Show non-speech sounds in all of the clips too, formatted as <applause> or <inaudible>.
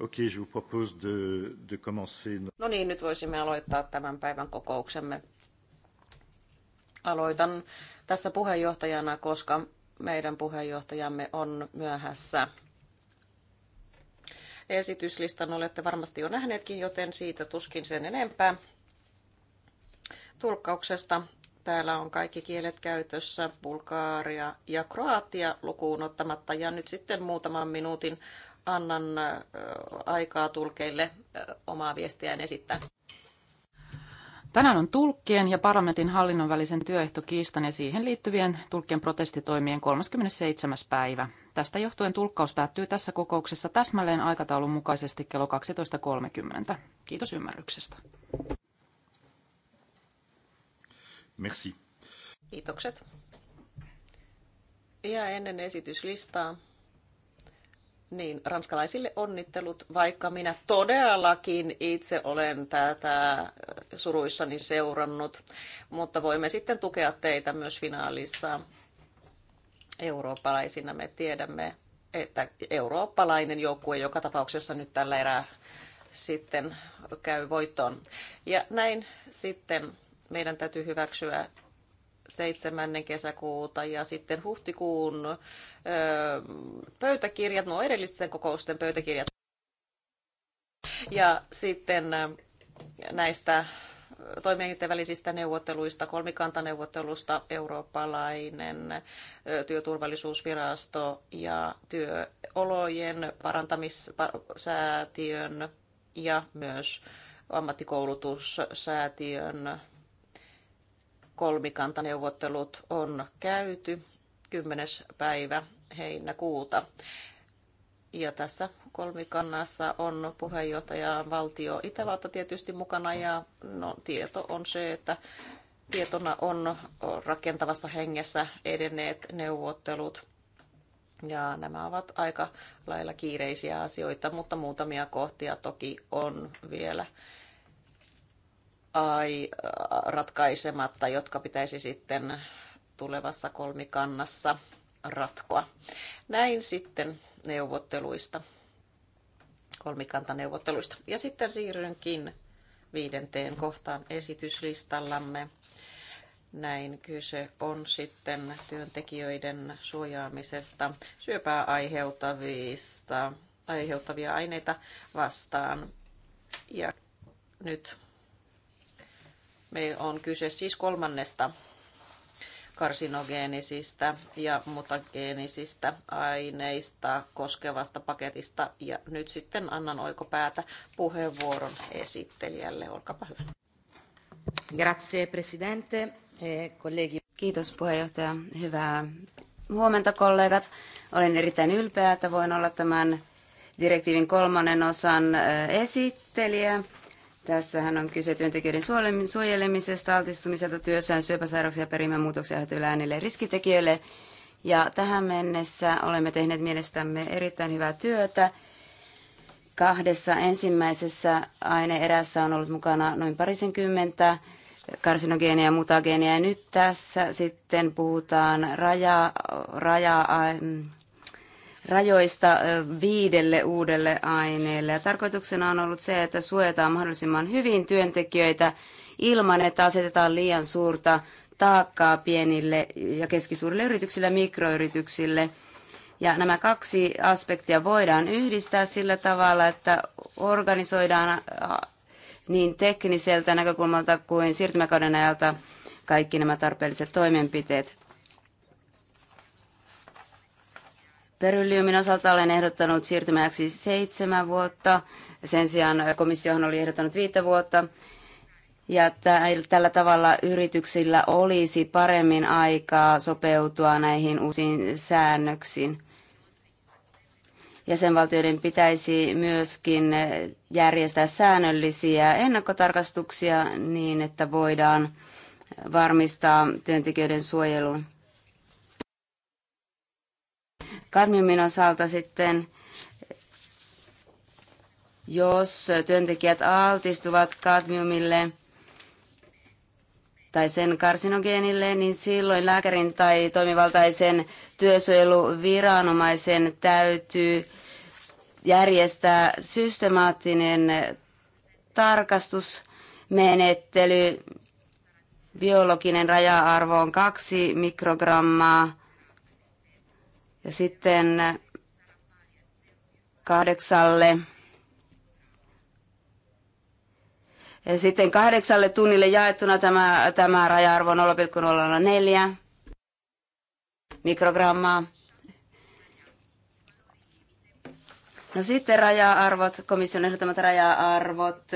okay, je vous propose de, de commencer. No niin, nyt voisimme aloittaa tämän päivän kokouksemme. Aloitan tässä puheenjohtajana, koska meidän puheenjohtajamme on myöhässä. Esityslistan olette varmasti jo nähneetkin, joten siitä tuskin sen enempää. Tulkkauksesta täällä on kaikki kielet käytössä, Bulgaaria ja Kroatia lukuun ottamatta. Ja nyt sitten muutaman minuutin annan aikaa tulkeille omaa viestiään esittää. Tänään on tulkkien ja parlamentin hallinnon välisen työehtokiistan ja siihen liittyvien tulkkien protestitoimien 37. päivä. Tästä johtuen tulkkaus päättyy tässä kokouksessa täsmälleen aikataulun mukaisesti kello 12.30. Kiitos ymmärryksestä. Merci. Kiitokset. Ja ennen esityslistaa niin, ranskalaisille onnittelut, vaikka minä todellakin itse olen tätä suruissani seurannut, mutta voimme sitten tukea teitä myös finaalissa. Eurooppalaisina me tiedämme, että eurooppalainen joukkue joka tapauksessa nyt tällä erää sitten käy voittoon. Ja näin sitten meidän täytyy hyväksyä 7. kesäkuuta ja sitten huhtikuun pöytäkirjat, nuo edellisten kokousten pöytäkirjat. Ja sitten näistä toimijoiden välisistä neuvotteluista, kolmikantaneuvottelusta eurooppalainen työturvallisuusvirasto ja työolojen parantamissäätiön ja myös ammattikoulutussäätiön kolmikantaneuvottelut on käyty 10. päivä heinäkuuta. Ja tässä kolmikannassa on puheenjohtaja valtio Itävalta tietysti mukana ja no, tieto on se, että tietona on rakentavassa hengessä edenneet neuvottelut. Ja nämä ovat aika lailla kiireisiä asioita, mutta muutamia kohtia toki on vielä ai, äh, ratkaisematta, jotka pitäisi sitten tulevassa kolmikannassa ratkoa. Näin sitten neuvotteluista, kolmikantaneuvotteluista. Ja sitten siirrynkin viidenteen kohtaan esityslistallamme. Näin kyse on sitten työntekijöiden suojaamisesta syöpää aiheuttavista, aiheuttavia aineita vastaan. Ja nyt me on kyse siis kolmannesta karsinogeenisistä ja mutageenisistä aineista koskevasta paketista. Ja nyt sitten annan oikopäätä puheenvuoron esittelijälle. Olkaapa hyvä. Grazie, presidente. Eh, kollegi. Kiitos puheenjohtaja. Hyvää huomenta kollegat. Olen erittäin ylpeä, että voin olla tämän direktiivin kolmannen osan eh, esittelijä. Tässähän on kyse työntekijöiden suojelemisesta, altistumiselta työssään, syöpäsairauksia ja perimänmuutoksia aiheutuville äänille riskitekijöille. Ja tähän mennessä olemme tehneet mielestämme erittäin hyvää työtä. Kahdessa ensimmäisessä aineerässä on ollut mukana noin parisenkymmentä karsinogeenia ja mutageenia. Ja nyt tässä sitten puhutaan raja, raja rajoista viidelle uudelle aineelle. Ja tarkoituksena on ollut se, että suojataan mahdollisimman hyvin työntekijöitä ilman, että asetetaan liian suurta taakkaa pienille ja keskisuurille yrityksille ja mikroyrityksille. Ja nämä kaksi aspektia voidaan yhdistää sillä tavalla, että organisoidaan niin tekniseltä näkökulmalta kuin siirtymäkauden ajalta kaikki nämä tarpeelliset toimenpiteet. Berylliumin osalta olen ehdottanut siirtymäksi seitsemän vuotta. Sen sijaan komissiohan oli ehdottanut viittä vuotta. Ja tällä tavalla yrityksillä olisi paremmin aikaa sopeutua näihin uusiin säännöksiin. Jäsenvaltioiden pitäisi myöskin järjestää säännöllisiä ennakkotarkastuksia niin, että voidaan varmistaa työntekijöiden suojelu. Kadmiumin osalta sitten, jos työntekijät altistuvat kadmiumille tai sen karsinogeenille, niin silloin lääkärin tai toimivaltaisen työsuojeluviranomaisen täytyy järjestää systemaattinen tarkastusmenettely. Biologinen raja-arvo on kaksi mikrogrammaa ja sitten kahdeksalle. Ja sitten kahdeksalle tunnille jaettuna tämä, tämä raja-arvo 0,004 mikrogrammaa. No sitten raja-arvot, komission ehdottamat raja-arvot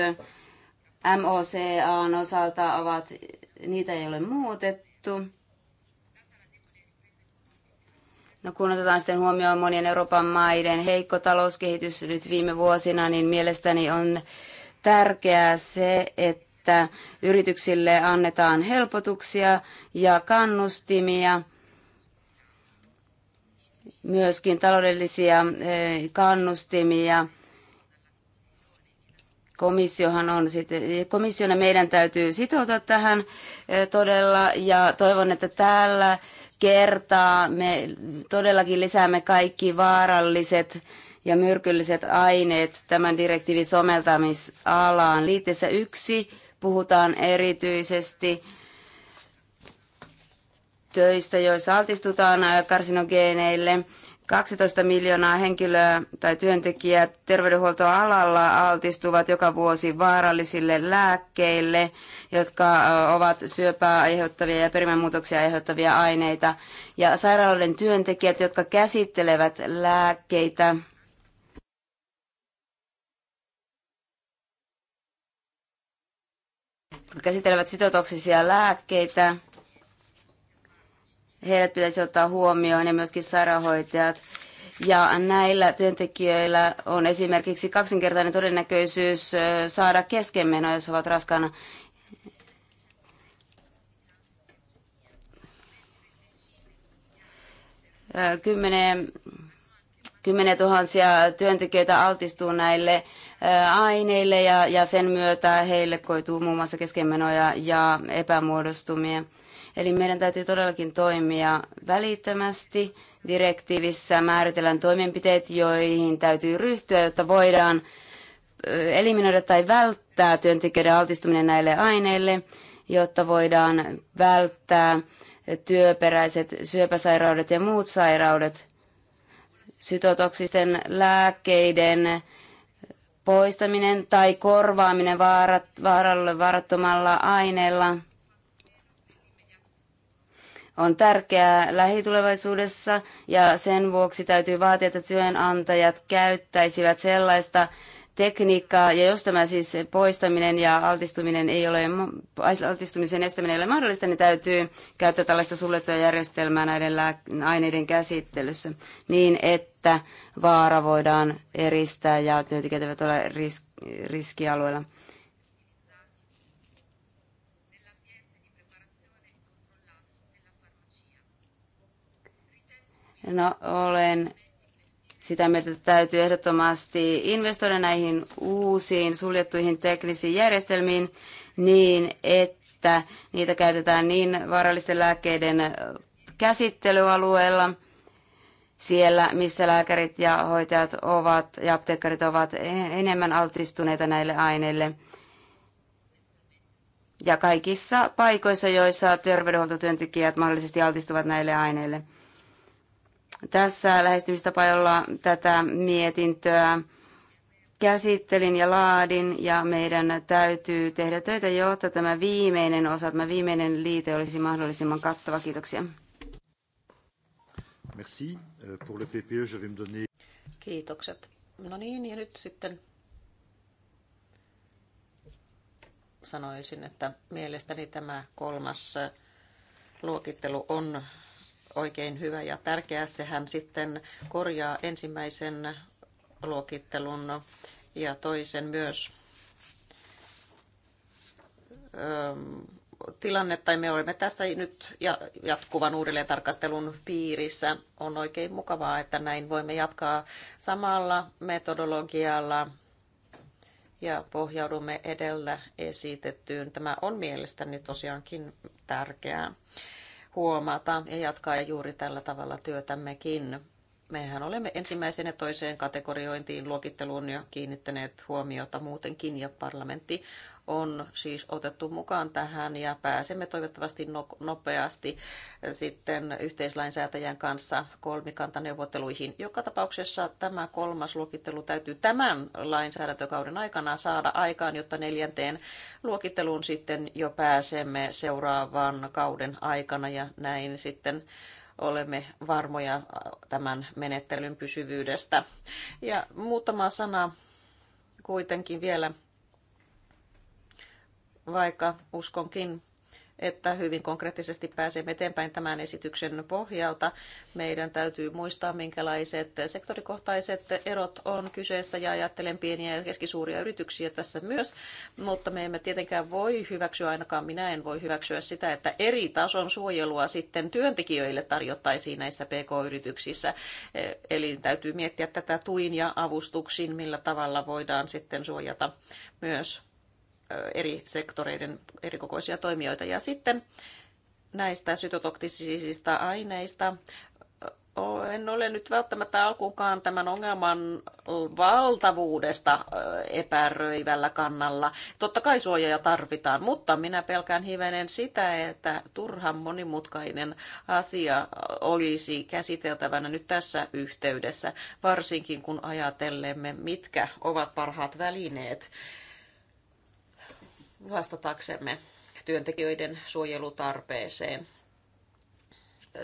MOCAn osalta ovat, niitä ei ole muutettu. No kun otetaan sitten huomioon monien Euroopan maiden heikko talouskehitys nyt viime vuosina, niin mielestäni on tärkeää se, että yrityksille annetaan helpotuksia ja kannustimia, myöskin taloudellisia eh, kannustimia. Komissiohan on sitten, komissiona meidän täytyy sitoutua tähän eh, todella ja toivon, että täällä kertaa me todellakin lisäämme kaikki vaaralliset ja myrkylliset aineet tämän direktiivin someltamisalaan. Liitteessä yksi puhutaan erityisesti töistä, joissa altistutaan karsinogeeneille 12 miljoonaa henkilöä tai työntekijää terveydenhuoltoalalla altistuvat joka vuosi vaarallisille lääkkeille, jotka ovat syöpää aiheuttavia ja perimänmuutoksia aiheuttavia aineita. Ja sairaaloiden työntekijät, jotka käsittelevät lääkkeitä, käsittelevät sitotoksisia lääkkeitä, heidät pitäisi ottaa huomioon ja myöskin sairaanhoitajat. Ja näillä työntekijöillä on esimerkiksi kaksinkertainen todennäköisyys saada keskenmenoa, jos ovat raskaana. Kymmenen, kymmenen tuhansia työntekijöitä altistuu näille aineille ja, ja sen myötä heille koituu muun muassa keskenmenoja ja epämuodostumia. Eli meidän täytyy todellakin toimia välittömästi. Direktiivissä määritellään toimenpiteet, joihin täytyy ryhtyä, jotta voidaan eliminoida tai välttää työntekijöiden altistuminen näille aineille, jotta voidaan välttää työperäiset syöpäsairaudet ja muut sairaudet, sytotoksisten lääkkeiden poistaminen tai korvaaminen vaarat, vaaralle vaarattomalla aineella – on tärkeää lähitulevaisuudessa ja sen vuoksi täytyy vaatia, että työnantajat käyttäisivät sellaista tekniikkaa, ja jos tämä siis poistaminen ja altistuminen ei ole, altistumisen estäminen ei ole mahdollista, niin täytyy käyttää tällaista suljettua järjestelmää näiden aineiden käsittelyssä niin, että vaara voidaan eristää ja työntekijät eivät ole risk- riskialueella. No, olen sitä mieltä, että täytyy ehdottomasti investoida näihin uusiin suljettuihin teknisiin järjestelmiin niin, että niitä käytetään niin vaarallisten lääkkeiden käsittelyalueella – siellä, missä lääkärit ja hoitajat ovat ja apteekkarit ovat enemmän altistuneita näille aineille. Ja kaikissa paikoissa, joissa terveydenhuoltotyöntekijät mahdollisesti altistuvat näille aineille tässä lähestymistapa, jolla tätä mietintöä käsittelin ja laadin ja meidän täytyy tehdä töitä, jotta tämä viimeinen osa, tämä viimeinen liite olisi mahdollisimman kattava. Kiitoksia. Merci. Euh, pour le PPE, je vais me donner... Kiitokset. No niin, ja nyt sitten sanoisin, että mielestäni tämä kolmas luokittelu on oikein hyvä ja tärkeä. Sehän sitten korjaa ensimmäisen luokittelun ja toisen myös tilanne, tai me olemme tässä nyt jatkuvan uudelleen tarkastelun piirissä. On oikein mukavaa, että näin voimme jatkaa samalla metodologialla ja pohjaudumme edellä esitettyyn. Tämä on mielestäni tosiaankin tärkeää huomata ja jatkaa juuri tällä tavalla työtämmekin. Mehän olemme ensimmäisen ja toiseen kategoriointiin, luokitteluun jo kiinnittäneet huomiota muutenkin ja parlamentti on siis otettu mukaan tähän ja pääsemme toivottavasti nopeasti sitten yhteislainsäätäjän kanssa kolmikantaneuvotteluihin. Joka tapauksessa tämä kolmas luokittelu täytyy tämän lainsäädäntökauden aikana saada aikaan, jotta neljänteen luokitteluun sitten jo pääsemme seuraavan kauden aikana ja näin sitten olemme varmoja tämän menettelyn pysyvyydestä. Ja muutama sana kuitenkin vielä vaikka uskonkin, että hyvin konkreettisesti pääsemme eteenpäin tämän esityksen pohjalta. Meidän täytyy muistaa, minkälaiset sektorikohtaiset erot on kyseessä ja ajattelen pieniä ja keskisuuria yrityksiä tässä myös, mutta me emme tietenkään voi hyväksyä, ainakaan minä en voi hyväksyä sitä, että eri tason suojelua sitten työntekijöille tarjottaisiin näissä PK-yrityksissä. Eli täytyy miettiä tätä tuin ja avustuksin, millä tavalla voidaan sitten suojata myös eri sektoreiden erikokoisia toimijoita. Ja sitten näistä sytotoktisisista aineista en ole nyt välttämättä alkuunkaan tämän ongelman valtavuudesta epäröivällä kannalla. Totta kai suojaa tarvitaan, mutta minä pelkään hivenen sitä, että turhan monimutkainen asia olisi käsiteltävänä nyt tässä yhteydessä, varsinkin kun ajatellemme, mitkä ovat parhaat välineet vastataksemme työntekijöiden suojelutarpeeseen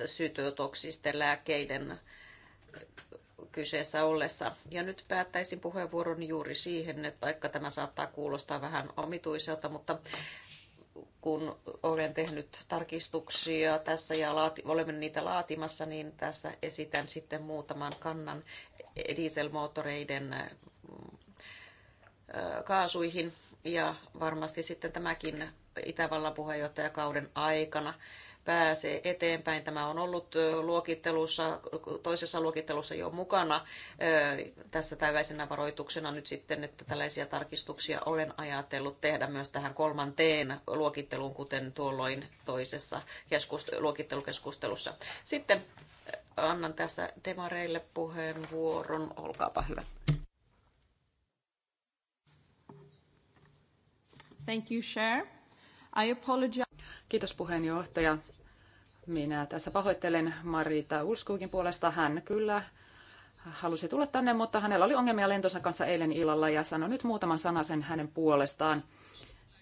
sytotoksisten lääkkeiden kyseessä ollessa. Ja nyt päättäisin puheenvuoron juuri siihen, että vaikka tämä saattaa kuulostaa vähän omituiselta, mutta kun olen tehnyt tarkistuksia tässä ja laati, olemme niitä laatimassa, niin tässä esitän sitten muutaman kannan dieselmoottoreiden kaasuihin ja varmasti sitten tämäkin Itävallan puheenjohtajakauden aikana pääsee eteenpäin. Tämä on ollut luokittelussa, toisessa luokittelussa jo mukana. Tässä täyväisenä varoituksena nyt sitten, että tällaisia tarkistuksia olen ajatellut tehdä myös tähän kolmanteen luokitteluun, kuten tuolloin toisessa luokittelukeskustelussa. Sitten annan tässä demareille puheenvuoron. Olkaapa hyvä. Thank you, Chair. I apologize. Kiitos puheenjohtaja. Minä tässä pahoittelen Marita Ulskuukin puolesta. Hän kyllä halusi tulla tänne, mutta hänellä oli ongelmia lentonsa kanssa eilen illalla ja sanoi nyt muutaman sanan sen hänen puolestaan.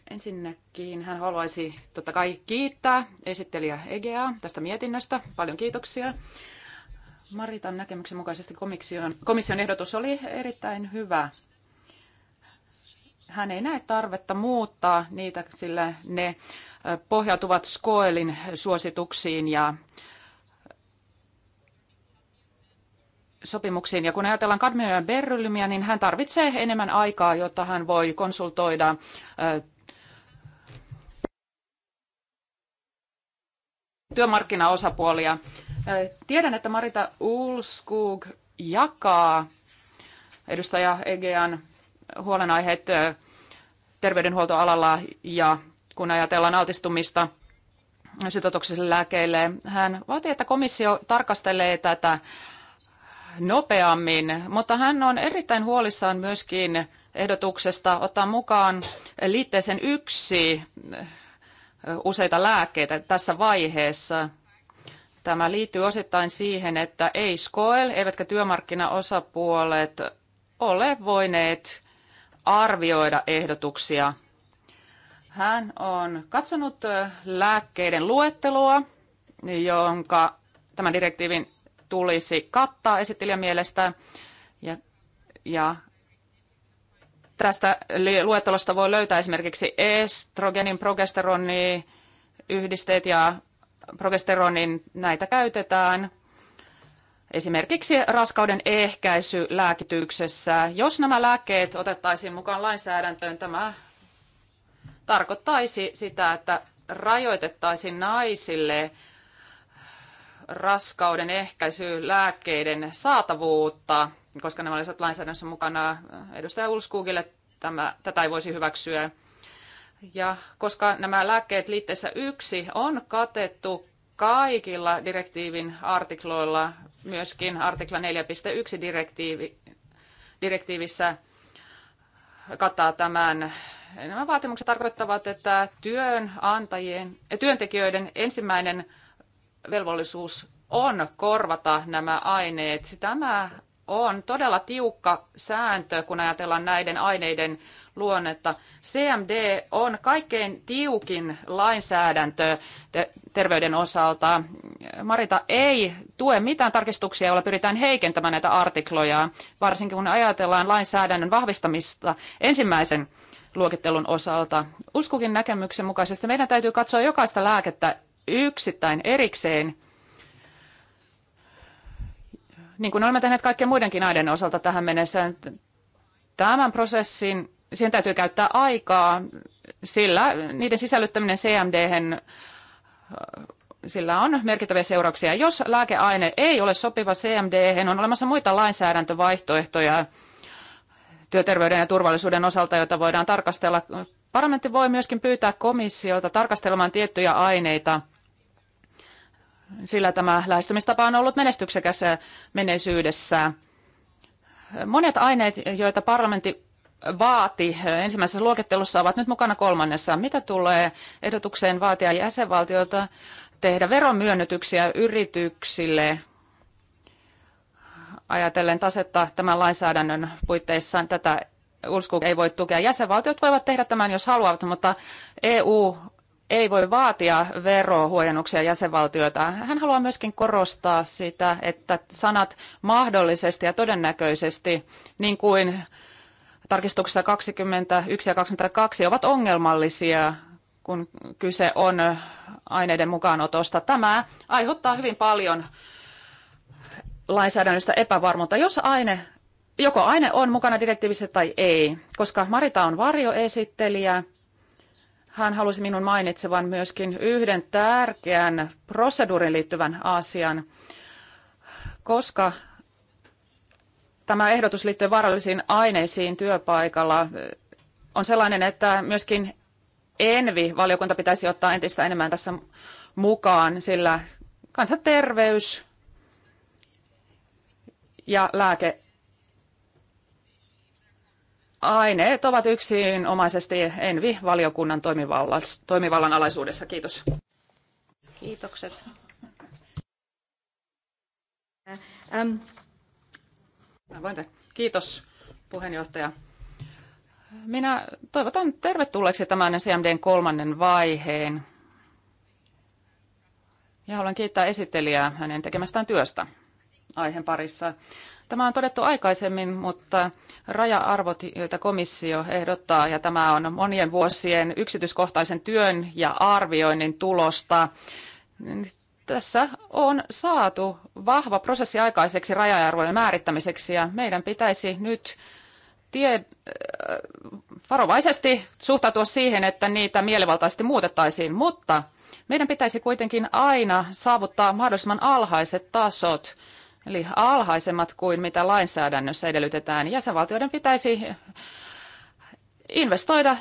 Ensinnäkin hän haluaisi totta kai kiittää esittelijä Egea tästä mietinnöstä. Paljon kiitoksia. Maritan näkemyksen mukaisesti komission, komission ehdotus oli erittäin hyvä hän ei näe tarvetta muuttaa niitä, sillä ne pohjautuvat Skoelin suosituksiin ja sopimuksiin. Ja kun ajatellaan kadmiumia ja berylliumia, niin hän tarvitsee enemmän aikaa, jotta hän voi konsultoida työmarkkinaosapuolia. Tiedän, että Marita Ulskug jakaa edustaja Egean huolenaiheet terveydenhuoltoalalla ja kun ajatellaan altistumista sytotoksisille lääkeille, hän vaatii, että komissio tarkastelee tätä nopeammin, mutta hän on erittäin huolissaan myöskin ehdotuksesta ottaa mukaan liitteeseen yksi useita lääkkeitä tässä vaiheessa. Tämä liittyy osittain siihen, että ei SCOEL eivätkä työmarkkinaosapuolet ole voineet arvioida ehdotuksia. Hän on katsonut lääkkeiden luetteloa, jonka tämän direktiivin tulisi kattaa esittelijän mielestä. Ja, ja tästä luettelosta voi löytää esimerkiksi estrogenin, progesteronin yhdisteet ja progesteronin näitä käytetään – esimerkiksi raskauden ehkäisy lääkityksessä. Jos nämä lääkkeet otettaisiin mukaan lainsäädäntöön, tämä tarkoittaisi sitä, että rajoitettaisiin naisille raskauden ehkäisylääkkeiden saatavuutta, koska nämä olisivat lainsäädännössä mukana. Edustaja Ulskugille tämä, tätä ei voisi hyväksyä. Ja koska nämä lääkkeet liitteessä yksi on katettu kaikilla direktiivin artikloilla myöskin artikla 4.1 direktiivi, direktiivissä kattaa tämän. Nämä vaatimukset tarkoittavat, että työnantajien ja eh, työntekijöiden ensimmäinen velvollisuus on korvata nämä aineet. Tämä on todella tiukka sääntö, kun ajatellaan näiden aineiden luonnetta. CMD on kaikkein tiukin lainsäädäntö terveyden osalta. Marita ei tue mitään tarkistuksia, joilla pyritään heikentämään näitä artikloja, varsinkin kun ajatellaan lainsäädännön vahvistamista ensimmäisen luokittelun osalta. Uskukin näkemyksen mukaisesti meidän täytyy katsoa jokaista lääkettä yksittäin erikseen – niin kuin olemme tehneet kaikkien muidenkin aiden osalta tähän mennessä, tämän prosessin, siihen täytyy käyttää aikaa, sillä niiden sisällyttäminen cmd äh, sillä on merkittäviä seurauksia. Jos lääkeaine ei ole sopiva cmd on olemassa muita lainsäädäntövaihtoehtoja työterveyden ja turvallisuuden osalta, joita voidaan tarkastella. Parlamentti voi myöskin pyytää komissiota tarkastelemaan tiettyjä aineita – sillä tämä lähestymistapa on ollut menestyksekäs menneisyydessä. Monet aineet, joita parlamentti vaati ensimmäisessä luokittelussa, ovat nyt mukana kolmannessa. Mitä tulee ehdotukseen vaatia jäsenvaltiota tehdä veronmyönnytyksiä yrityksille ajatellen tasetta tämän lainsäädännön puitteissa tätä ulsku ei voi tukea. Jäsenvaltiot voivat tehdä tämän, jos haluavat, mutta EU ei voi vaatia verohuojennuksia jäsenvaltioita. Hän haluaa myöskin korostaa sitä, että sanat mahdollisesti ja todennäköisesti, niin kuin tarkistuksessa 21 ja 22, ovat ongelmallisia, kun kyse on aineiden mukaanotosta. Tämä aiheuttaa hyvin paljon lainsäädännöstä epävarmuutta. Jos aine joko aine on mukana direktiivissä tai ei, koska Marita on varjoesittelijä, hän halusi minun mainitsevan myöskin yhden tärkeän proseduurin liittyvän asian, koska tämä ehdotus liittyen vaarallisiin aineisiin työpaikalla on sellainen, että myöskin Envi-valiokunta pitäisi ottaa entistä enemmän tässä mukaan, sillä kansanterveys ja lääke aineet ovat yksinomaisesti Envi-valiokunnan toimivallan, alaisuudessa. Kiitos. Kiitokset. Ähm. Kiitos puheenjohtaja. Minä toivotan tervetulleeksi tämän CMDn kolmannen vaiheen. Ja haluan kiittää esittelijää hänen tekemästään työstä aiheen parissa. Tämä on todettu aikaisemmin, mutta raja-arvot, joita komissio ehdottaa, ja tämä on monien vuosien yksityiskohtaisen työn ja arvioinnin tulosta, tässä on saatu vahva prosessi aikaiseksi raja-arvojen määrittämiseksi, ja meidän pitäisi nyt tie, varovaisesti suhtautua siihen, että niitä mielivaltaisesti muutettaisiin, mutta meidän pitäisi kuitenkin aina saavuttaa mahdollisimman alhaiset tasot eli alhaisemmat kuin mitä lainsäädännössä edellytetään. Jäsenvaltioiden pitäisi investoida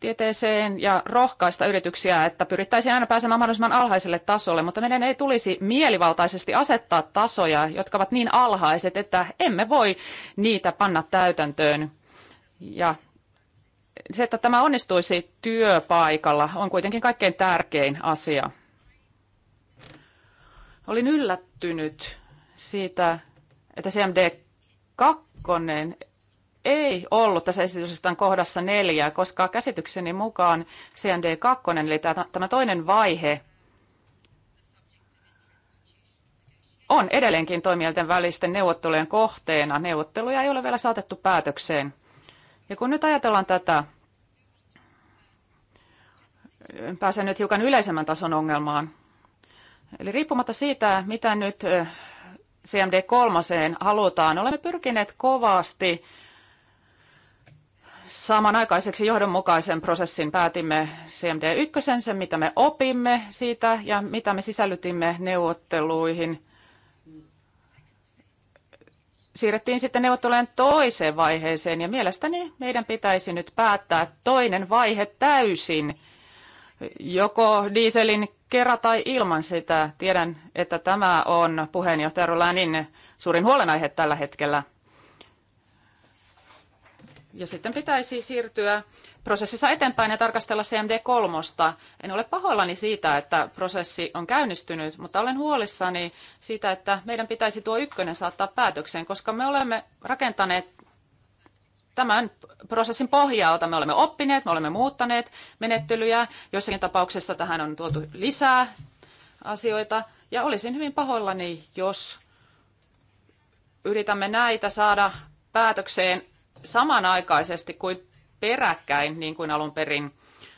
tieteeseen ja rohkaista yrityksiä, että pyrittäisiin aina pääsemään mahdollisimman alhaiselle tasolle, mutta meidän ei tulisi mielivaltaisesti asettaa tasoja, jotka ovat niin alhaiset, että emme voi niitä panna täytäntöön. Ja se, että tämä onnistuisi työpaikalla, on kuitenkin kaikkein tärkein asia. Olin yllättynyt siitä, että CMD2 ei ollut tässä esityksessä kohdassa neljä, koska käsitykseni mukaan CMD2, eli tämä toinen vaihe, on edelleenkin toimijoiden välisten neuvottelujen kohteena. Neuvotteluja ei ole vielä saatettu päätökseen. Ja kun nyt ajatellaan tätä, pääsen nyt hiukan yleisemmän tason ongelmaan. Eli riippumatta siitä, mitä nyt CMD3 halutaan. Olemme pyrkineet kovasti samanaikaiseksi johdonmukaisen prosessin päätimme CMD1, sen mitä me opimme siitä ja mitä me sisällytimme neuvotteluihin. Siirrettiin sitten neuvottelujen toiseen vaiheeseen ja mielestäni meidän pitäisi nyt päättää toinen vaihe täysin. Joko dieselin kera tai ilman sitä. Tiedän, että tämä on puheenjohtaja Rolanin suurin huolenaihe tällä hetkellä. Ja sitten pitäisi siirtyä prosessissa eteenpäin ja tarkastella CMD3. En ole pahoillani siitä, että prosessi on käynnistynyt, mutta olen huolissani siitä, että meidän pitäisi tuo ykkönen saattaa päätökseen, koska me olemme rakentaneet tämän prosessin pohjalta me olemme oppineet, me olemme muuttaneet menettelyjä. Joissakin tapauksessa tähän on tuotu lisää asioita. Ja olisin hyvin pahoillani, jos yritämme näitä saada päätökseen samanaikaisesti kuin peräkkäin, niin kuin alun perin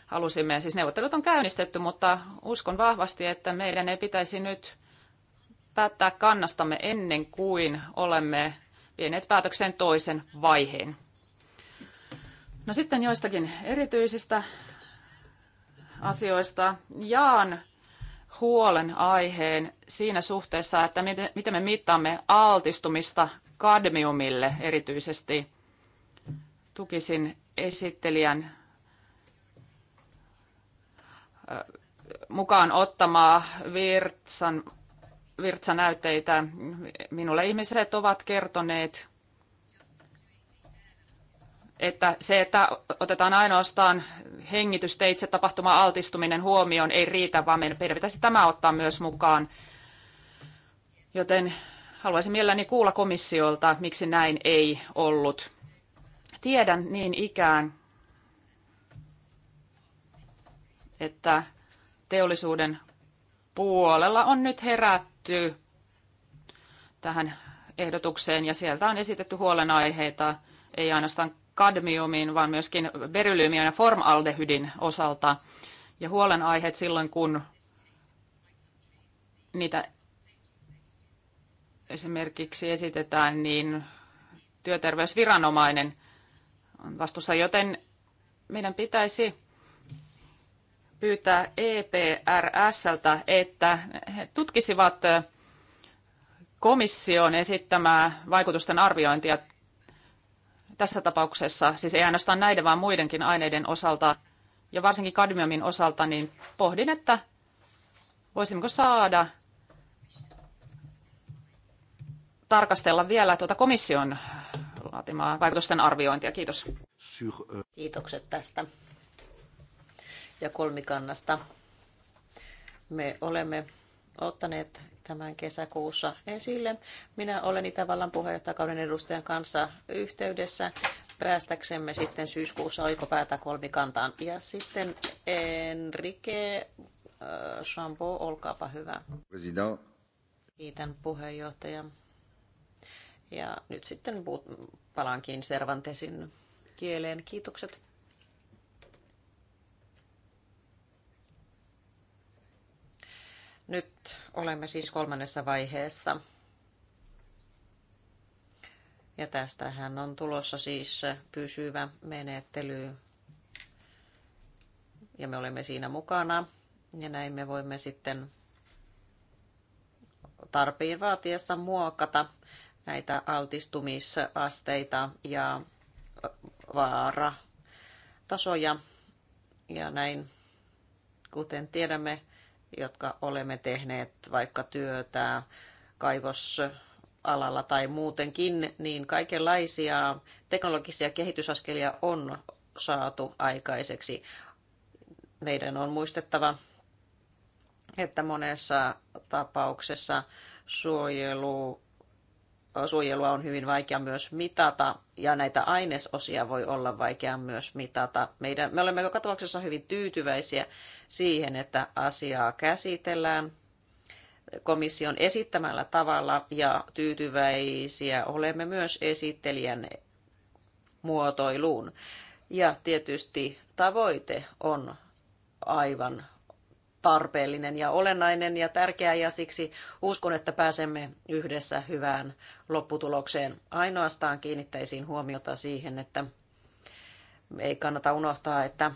halusimme. Siis neuvottelut on käynnistetty, mutta uskon vahvasti, että meidän ei pitäisi nyt päättää kannastamme ennen kuin olemme vieneet päätökseen toisen vaiheen. No sitten joistakin erityisistä asioista. Jaan huolen aiheen siinä suhteessa, että miten me mittaamme altistumista kadmiumille erityisesti. Tukisin esittelijän mukaan ottamaa virtsan, virtsanäytteitä. Minulle ihmiset ovat kertoneet että se, että otetaan ainoastaan hengitysteitse tapahtuma altistuminen huomioon, ei riitä, vaan meidän pitäisi tämä ottaa myös mukaan. Joten haluaisin mielelläni kuulla komissiolta, miksi näin ei ollut. Tiedän niin ikään, että teollisuuden puolella on nyt herätty tähän ehdotukseen ja sieltä on esitetty huolenaiheita ei ainoastaan kadmiumin, vaan myöskin berylyymion ja formaldehydin osalta. Ja huolenaiheet silloin, kun niitä esimerkiksi esitetään, niin työterveysviranomainen on vastuussa, joten meidän pitäisi pyytää EPRSltä, että he tutkisivat komission esittämää vaikutusten arviointia tässä tapauksessa, siis ei ainoastaan näiden, vaan muidenkin aineiden osalta, ja varsinkin kadmiumin osalta, niin pohdin, että voisimmeko saada tarkastella vielä tuota komission laatimaa vaikutusten arviointia. Kiitos. Kiitokset tästä ja kolmikannasta. Me olemme ottaneet tämän kesäkuussa esille. Minä olen Itävallan puheenjohtajakauden edustajan kanssa yhteydessä päästäksemme sitten syyskuussa oikopäätä kolmikantaan. Ja sitten Enrique Sampo äh, olkaapa hyvä. President. Kiitän puheenjohtaja. Ja nyt sitten palaankin Servantesin kieleen. Kiitokset Nyt olemme siis kolmannessa vaiheessa. Ja tästähän on tulossa siis pysyvä menettely. Ja me olemme siinä mukana. Ja näin me voimme sitten tarpeen vaatiessa muokata näitä altistumisasteita ja vaaratasoja. Ja näin, kuten tiedämme, jotka olemme tehneet vaikka työtä kaivosalalla tai muutenkin, niin kaikenlaisia teknologisia kehitysaskelia on saatu aikaiseksi. Meidän on muistettava, että monessa tapauksessa suojelu suojelua on hyvin vaikea myös mitata ja näitä ainesosia voi olla vaikea myös mitata. Meidän, me olemme joka tapauksessa hyvin tyytyväisiä siihen, että asiaa käsitellään komission esittämällä tavalla ja tyytyväisiä olemme myös esittelijän muotoiluun. Ja tietysti tavoite on aivan tarpeellinen ja olennainen ja tärkeä ja siksi uskon, että pääsemme yhdessä hyvään lopputulokseen. Ainoastaan kiinnittäisiin huomiota siihen, että ei kannata unohtaa, että äh,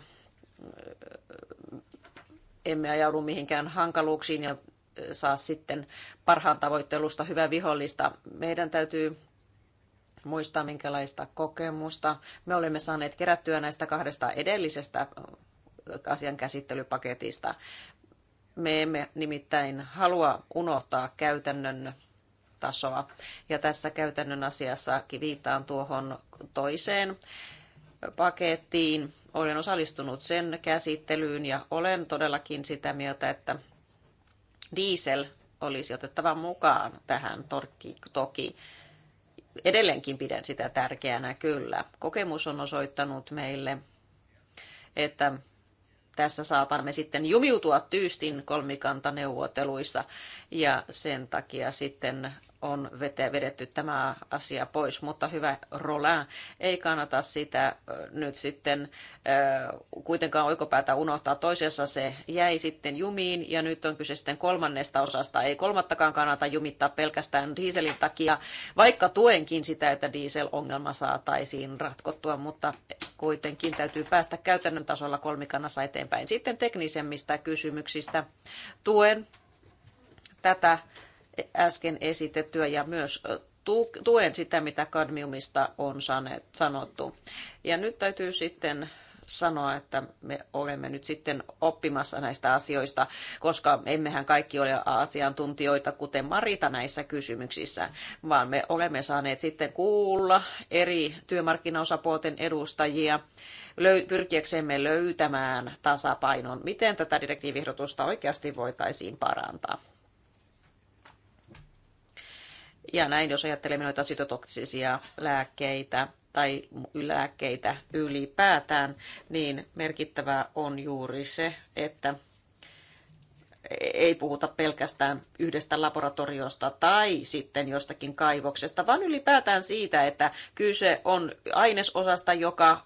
emme ajaudu mihinkään hankaluuksiin ja äh, saa sitten parhaan tavoittelusta hyvää vihollista. Meidän täytyy muistaa, minkälaista kokemusta me olemme saaneet kerättyä näistä kahdesta edellisestä äh, asian käsittelypaketista. Me emme nimittäin halua unohtaa käytännön tasoa. Ja tässä käytännön asiassa viittaan tuohon toiseen pakettiin. Olen osallistunut sen käsittelyyn ja olen todellakin sitä mieltä, että diesel olisi otettava mukaan tähän torki, toki. Edelleenkin pidän sitä tärkeänä kyllä. Kokemus on osoittanut meille, että tässä saatamme sitten jumiutua tyystin kolmikantaneuvotteluissa ja sen takia sitten on vedetty tämä asia pois, mutta hyvä Roland, ei kannata sitä nyt sitten kuitenkaan oikopäätä unohtaa. Toisessa se jäi sitten jumiin ja nyt on kyse sitten kolmannesta osasta. Ei kolmattakaan kannata jumittaa pelkästään dieselin takia, vaikka tuenkin sitä, että dieselongelma saataisiin ratkottua, mutta kuitenkin täytyy päästä käytännön tasolla kolmikannassa eteenpäin. Sitten teknisemmistä kysymyksistä tuen tätä äsken esitettyä ja myös tuen sitä, mitä kadmiumista on sanottu. Ja nyt täytyy sitten sanoa, että me olemme nyt sitten oppimassa näistä asioista, koska emmehän kaikki ole asiantuntijoita, kuten Marita näissä kysymyksissä, vaan me olemme saaneet sitten kuulla eri työmarkkinaosapuolten edustajia pyrkiäksemme löytämään tasapainon, miten tätä direktiivihdotusta oikeasti voitaisiin parantaa. Ja näin, jos ajattelemme noita sytotoksisia lääkkeitä tai lääkkeitä ylipäätään, niin merkittävää on juuri se, että ei puhuta pelkästään yhdestä laboratoriosta tai sitten jostakin kaivoksesta, vaan ylipäätään siitä, että kyse on ainesosasta, joka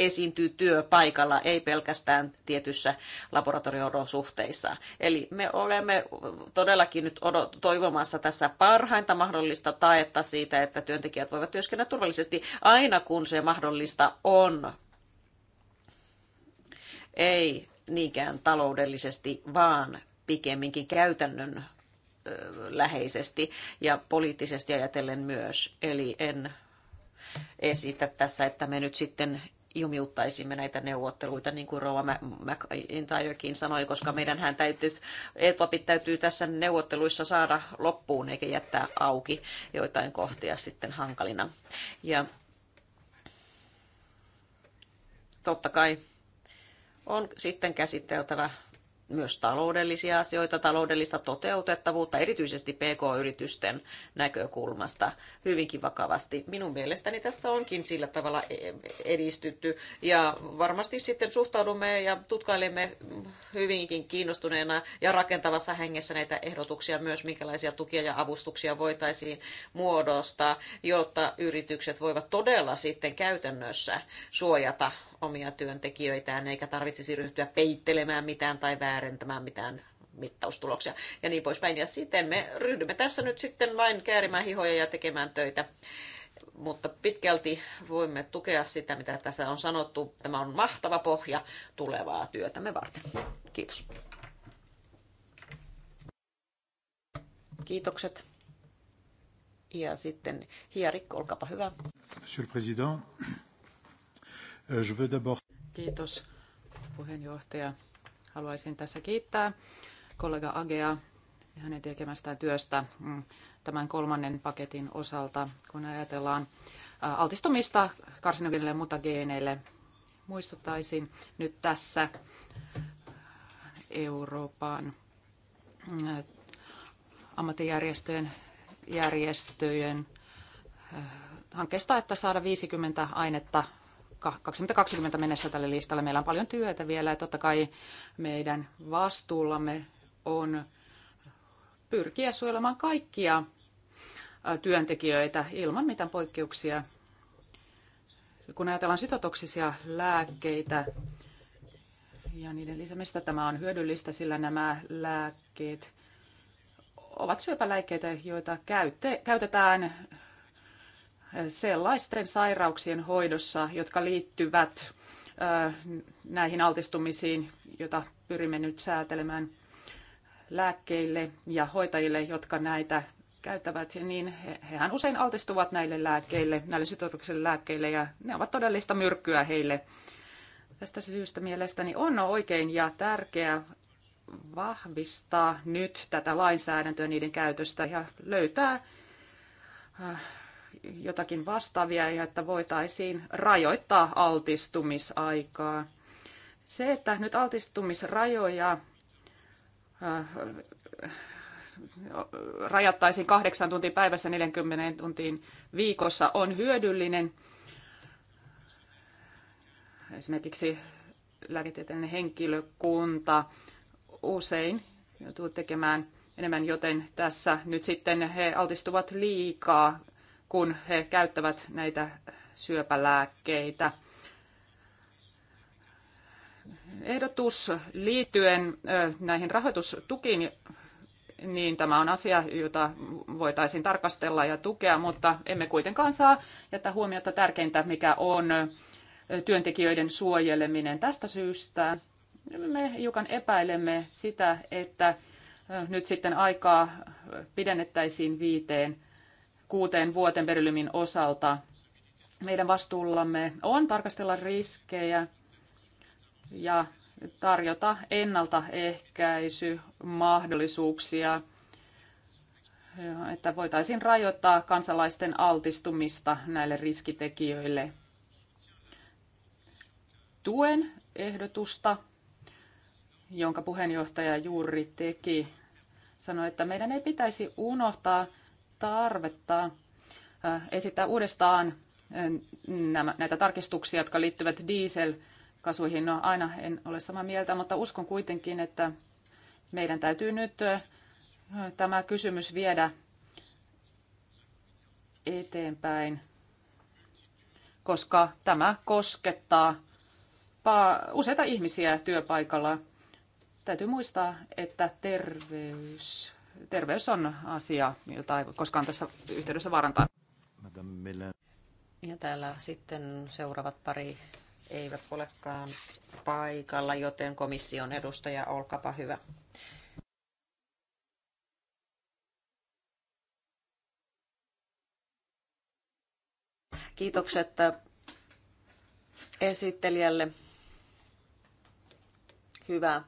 esiintyy työpaikalla, ei pelkästään tietyssä laboratoriosuhteissa. Eli me olemme todellakin nyt toivomassa tässä parhainta mahdollista taetta siitä, että työntekijät voivat työskennellä turvallisesti aina kun se mahdollista on. Ei niinkään taloudellisesti, vaan pikemminkin käytännön läheisesti ja poliittisesti ajatellen myös. Eli en esitä tässä, että me nyt sitten jumiuttaisimme näitä neuvotteluita, niin kuin Rova McIntyrekin sanoi, koska meidän hän täytyy, etopit täytyy tässä neuvotteluissa saada loppuun eikä jättää auki joitain kohtia sitten hankalina. Ja totta kai on sitten käsiteltävä myös taloudellisia asioita, taloudellista toteutettavuutta, erityisesti PK-yritysten näkökulmasta hyvinkin vakavasti. Minun mielestäni tässä onkin sillä tavalla e- edistytty ja varmasti sitten suhtaudumme ja tutkailemme hyvinkin kiinnostuneena ja rakentavassa hengessä näitä ehdotuksia myös, minkälaisia tukia ja avustuksia voitaisiin muodostaa, jotta yritykset voivat todella sitten käytännössä suojata omia työntekijöitään, eikä tarvitsisi ryhtyä peittelemään mitään tai väärentämään mitään mittaustuloksia ja niin poispäin. Ja sitten me ryhdymme tässä nyt sitten vain käärimään hihoja ja tekemään töitä. Mutta pitkälti voimme tukea sitä, mitä tässä on sanottu. Tämä on mahtava pohja tulevaa työtämme varten. Kiitos. Kiitokset. Ja sitten Hiarik olkaapa hyvä. Monsieur le Président, Je veux d'abord... Kiitos puheenjohtaja. Haluaisin tässä kiittää kollega Agea ja hänen tekemästään työstä mm, tämän kolmannen paketin osalta, kun ajatellaan altistumista karsinogeneille ja mutageeneille. Muistuttaisin nyt tässä Euroopan mm, ammattijärjestöjen järjestöjen hankkeesta, että saada 50 ainetta 2020 mennessä tälle listalle. Meillä on paljon työtä vielä ja totta kai meidän vastuullamme on pyrkiä suojelemaan kaikkia työntekijöitä ilman mitään poikkeuksia. Kun ajatellaan sitotoksisia lääkkeitä ja niiden lisämistä, tämä on hyödyllistä, sillä nämä lääkkeet ovat syöpälääkkeitä, joita käytetään sellaisten sairauksien hoidossa, jotka liittyvät näihin altistumisiin, joita pyrimme nyt säätelemään lääkkeille ja hoitajille, jotka näitä käyttävät, niin hehän usein altistuvat näille lääkkeille, näille sitoumuksille lääkkeille, ja ne ovat todellista myrkkyä heille. Tästä syystä mielestäni on oikein ja tärkeää vahvistaa nyt tätä lainsäädäntöä niiden käytöstä ja löytää jotakin vastaavia ja että voitaisiin rajoittaa altistumisaikaa. Se, että nyt altistumisrajoja äh, rajattaisiin kahdeksan tuntia päivässä 40 tuntiin viikossa, on hyödyllinen. Esimerkiksi lääketieteellinen henkilökunta usein joutuu tekemään enemmän, joten tässä nyt sitten he altistuvat liikaa kun he käyttävät näitä syöpälääkkeitä. Ehdotus liittyen näihin rahoitustukiin, niin tämä on asia, jota voitaisiin tarkastella ja tukea, mutta emme kuitenkaan saa jättää huomiota tärkeintä, mikä on työntekijöiden suojeleminen. Tästä syystä me hiukan epäilemme sitä, että nyt sitten aikaa pidennettäisiin viiteen kuuteen vuoteen Berylymin osalta. Meidän vastuullamme on tarkastella riskejä ja tarjota ennaltaehkäisymahdollisuuksia, että voitaisiin rajoittaa kansalaisten altistumista näille riskitekijöille. Tuen ehdotusta, jonka puheenjohtaja juuri teki, sanoi, että meidän ei pitäisi unohtaa tarvetta äh, esittää uudestaan äh, nämä, näitä tarkistuksia, jotka liittyvät dieselkasuihin. No aina en ole samaa mieltä, mutta uskon kuitenkin, että meidän täytyy nyt äh, tämä kysymys viedä eteenpäin, koska tämä koskettaa useita ihmisiä työpaikalla. Täytyy muistaa, että terveys terveys on asia, jota ei koskaan tässä yhteydessä vaarantaa. Ja täällä sitten seuraavat pari eivät olekaan paikalla, joten komission edustaja, olkapa hyvä. Kiitokset esittelijälle. Hyvä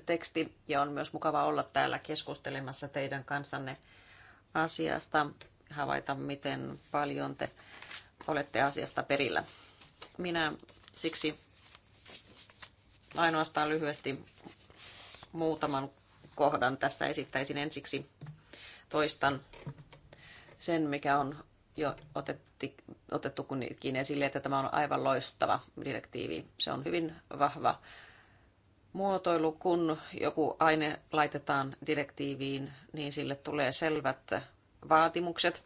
teksti ja on myös mukava olla täällä keskustelemassa teidän kanssanne asiasta, havaita miten paljon te olette asiasta perillä. Minä siksi ainoastaan lyhyesti muutaman kohdan tässä esittäisin ensiksi. Toistan sen, mikä on jo otetti, otettu kunnikin esille, että tämä on aivan loistava direktiivi. Se on hyvin vahva muotoilu, kun joku aine laitetaan direktiiviin, niin sille tulee selvät vaatimukset,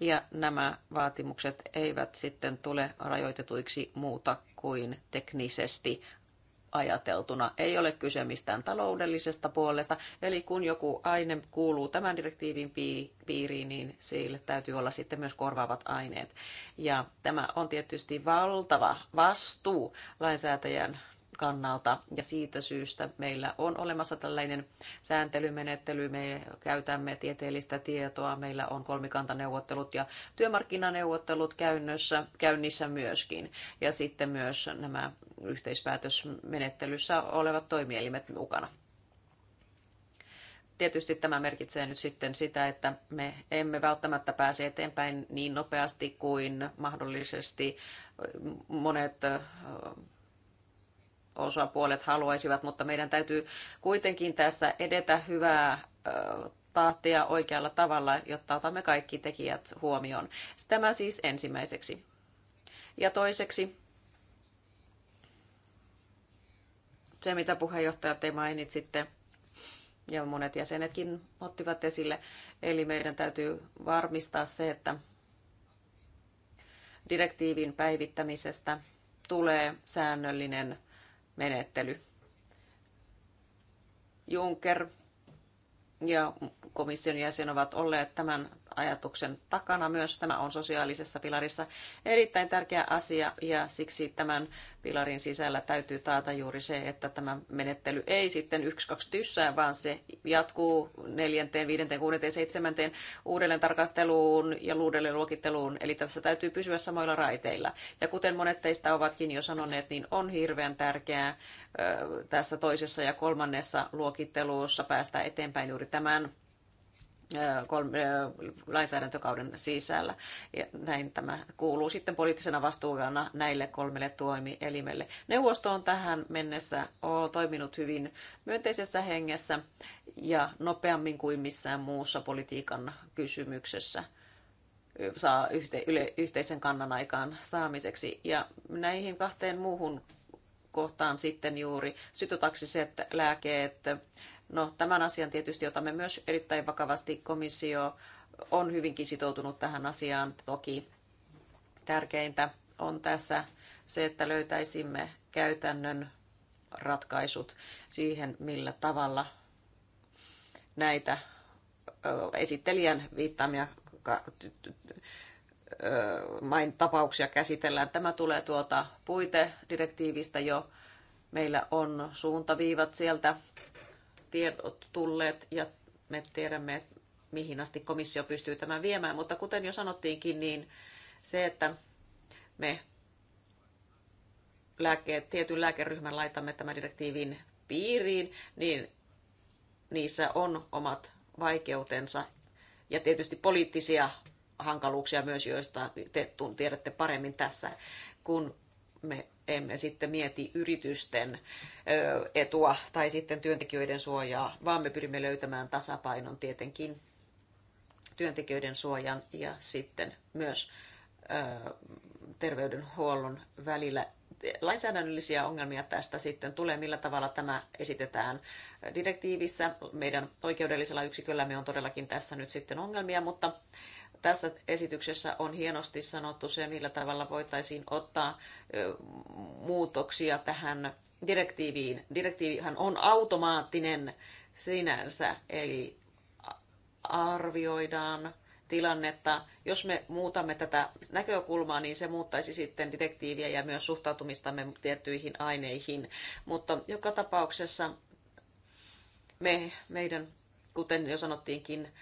ja nämä vaatimukset eivät sitten tule rajoitetuiksi muuta kuin teknisesti ajateltuna. Ei ole kyse mistään taloudellisesta puolesta, eli kun joku aine kuuluu tämän direktiivin piiriin, niin sille täytyy olla sitten myös korvaavat aineet. Ja tämä on tietysti valtava vastuu lainsäätäjän kannalta. Ja siitä syystä meillä on olemassa tällainen sääntelymenettely. Me käytämme tieteellistä tietoa. Meillä on kolmikantaneuvottelut ja työmarkkinaneuvottelut käynnössä, käynnissä myöskin. Ja sitten myös nämä yhteispäätösmenettelyssä olevat toimielimet mukana tietysti tämä merkitsee nyt sitten sitä, että me emme välttämättä pääse eteenpäin niin nopeasti kuin mahdollisesti monet osapuolet haluaisivat, mutta meidän täytyy kuitenkin tässä edetä hyvää tahtia oikealla tavalla, jotta otamme kaikki tekijät huomioon. Tämä siis ensimmäiseksi. Ja toiseksi se, mitä puheenjohtaja te mainitsitte, ja monet jäsenetkin ottivat esille. Eli meidän täytyy varmistaa se, että direktiivin päivittämisestä tulee säännöllinen menettely. Juncker ja komission jäsen ovat olleet tämän ajatuksen takana myös. Tämä on sosiaalisessa pilarissa erittäin tärkeä asia ja siksi tämän pilarin sisällä täytyy taata juuri se, että tämä menettely ei sitten yksi, kaksi tyssää, vaan se jatkuu neljänteen, viidenteen, kuudenteen, seitsemänteen uudelleen tarkasteluun ja luudelle luokitteluun. Eli tässä täytyy pysyä samoilla raiteilla. Ja kuten monet teistä ovatkin jo sanoneet, niin on hirveän tärkeää tässä toisessa ja kolmannessa luokittelussa päästä eteenpäin juuri tämän kolme, lainsäädäntökauden sisällä. Ja näin tämä kuuluu sitten poliittisena vastuujana näille kolmelle toimielimelle. Neuvosto on tähän mennessä toiminut hyvin myönteisessä hengessä ja nopeammin kuin missään muussa politiikan kysymyksessä saa yhte, yle, yhteisen kannan aikaan saamiseksi. Ja näihin kahteen muuhun kohtaan sitten juuri sytotaksiset lääkeet, No, tämän asian tietysti otamme myös erittäin vakavasti. Komissio on hyvinkin sitoutunut tähän asiaan. Toki tärkeintä on tässä se, että löytäisimme käytännön ratkaisut siihen, millä tavalla näitä esittelijän viittaamia main tapauksia käsitellään. Tämä tulee tuota puitedirektiivistä jo. Meillä on suuntaviivat sieltä tiedot tulleet ja me tiedämme, mihin asti komissio pystyy tämän viemään. Mutta kuten jo sanottiinkin, niin se, että me lääke, tietyn lääkeryhmän laitamme tämän direktiivin piiriin, niin niissä on omat vaikeutensa ja tietysti poliittisia hankaluuksia myös, joista te tiedätte paremmin tässä, kun me emme sitten mieti yritysten etua tai sitten työntekijöiden suojaa, vaan me pyrimme löytämään tasapainon tietenkin työntekijöiden suojan ja sitten myös terveydenhuollon välillä. Lainsäädännöllisiä ongelmia tästä sitten tulee, millä tavalla tämä esitetään direktiivissä. Meidän oikeudellisella yksiköllämme on todellakin tässä nyt sitten ongelmia, mutta tässä esityksessä on hienosti sanottu se, millä tavalla voitaisiin ottaa muutoksia tähän direktiiviin. Direktiivihan on automaattinen sinänsä, eli arvioidaan tilannetta. Jos me muutamme tätä näkökulmaa, niin se muuttaisi sitten direktiiviä ja myös suhtautumistamme tiettyihin aineihin. Mutta joka tapauksessa me, meidän, kuten jo sanottiinkin,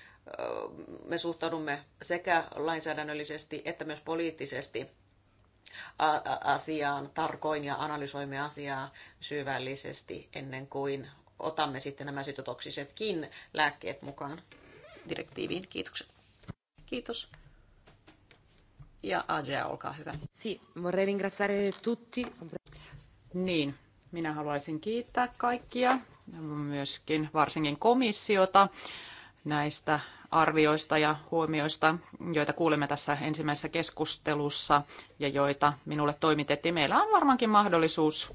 me suhtaudumme sekä lainsäädännöllisesti että myös poliittisesti asiaan tarkoin ja analysoimme asiaa syvällisesti ennen kuin otamme sitten nämä sytotoksisetkin lääkkeet mukaan direktiiviin. Kiitokset. Kiitos. Ja Adria, olkaa hyvä. Si, vorrei ringraziare tutti. Niin, minä haluaisin kiittää kaikkia, myöskin varsinkin komissiota näistä arvioista ja huomioista, joita kuulemme tässä ensimmäisessä keskustelussa ja joita minulle toimitettiin. Meillä on varmaankin mahdollisuus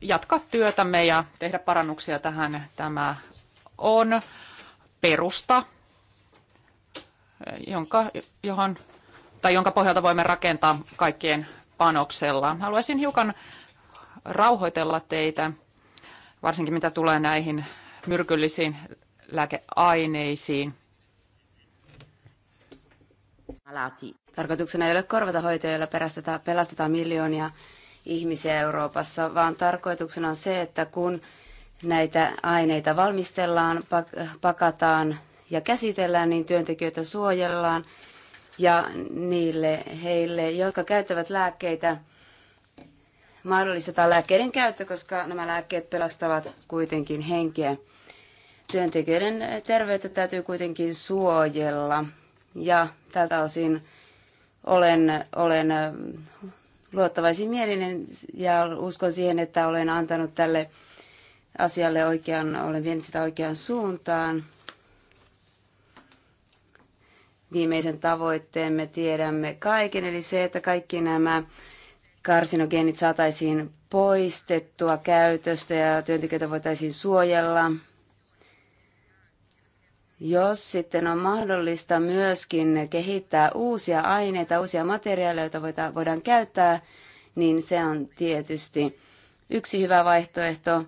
jatkaa työtämme ja tehdä parannuksia tähän. Tämä on perusta, jonka, johon, tai jonka pohjalta voimme rakentaa kaikkien panoksella. Haluaisin hiukan rauhoitella teitä, varsinkin mitä tulee näihin myrkyllisiin lääkeaineisiin. Tarkoituksena ei ole korvata hoitoja, joilla pelastetaan miljoonia ihmisiä Euroopassa, vaan tarkoituksena on se, että kun näitä aineita valmistellaan, pakataan ja käsitellään, niin työntekijöitä suojellaan ja niille heille, jotka käyttävät lääkkeitä, mahdollistetaan lääkkeiden käyttö, koska nämä lääkkeet pelastavat kuitenkin henkeä. Työntekijöiden terveyttä täytyy kuitenkin suojella ja tältä osin olen, olen luottavaisin mielinen ja uskon siihen, että olen antanut tälle asialle oikean, olen vienyt sitä oikeaan suuntaan. Viimeisen tavoitteemme tiedämme kaiken, eli se, että kaikki nämä karsinogeenit saataisiin poistettua käytöstä ja työntekijöitä voitaisiin suojella jos sitten on mahdollista myöskin kehittää uusia aineita, uusia materiaaleja, joita voidaan käyttää, niin se on tietysti yksi hyvä vaihtoehto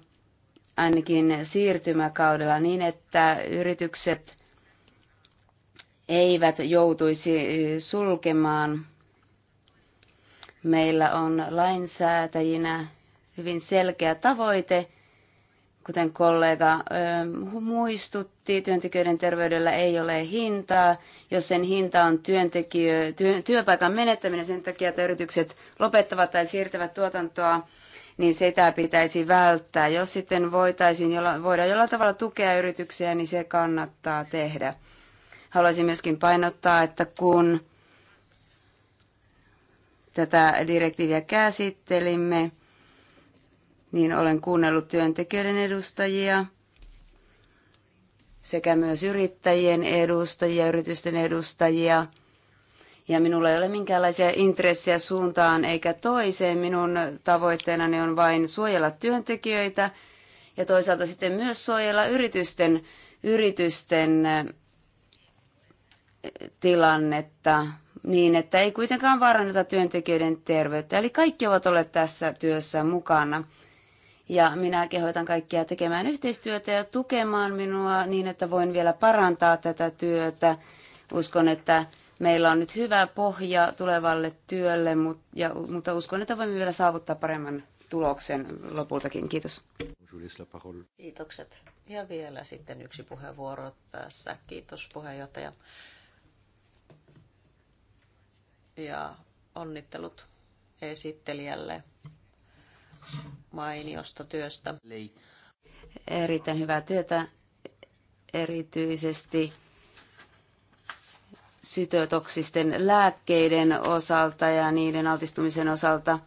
ainakin siirtymäkaudella niin, että yritykset eivät joutuisi sulkemaan. Meillä on lainsäätäjinä hyvin selkeä tavoite – Kuten kollega ähm, muistutti, työntekijöiden terveydellä ei ole hintaa. Jos sen hinta on työntekijö, työ, työpaikan menettäminen sen takia, että yritykset lopettavat tai siirtävät tuotantoa, niin sitä pitäisi välttää. Jos sitten voitaisiin jolla, voidaan jollain tavalla tukea yrityksiä, niin se kannattaa tehdä. Haluaisin myöskin painottaa, että kun tätä direktiiviä käsittelimme, niin olen kuunnellut työntekijöiden edustajia sekä myös yrittäjien edustajia, yritysten edustajia. Ja minulla ei ole minkäänlaisia intressejä suuntaan eikä toiseen. Minun tavoitteenani on vain suojella työntekijöitä ja toisaalta sitten myös suojella yritysten, yritysten tilannetta niin, että ei kuitenkaan vaaranneta työntekijöiden terveyttä. Eli kaikki ovat olleet tässä työssä mukana. Ja minä kehoitan kaikkia tekemään yhteistyötä ja tukemaan minua niin, että voin vielä parantaa tätä työtä. Uskon, että meillä on nyt hyvä pohja tulevalle työlle, mutta uskon, että voimme vielä saavuttaa paremman tuloksen lopultakin. Kiitos. Kiitokset. Ja vielä sitten yksi puheenvuoro tässä. Kiitos puheenjohtaja. Ja onnittelut esittelijälle mainiosta työstä. Erittäin hyvää työtä erityisesti sytötoksisten lääkkeiden osalta ja niiden altistumisen osalta.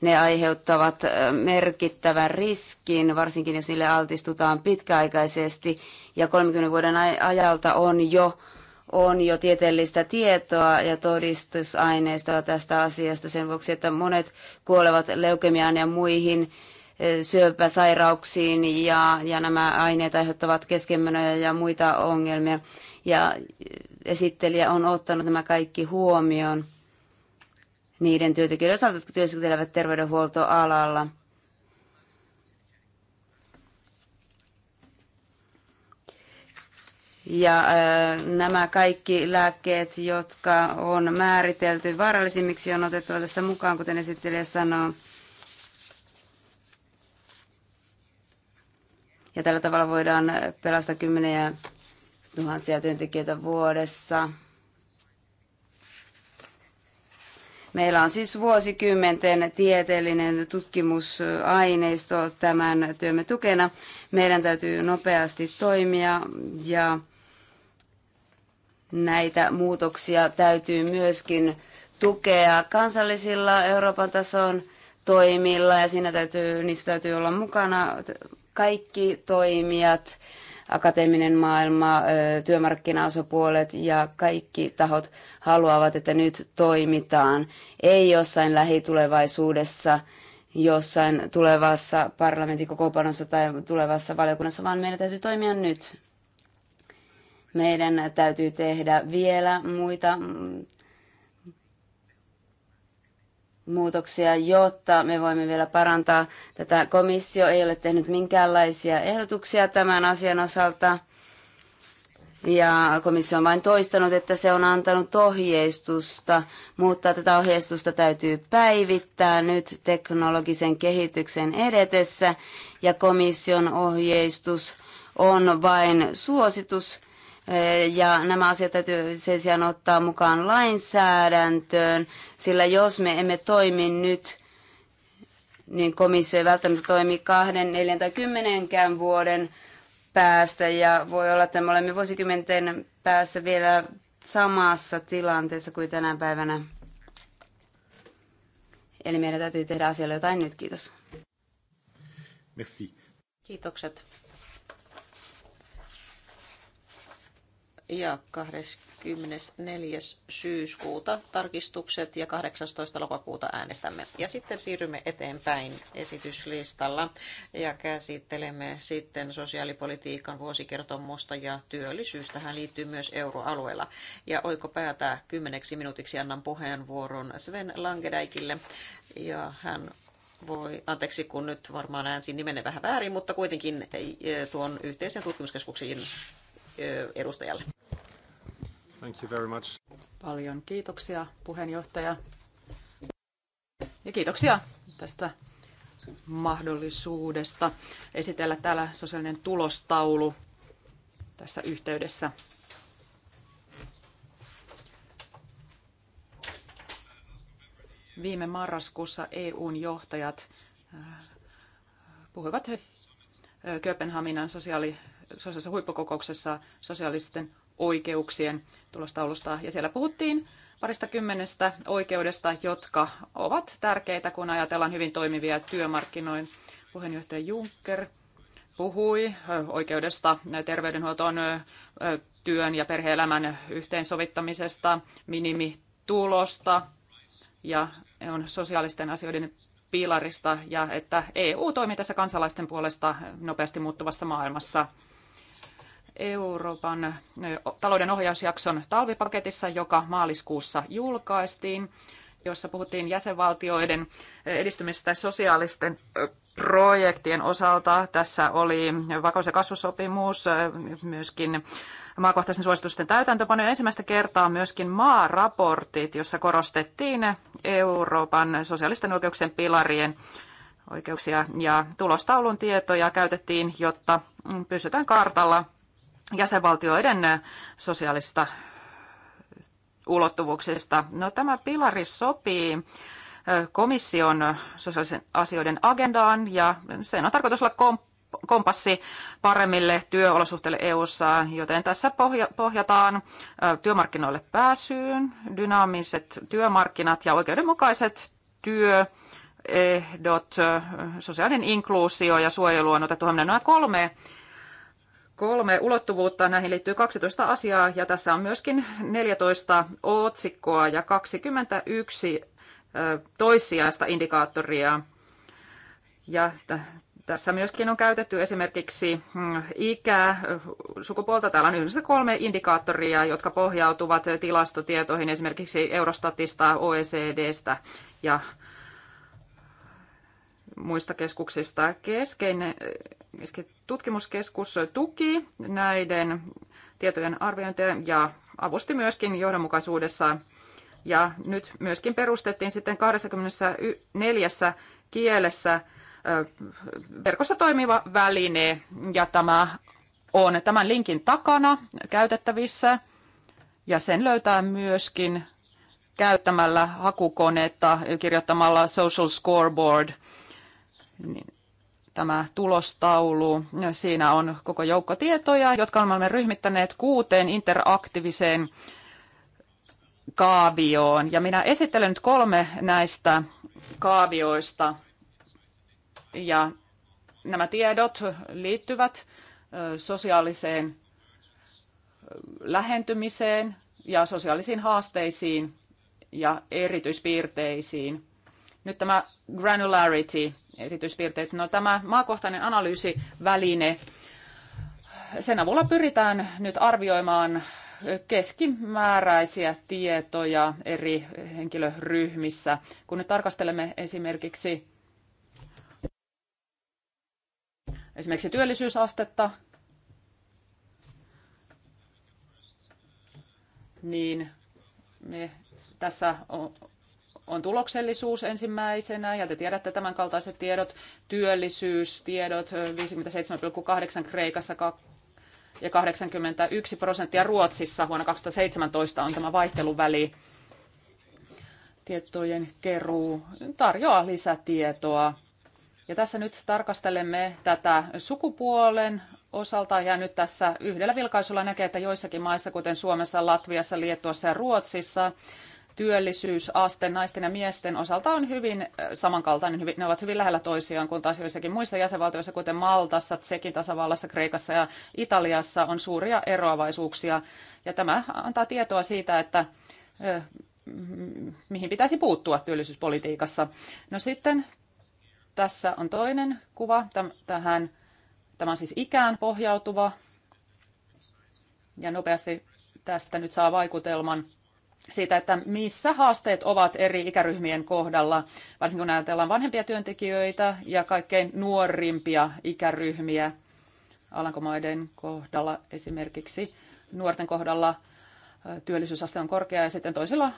Ne aiheuttavat merkittävän riskin, varsinkin jos niille altistutaan pitkäaikaisesti. Ja 30 vuoden ajalta on jo on jo tieteellistä tietoa ja todistusaineistoa tästä asiasta sen vuoksi, että monet kuolevat leukemiaan ja muihin eh, syöpäsairauksiin ja, ja nämä aineet aiheuttavat keskenmenoja ja muita ongelmia. Ja eh, esittelijä on ottanut nämä kaikki huomioon niiden työntekijöiden osalta, jotka työskentelevät terveydenhuoltoalalla. Ja äh, nämä kaikki lääkkeet, jotka on määritelty vaarallisimmiksi, on otettava tässä mukaan, kuten esittelijä sanoo. Ja tällä tavalla voidaan pelastaa kymmeniä tuhansia työntekijöitä vuodessa. Meillä on siis vuosikymmenten tieteellinen tutkimusaineisto tämän työmme tukena. Meidän täytyy nopeasti toimia ja näitä muutoksia täytyy myöskin tukea kansallisilla Euroopan tason toimilla ja siinä täytyy, niissä täytyy olla mukana kaikki toimijat, akateeminen maailma, työmarkkinaosapuolet ja kaikki tahot haluavat, että nyt toimitaan. Ei jossain lähitulevaisuudessa, jossain tulevassa parlamentin kokoopanossa tai tulevassa valiokunnassa, vaan meidän täytyy toimia nyt. Meidän täytyy tehdä vielä muita muutoksia, jotta me voimme vielä parantaa tätä. Komissio ei ole tehnyt minkäänlaisia ehdotuksia tämän asian osalta. Ja komissio on vain toistanut, että se on antanut ohjeistusta, mutta tätä ohjeistusta täytyy päivittää nyt teknologisen kehityksen edetessä. Ja komission ohjeistus on vain suositus, Eh, ja nämä asiat täytyy sen sijaan ottaa mukaan lainsäädäntöön, sillä jos me emme toimi nyt, niin komissio ei välttämättä toimi kahden, neljän tai kymmenenkään vuoden päästä. Ja voi olla, että me olemme vuosikymmenten päässä vielä samassa tilanteessa kuin tänä päivänä. Eli meidän täytyy tehdä asialle jotain nyt. Kiitos. Merci. Kiitokset. ja 24. syyskuuta tarkistukset ja 18. lokakuuta äänestämme. Ja sitten siirrymme eteenpäin esityslistalla ja käsittelemme sitten sosiaalipolitiikan vuosikertomusta ja työllisyys. Tähän liittyy myös euroalueella. Ja päätä kymmeneksi minuutiksi annan puheenvuoron Sven Langedäikille ja hän voi, anteeksi kun nyt varmaan äänsin nimenne vähän väärin, mutta kuitenkin eh, tuon yhteisen tutkimuskeskuksen edustajalle. Thank you very much. Paljon kiitoksia puheenjohtaja. Ja kiitoksia tästä mahdollisuudesta esitellä täällä sosiaalinen tulostaulu tässä yhteydessä. Viime marraskuussa EUn johtajat äh, puhuivat äh, Kööpenhaminan sosiaali- sosiaalisessa huippukokouksessa sosiaalisten oikeuksien tulostaulusta. Ja siellä puhuttiin parista kymmenestä oikeudesta, jotka ovat tärkeitä, kun ajatellaan hyvin toimivia työmarkkinoin. Puheenjohtaja Juncker puhui oikeudesta terveydenhuoltoon, työn ja perheelämän yhteensovittamisesta, minimitulosta ja on sosiaalisten asioiden pilarista ja että EU toimii tässä kansalaisten puolesta nopeasti muuttuvassa maailmassa. Euroopan talouden ohjausjakson talvipaketissa, joka maaliskuussa julkaistiin, jossa puhuttiin jäsenvaltioiden edistymisestä sosiaalisten projektien osalta. Tässä oli vakaus- ja kasvusopimus, myöskin maakohtaisen suositusten täytäntöpano ja ensimmäistä kertaa myöskin maaraportit, jossa korostettiin Euroopan sosiaalisten oikeuksien pilarien oikeuksia ja tulostaulun tietoja käytettiin, jotta pysytään kartalla jäsenvaltioiden eh, sosiaalista ulottuvuuksista. No, tämä pilari sopii eh, komission sosiaalisen asioiden agendaan ja sen on tarkoitus olla komp- kompassi paremmille työolosuhteille EU:ssa, joten tässä pohjataan eh, työmarkkinoille pääsyyn, dynaamiset työmarkkinat ja oikeudenmukaiset työehdot, sosiaalinen inkluusio ja suojelu on otettu nämä kolme kolme ulottuvuutta. Näihin liittyy 12 asiaa ja tässä on myöskin 14 otsikkoa ja 21 toissijaista indikaattoria. Ja tässä myöskin on käytetty esimerkiksi mm, ikää, sukupuolta. Täällä on yhdessä kolme indikaattoria, jotka pohjautuvat tilastotietoihin esimerkiksi Eurostatista, OECDstä ja muista keskuksista. Keskeinen tutkimuskeskus tuki näiden tietojen arviointia ja avusti myöskin johdonmukaisuudessa. Ja nyt myöskin perustettiin sitten 24 kielessä verkossa toimiva väline, ja tämä on tämän linkin takana käytettävissä, ja sen löytää myöskin käyttämällä hakukoneetta kirjoittamalla Social Scoreboard – niin tämä tulostaulu. Siinä on koko joukko tietoja, jotka olemme ryhmittäneet kuuteen interaktiiviseen kaavioon. Ja minä esittelen nyt kolme näistä kaavioista. Ja nämä tiedot liittyvät sosiaaliseen lähentymiseen ja sosiaalisiin haasteisiin ja erityispiirteisiin. Nyt tämä granularity, erityispiirteet, no tämä maakohtainen analyysiväline, sen avulla pyritään nyt arvioimaan keskimääräisiä tietoja eri henkilöryhmissä. Kun nyt tarkastelemme esimerkiksi, esimerkiksi työllisyysastetta, niin me tässä on tuloksellisuus ensimmäisenä, ja te tiedätte tämän kaltaiset tiedot, työllisyystiedot 57,8 Kreikassa ja 81 prosenttia Ruotsissa vuonna 2017 on tämä vaihteluväli. Tietojen keruu tarjoaa lisätietoa. Ja tässä nyt tarkastelemme tätä sukupuolen osalta ja nyt tässä yhdellä vilkaisulla näkee, että joissakin maissa, kuten Suomessa, Latviassa, Liettuassa ja Ruotsissa, työllisyysaste naisten ja miesten osalta on hyvin samankaltainen, ne ovat hyvin lähellä toisiaan, kun taas joissakin muissa jäsenvaltioissa, kuten Maltassa, Tsekin tasavallassa, Kreikassa ja Italiassa on suuria eroavaisuuksia. Ja tämä antaa tietoa siitä, että mihin pitäisi puuttua työllisyyspolitiikassa. No sitten tässä on toinen kuva tähän. Tämä on siis ikään pohjautuva. Ja nopeasti tästä nyt saa vaikutelman siitä, että missä haasteet ovat eri ikäryhmien kohdalla, varsinkin kun ajatellaan vanhempia työntekijöitä ja kaikkein nuorimpia ikäryhmiä. Alankomaiden kohdalla esimerkiksi nuorten kohdalla työllisyysaste on korkea ja sitten toisilla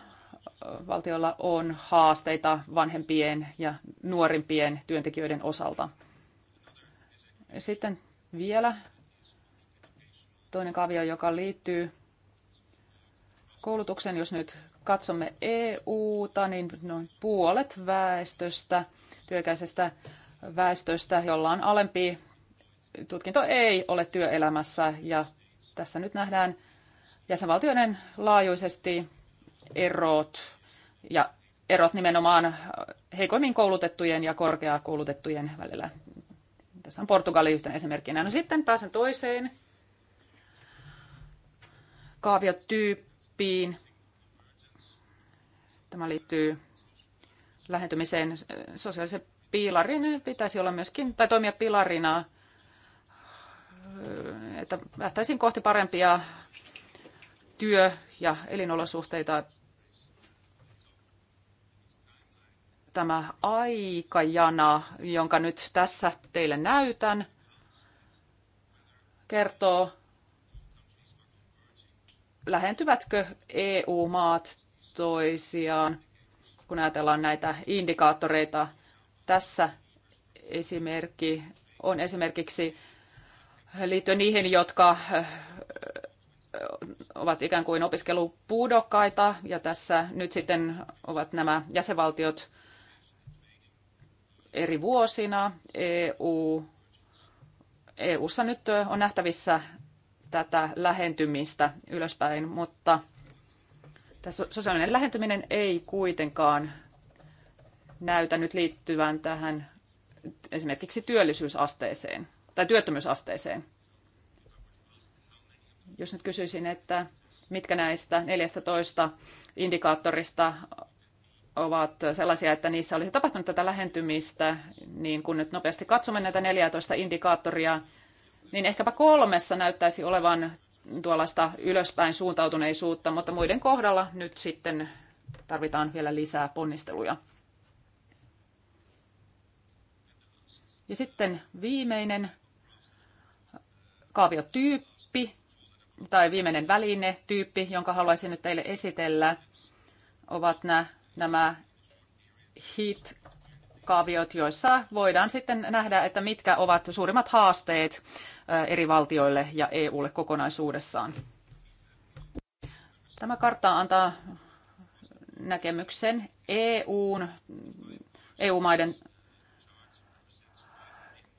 valtioilla on haasteita vanhempien ja nuorimpien työntekijöiden osalta. Sitten vielä toinen kavio, joka liittyy koulutuksen, jos nyt katsomme EU-ta, niin noin puolet väestöstä, työikäisestä väestöstä, jolla on alempi tutkinto, ei ole työelämässä. Ja tässä nyt nähdään jäsenvaltioiden laajuisesti erot ja erot nimenomaan heikoimmin koulutettujen ja korkeakoulutettujen välillä. Tässä on Portugali yhtenä esimerkkinä. No sitten pääsen toiseen kaaviotyyppiin oppiin. Tämä liittyy lähentymiseen sosiaalisen piilarin pitäisi olla myöskin, tai toimia pilarina, että päästäisiin kohti parempia työ- ja elinolosuhteita. Tämä aikajana, jonka nyt tässä teille näytän, kertoo lähentyvätkö EU-maat toisiaan, kun ajatellaan näitä indikaattoreita. Tässä esimerkki on esimerkiksi liittyen niihin, jotka äh, ovat ikään kuin opiskelupudokkaita, ja tässä nyt sitten ovat nämä jäsenvaltiot eri vuosina. EU, EUssa nyt on nähtävissä tätä lähentymistä ylöspäin, mutta tämä sosiaalinen lähentyminen ei kuitenkaan näytä nyt liittyvän tähän esimerkiksi työllisyysasteeseen tai työttömyysasteeseen. Jos nyt kysyisin, että mitkä näistä 14 indikaattorista ovat sellaisia, että niissä olisi tapahtunut tätä lähentymistä, niin kun nyt nopeasti katsomme näitä 14 indikaattoria, niin ehkäpä kolmessa näyttäisi olevan tuollaista ylöspäin suuntautuneisuutta, mutta muiden kohdalla nyt sitten tarvitaan vielä lisää ponnisteluja. Ja sitten viimeinen kaaviotyyppi tai viimeinen väline tyyppi, jonka haluaisin nyt teille esitellä, ovat nämä, nämä heat kaaviot, joissa voidaan sitten nähdä, että mitkä ovat suurimmat haasteet eri valtioille ja EUlle kokonaisuudessaan. Tämä kartta antaa näkemyksen EUn, EU-maiden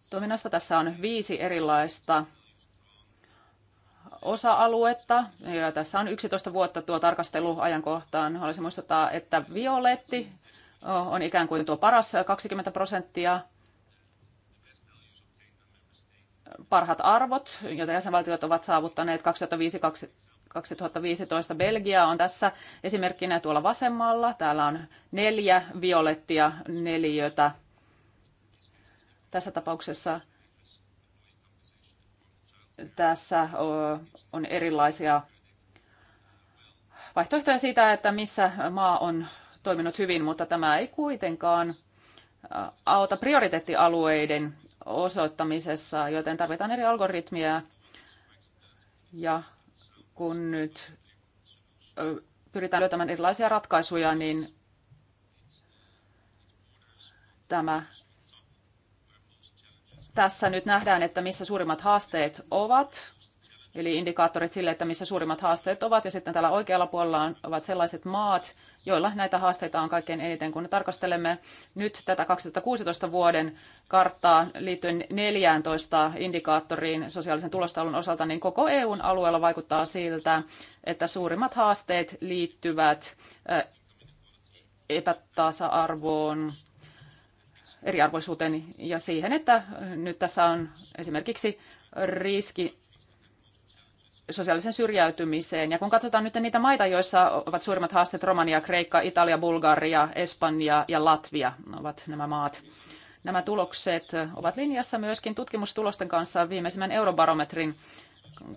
toiminnasta. Tässä on viisi erilaista osa-aluetta. Ja tässä on 11 vuotta tuo tarkasteluajankohtaan. Haluaisin muistuttaa, että violetti Oh, on ikään kuin tuo paras 20 prosenttia, parhaat arvot, joita jäsenvaltiot ovat saavuttaneet 2005 2015 Belgia on tässä esimerkkinä tuolla vasemmalla. Täällä on neljä violettia neliötä. Tässä tapauksessa tässä on erilaisia vaihtoehtoja siitä, että missä maa on toiminut hyvin, mutta tämä ei kuitenkaan äh, auta prioriteettialueiden osoittamisessa, joten tarvitaan eri algoritmia. Ja kun nyt pyritään löytämään erilaisia ratkaisuja, niin tämä tässä nyt nähdään, että missä suurimmat haasteet ovat Eli indikaattorit sille, että missä suurimmat haasteet ovat. Ja sitten täällä oikealla puolella ovat sellaiset maat, joilla näitä haasteita on kaikkein eniten. Kun tarkastelemme nyt tätä 2016 vuoden karttaa liittyen 14 indikaattoriin sosiaalisen tulostaulun osalta, niin koko EUn alueella vaikuttaa siltä, että suurimmat haasteet liittyvät epätasa-arvoon, eriarvoisuuteen ja siihen, että nyt tässä on esimerkiksi riski sosiaalisen syrjäytymiseen. Ja kun katsotaan nyt niitä maita, joissa ovat suurimmat haasteet, Romania, Kreikka, Italia, Bulgaria, Espanja ja Latvia ovat nämä maat. Nämä tulokset ovat linjassa myöskin tutkimustulosten kanssa viimeisimmän eurobarometrin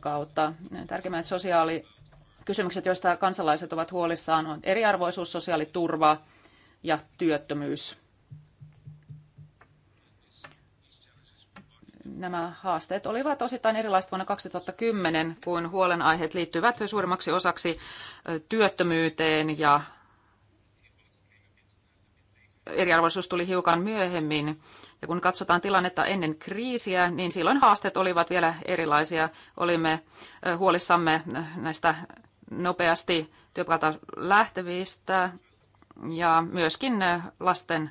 kautta. Tärkeimmät sosiaalikysymykset, joista kansalaiset ovat huolissaan, on eriarvoisuus, sosiaaliturva ja työttömyys. nämä haasteet olivat osittain erilaiset vuonna 2010, kun huolenaiheet liittyvät suurimmaksi osaksi työttömyyteen ja eriarvoisuus tuli hiukan myöhemmin. Ja kun katsotaan tilannetta ennen kriisiä, niin silloin haasteet olivat vielä erilaisia. Olimme huolissamme näistä nopeasti työpaikalta lähtevistä ja myöskin lasten,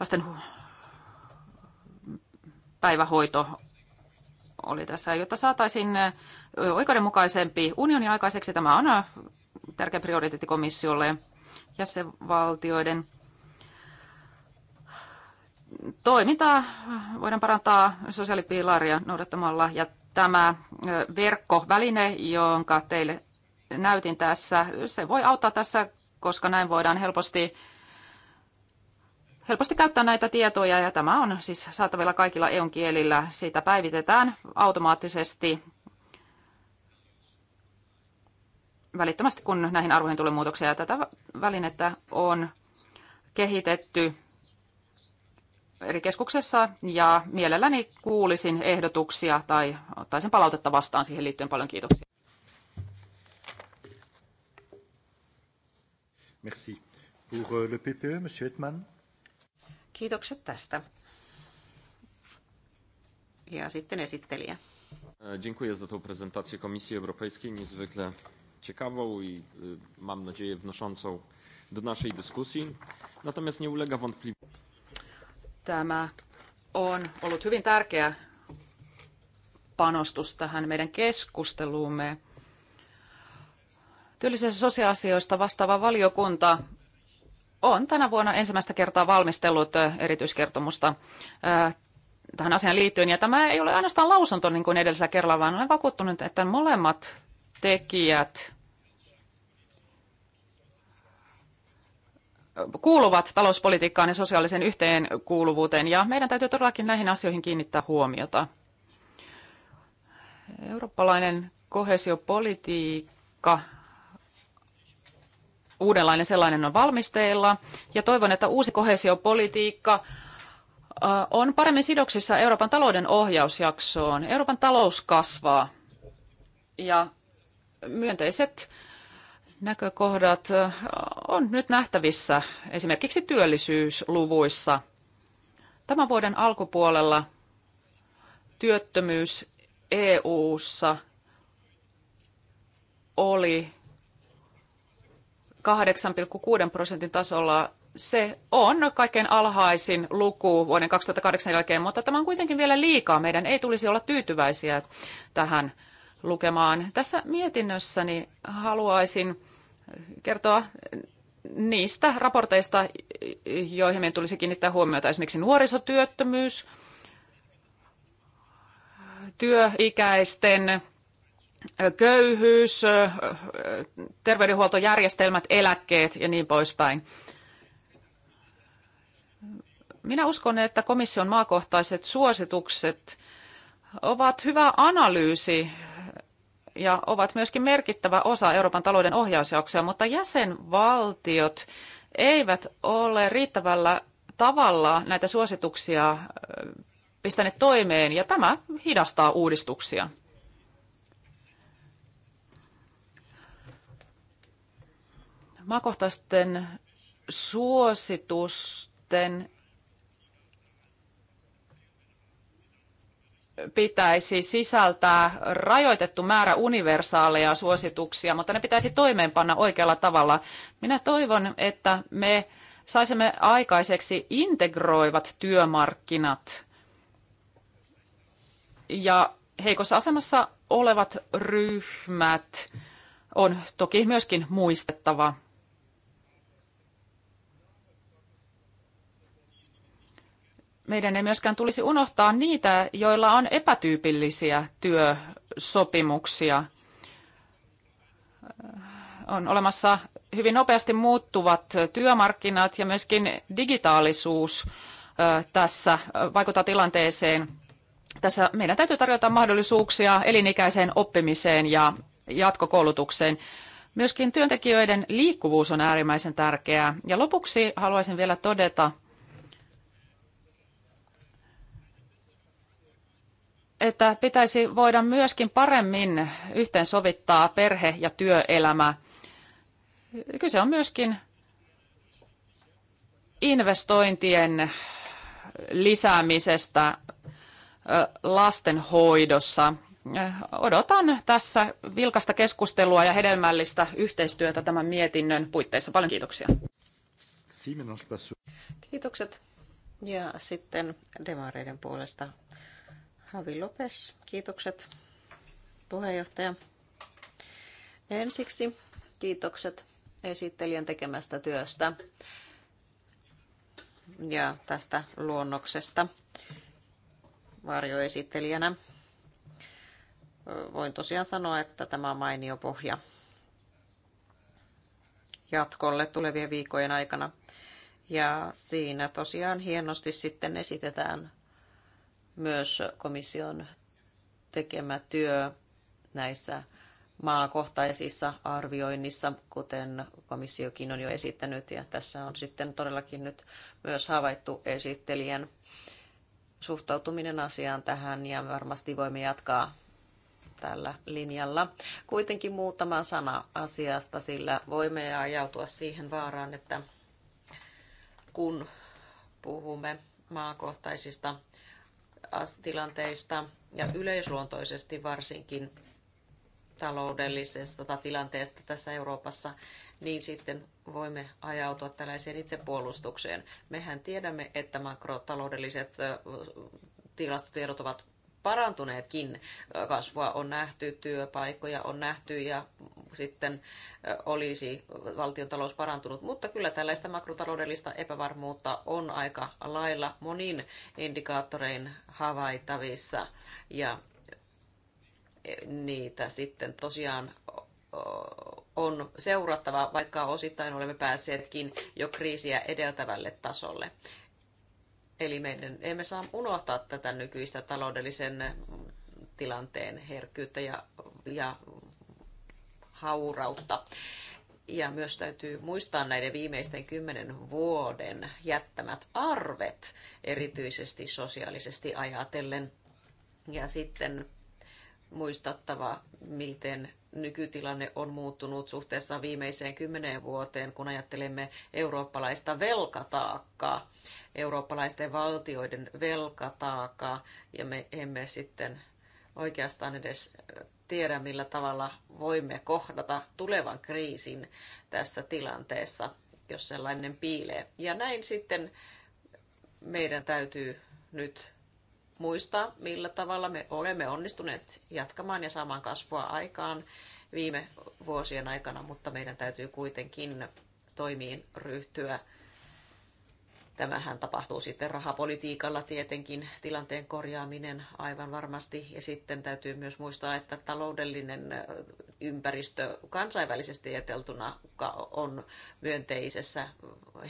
lasten päivähoito oli tässä, jotta saataisiin oikeudenmukaisempi unioni aikaiseksi. Tämä on tärkeä prioriteetti komissiolle jäsenvaltioiden toimintaa voidaan parantaa sosiaalipilaria noudattamalla ja tämä verkkoväline, jonka teille näytin tässä, se voi auttaa tässä, koska näin voidaan helposti helposti käyttää näitä tietoja ja tämä on siis saatavilla kaikilla EUn kielillä. Siitä päivitetään automaattisesti välittömästi, kun näihin arvoihin tulee muutoksia. Tätä välinettä on kehitetty eri keskuksessa ja mielelläni kuulisin ehdotuksia tai ottaisin palautetta vastaan siihen liittyen. Paljon kiitoksia. Merci. Pour euh, le PPE, Monsieur Hetman. Kiitokset tästä. Ja sitten esittelijä. E, dziękuję za tą prezentację Komisji Europejskiej, niezwykle ciekawą i e, mam nadzieję wnoszącą do naszej dyskusji. Natomiast nie ulega wątpliwości. Tämä on ollut hyvin tärkeä panostus tähän meidän keskusteluumme. Työllisyys- ja sosiaaliasioista vastaava valiokunta on tänä vuonna ensimmäistä kertaa valmistellut erityiskertomusta tähän asiaan liittyen. Ja tämä ei ole ainoastaan lausunto niin kuin edellisellä kerralla, vaan olen vakuuttunut, että molemmat tekijät kuuluvat talouspolitiikkaan ja sosiaaliseen yhteenkuuluvuuteen, ja meidän täytyy todellakin näihin asioihin kiinnittää huomiota. Eurooppalainen kohesiopolitiikka uudenlainen sellainen on valmisteilla. Ja toivon, että uusi kohesiopolitiikka on paremmin sidoksissa Euroopan talouden ohjausjaksoon. Euroopan talous kasvaa ja myönteiset näkökohdat on nyt nähtävissä esimerkiksi työllisyysluvuissa. Tämän vuoden alkupuolella työttömyys EU:ssa oli 8,6 prosentin tasolla. Se on kaikkein alhaisin luku vuoden 2008 jälkeen, mutta tämä on kuitenkin vielä liikaa. Meidän ei tulisi olla tyytyväisiä tähän lukemaan. Tässä mietinnössäni haluaisin kertoa niistä raporteista, joihin meidän tulisi kiinnittää huomiota, esimerkiksi nuorisotyöttömyys, työikäisten köyhyys, terveydenhuoltojärjestelmät, eläkkeet ja niin poispäin. Minä uskon, että komission maakohtaiset suositukset ovat hyvä analyysi ja ovat myöskin merkittävä osa Euroopan talouden ohjausjauksia, mutta jäsenvaltiot eivät ole riittävällä tavalla näitä suosituksia pistäneet toimeen ja tämä hidastaa uudistuksia. maakohtaisten suositusten pitäisi sisältää rajoitettu määrä universaaleja suosituksia, mutta ne pitäisi toimeenpanna oikealla tavalla. Minä toivon, että me saisimme aikaiseksi integroivat työmarkkinat ja heikossa asemassa olevat ryhmät on toki myöskin muistettava. meidän ei myöskään tulisi unohtaa niitä, joilla on epätyypillisiä työsopimuksia. On olemassa hyvin nopeasti muuttuvat työmarkkinat ja myöskin digitaalisuus tässä vaikuttaa tilanteeseen. Tässä meidän täytyy tarjota mahdollisuuksia elinikäiseen oppimiseen ja jatkokoulutukseen. Myöskin työntekijöiden liikkuvuus on äärimmäisen tärkeää. Ja lopuksi haluaisin vielä todeta, että pitäisi voida myöskin paremmin yhteensovittaa perhe- ja työelämä. Kyse on myöskin investointien lisäämisestä lastenhoidossa. Odotan tässä vilkasta keskustelua ja hedelmällistä yhteistyötä tämän mietinnön puitteissa. Paljon kiitoksia. Kiitokset. Ja sitten demareiden puolesta Havi Lopes, kiitokset puheenjohtaja. Ensiksi kiitokset esittelijän tekemästä työstä ja tästä luonnoksesta varjoesittelijänä. Voin tosiaan sanoa, että tämä on mainio pohja jatkolle tulevien viikkojen aikana. Ja siinä tosiaan hienosti sitten esitetään myös komission tekemä työ näissä maakohtaisissa arvioinnissa, kuten komissiokin on jo esittänyt, ja tässä on sitten todellakin nyt myös havaittu esittelijän suhtautuminen asiaan tähän, ja varmasti voimme jatkaa tällä linjalla. Kuitenkin muutama sana asiasta, sillä voimme ajautua siihen vaaraan, että kun puhumme maakohtaisista tilanteista ja yleisluontoisesti varsinkin taloudellisesta tilanteesta tässä Euroopassa, niin sitten voimme ajautua tällaiseen itsepuolustukseen. Mehän tiedämme, että makrotaloudelliset tilastotiedot ovat parantuneetkin. Kasvua on nähty, työpaikkoja on nähty ja sitten olisi valtion talous parantunut. Mutta kyllä tällaista makrotaloudellista epävarmuutta on aika lailla monin indikaattorein havaittavissa ja e, niitä sitten tosiaan on seurattava, vaikka osittain olemme päässeetkin jo kriisiä edeltävälle tasolle. Eli meidän emme saa unohtaa tätä nykyistä taloudellisen tilanteen herkkyyttä ja, ja haurautta. Ja myös täytyy muistaa näiden viimeisten kymmenen vuoden jättämät arvet, erityisesti sosiaalisesti ajatellen. Ja sitten muistattava, miten nykytilanne on muuttunut suhteessa viimeiseen kymmeneen vuoteen, kun ajattelemme eurooppalaista velkataakkaa, eurooppalaisten valtioiden velkataakkaa, ja me emme sitten oikeastaan edes tiedä, millä tavalla voimme kohdata tulevan kriisin tässä tilanteessa, jos sellainen piilee. Ja näin sitten meidän täytyy nyt muistaa, millä tavalla me olemme onnistuneet jatkamaan ja saamaan kasvua aikaan viime vuosien aikana, mutta meidän täytyy kuitenkin toimiin ryhtyä. Tämähän tapahtuu sitten rahapolitiikalla tietenkin, tilanteen korjaaminen aivan varmasti. Ja sitten täytyy myös muistaa, että taloudellinen ympäristö kansainvälisesti ajateltuna on myönteisessä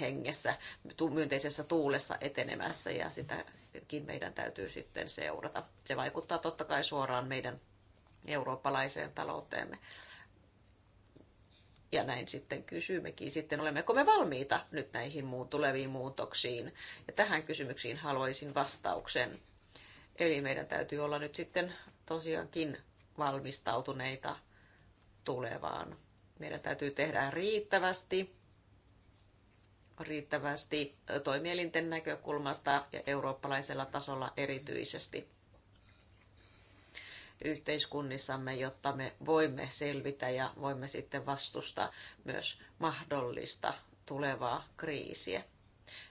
hengessä, myönteisessä tuulessa etenemässä ja sitä sitäkin meidän täytyy sitten seurata. Se vaikuttaa totta kai suoraan meidän eurooppalaiseen talouteemme. Ja näin sitten kysymmekin sitten, olemmeko me valmiita nyt näihin muun tuleviin muutoksiin. Ja tähän kysymyksiin haluaisin vastauksen. Eli meidän täytyy olla nyt sitten tosiaankin valmistautuneita tulevaan. Meidän täytyy tehdä riittävästi riittävästi toimielinten näkökulmasta ja eurooppalaisella tasolla erityisesti yhteiskunnissamme, jotta me voimme selvitä ja voimme sitten vastustaa myös mahdollista tulevaa kriisiä.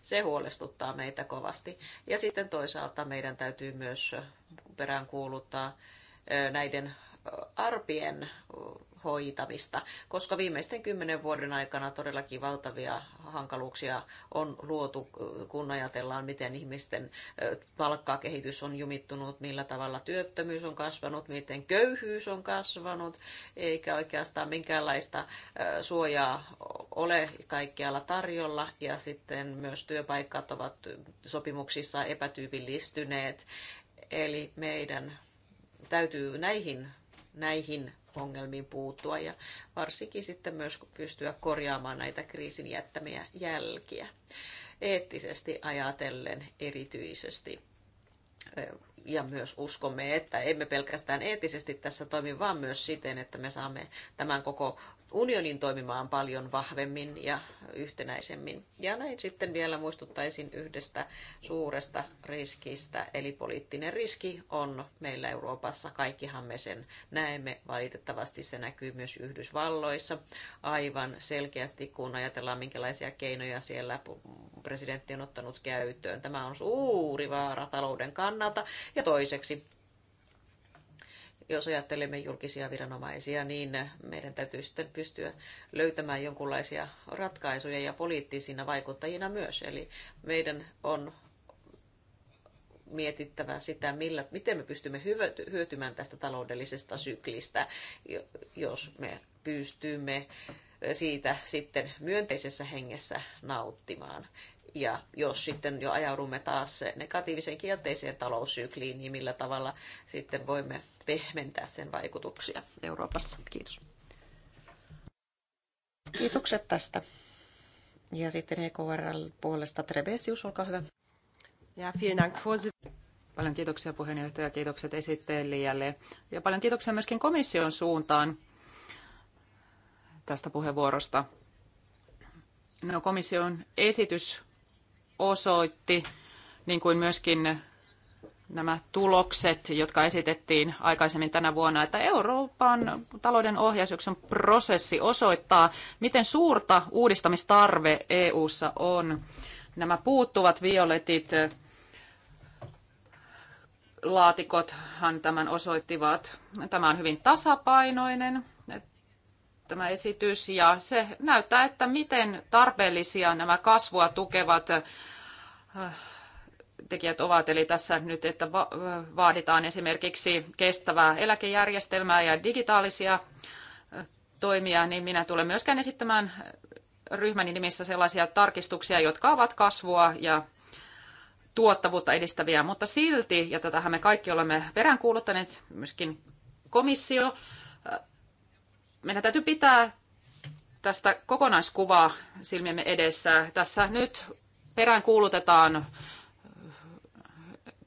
Se huolestuttaa meitä kovasti. Ja sitten toisaalta meidän täytyy myös peräänkuuluttaa näiden arpien hoitamista, koska viimeisten kymmenen vuoden aikana todellakin valtavia hankaluuksia on luotu, kun ajatellaan, miten ihmisten palkkakehitys on jumittunut, millä tavalla työttömyys on kasvanut, miten köyhyys on kasvanut, eikä oikeastaan minkäänlaista suojaa ole kaikkialla tarjolla, ja sitten myös työpaikat ovat sopimuksissa epätyypillistyneet, eli meidän täytyy näihin, näihin ongelmiin puuttua ja varsinkin sitten myös pystyä korjaamaan näitä kriisin jättämiä jälkiä eettisesti ajatellen erityisesti ja myös uskomme, että emme pelkästään eettisesti tässä toimi, vaan myös siten, että me saamme tämän koko unionin toimimaan paljon vahvemmin ja yhtenäisemmin. Ja näin sitten vielä muistuttaisin yhdestä suuresta riskistä, eli poliittinen riski on meillä Euroopassa. Kaikkihan me sen näemme, valitettavasti se näkyy myös Yhdysvalloissa aivan selkeästi, kun ajatellaan minkälaisia keinoja siellä presidentti on ottanut käyttöön. Tämä on suuri vaara talouden kannalta ja toiseksi jos ajattelemme julkisia viranomaisia, niin meidän täytyy sitten pystyä löytämään jonkinlaisia ratkaisuja ja poliittisina vaikuttajina myös. Eli meidän on mietittävä sitä, millä, miten me pystymme hyötymään tästä taloudellisesta syklistä, jos me pystymme siitä sitten myönteisessä hengessä nauttimaan ja jos sitten jo ajaudumme taas negatiiviseen kielteiseen taloussykliin, niin millä tavalla sitten voimme pehmentää sen vaikutuksia Euroopassa. Kiitos. Kiitokset tästä. Ja sitten EKRL puolesta Trebesius, olkaa hyvä. Ja vielen dank Paljon kiitoksia puheenjohtaja, kiitokset esittelijälle ja paljon kiitoksia myöskin komission suuntaan tästä puheenvuorosta. No, komission esitys osoitti, niin kuin myöskin nämä tulokset, jotka esitettiin aikaisemmin tänä vuonna, että Euroopan talouden ohjausyksen prosessi osoittaa, miten suurta uudistamistarve EU:ssa on. Nämä puuttuvat violetit laatikothan tämän osoittivat. Tämä on hyvin tasapainoinen tämä esitys ja se näyttää, että miten tarpeellisia nämä kasvua tukevat äh, tekijät ovat. Eli tässä nyt, että äh, vaaditaan esimerkiksi kestävää eläkejärjestelmää ja digitaalisia äh, toimia, niin minä tulen myöskään esittämään ryhmäni nimissä sellaisia tarkistuksia, jotka ovat kasvua ja tuottavuutta edistäviä, mutta silti, ja tätähän me kaikki olemme peräänkuuluttaneet, myöskin komissio meidän täytyy pitää tästä kokonaiskuvaa silmiemme edessä. Tässä nyt perään kuulutetaan äh,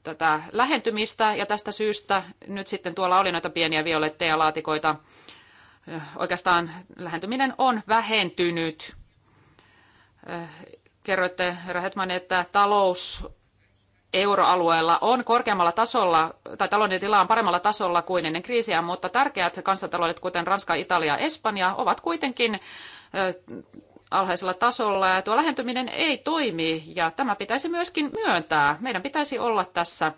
tätä lähentymistä ja tästä syystä nyt sitten tuolla oli noita pieniä violetteja laatikoita. Äh, oikeastaan lähentyminen on vähentynyt. Äh, kerroitte, herra Hetman, että talous euroalueella on korkeammalla tasolla, tai talouden tila on paremmalla tasolla kuin ennen kriisiä, mutta tärkeät kansantaloudet, kuten Ranska, Italia ja Espanja, ovat kuitenkin alhaisella tasolla ja tuo lähentyminen ei toimi ja tämä pitäisi myöskin myöntää. Meidän pitäisi olla tässä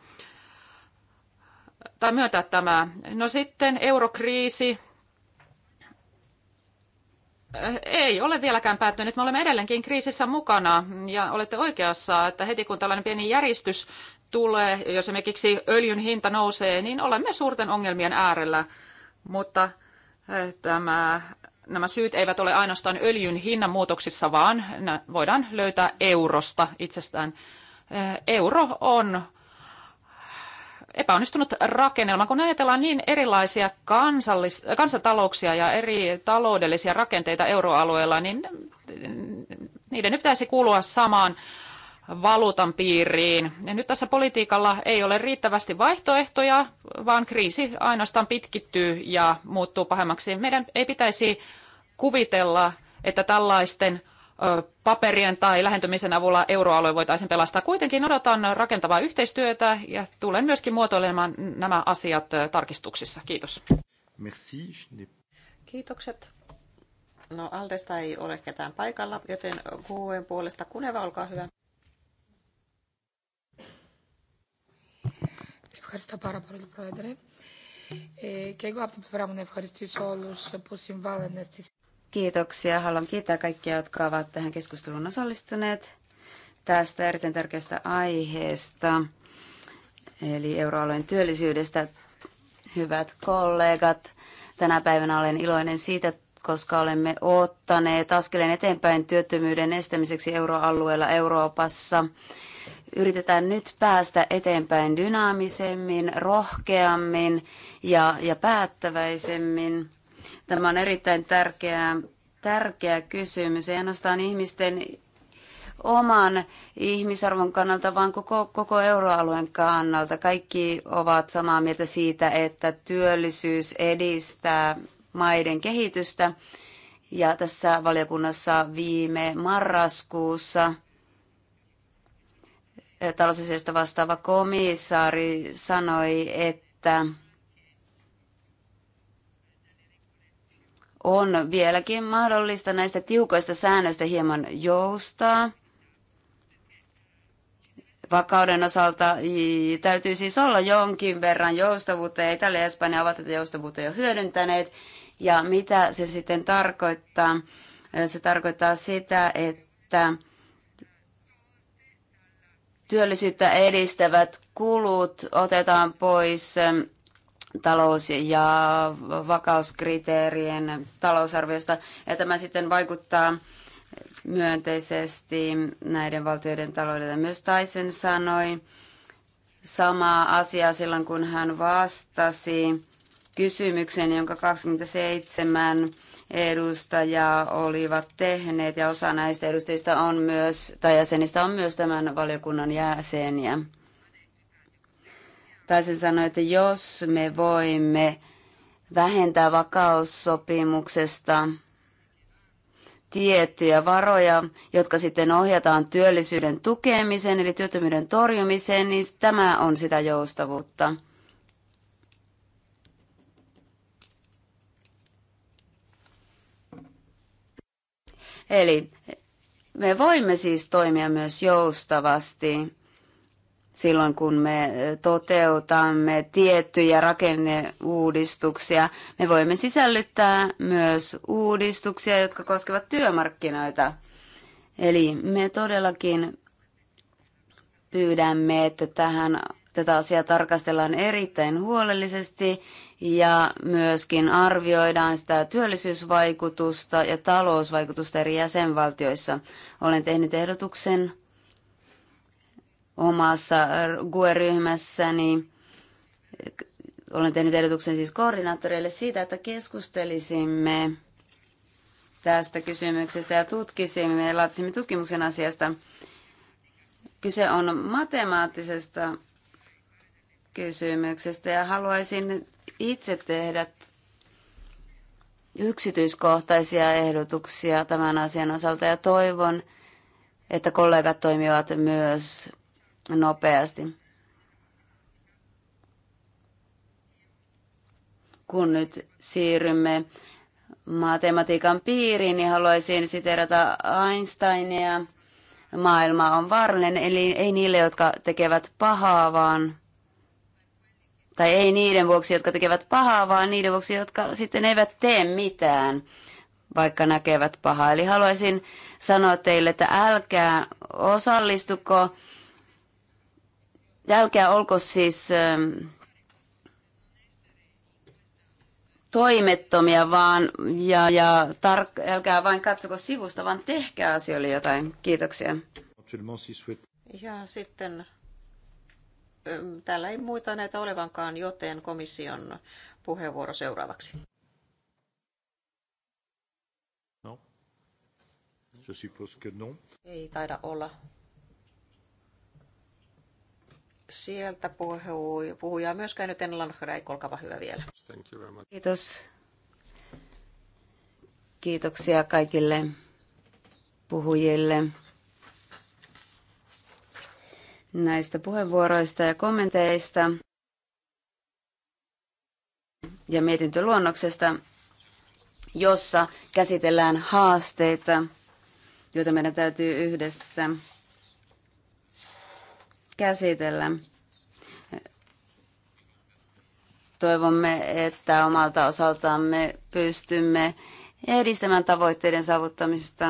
tai myöntää tämä. No sitten eurokriisi, Äh, ei ole vieläkään päättynyt. Me olemme edelleenkin kriisissä mukana ja olette oikeassa, että heti kun tällainen pieni järjestys tulee, jos esimerkiksi öljyn hinta nousee, niin olemme suurten ongelmien äärellä. Mutta äh, tämä, nämä syyt eivät ole ainoastaan öljyn hinnan muutoksissa, vaan voidaan löytää eurosta itsestään. Äh, euro on epäonnistunut rakennelma, kun ajatellaan niin erilaisia kansallis- kansantalouksia ja eri taloudellisia rakenteita euroalueella, niin niiden pitäisi kuulua samaan valuutan piiriin. Ja nyt tässä politiikalla ei ole riittävästi vaihtoehtoja, vaan kriisi ainoastaan pitkittyy ja muuttuu pahemmaksi. Meidän ei pitäisi kuvitella, että tällaisten paperien tai lähentymisen avulla euroalue voitaisiin pelastaa. Kuitenkin odotan rakentavaa yhteistyötä ja tulen myöskin muotoilemaan nämä asiat tarkistuksissa. Kiitos. Merci. Kiitokset. No Aldesta ei ole ketään paikalla, joten QEn puolesta Kuneva, olkaa hyvä. Ευχαριστώ πάρα πολύ, Πρόεδρε. Ε, και εγώ από την πλευρά μου να ευχαριστήσω όλους που συμβάλλανε στις Kiitoksia. Haluan kiittää kaikkia, jotka ovat tähän keskusteluun osallistuneet tästä erittäin tärkeästä aiheesta, eli euroalueen työllisyydestä. Hyvät kollegat, tänä päivänä olen iloinen siitä, koska olemme ottaneet askeleen eteenpäin työttömyyden estämiseksi euroalueella Euroopassa. Yritetään nyt päästä eteenpäin dynaamisemmin, rohkeammin ja, ja päättäväisemmin. Tämä on erittäin tärkeä, tärkeä kysymys, ei ainoastaan ihmisten oman ihmisarvon kannalta, vaan koko, koko euroalueen kannalta. Kaikki ovat samaa mieltä siitä, että työllisyys edistää maiden kehitystä. Ja tässä valiokunnassa viime marraskuussa talousasiasta vastaava komissaari sanoi, että on vieläkin mahdollista näistä tiukoista säännöistä hieman joustaa. Vakauden osalta täytyy siis olla jonkin verran joustavuutta, ja Italia ja Espanja ovat tätä joustavuutta jo hyödyntäneet. Ja mitä se sitten tarkoittaa? Se tarkoittaa sitä, että työllisyyttä edistävät kulut otetaan pois talous- ja vakauskriteerien talousarviosta. Ja tämä sitten vaikuttaa myönteisesti näiden valtioiden taloudelle. Myös Tyson sanoi samaa asiaa silloin, kun hän vastasi kysymykseen, jonka 27 edustajaa olivat tehneet, ja osa näistä edustajista on myös, tai jäsenistä on myös tämän valiokunnan jäseniä tai sen sanoi, että jos me voimme vähentää vakaussopimuksesta tiettyjä varoja, jotka sitten ohjataan työllisyyden tukemiseen, eli työttömyyden torjumiseen, niin tämä on sitä joustavuutta. Eli me voimme siis toimia myös joustavasti silloin, kun me toteutamme tiettyjä rakenneuudistuksia. Me voimme sisällyttää myös uudistuksia, jotka koskevat työmarkkinoita. Eli me todellakin pyydämme, että tähän, tätä asiaa tarkastellaan erittäin huolellisesti ja myöskin arvioidaan sitä työllisyysvaikutusta ja talousvaikutusta eri jäsenvaltioissa. Olen tehnyt ehdotuksen omassa GUE-ryhmässäni. Olen tehnyt ehdotuksen siis koordinaattoreille siitä, että keskustelisimme tästä kysymyksestä ja tutkisimme ja laatisimme tutkimuksen asiasta. Kyse on matemaattisesta kysymyksestä ja haluaisin itse tehdä yksityiskohtaisia ehdotuksia tämän asian osalta ja toivon, että kollegat toimivat myös nopeasti. Kun nyt siirrymme matematiikan piiriin, niin haluaisin siterata Einsteinia. Maailma on varlen, eli ei niille, jotka tekevät pahaa, vaan tai ei niiden vuoksi, jotka tekevät pahaa, vaan niiden vuoksi, jotka sitten eivät tee mitään, vaikka näkevät pahaa. Eli haluaisin sanoa teille, että älkää osallistuko Älkää olko siis ähm, toimettomia vaan, ja, ja tar- älkää vain katsoko sivusta, vaan tehkää asioille jotain. Kiitoksia. Ja sitten ähm, täällä ei muita näitä olevankaan, joten komission puheenvuoro seuraavaksi. No. Je suppose que non. Ei taida olla sieltä puhui, puhujaa myöskään, joten Lanhreik, olkaa hyvä vielä. Kiitos. Kiitoksia kaikille puhujille näistä puheenvuoroista ja kommenteista ja mietintöluonnoksesta, jossa käsitellään haasteita, joita meidän täytyy yhdessä käsitellä. Toivomme, että omalta osaltamme pystymme edistämään tavoitteiden saavuttamista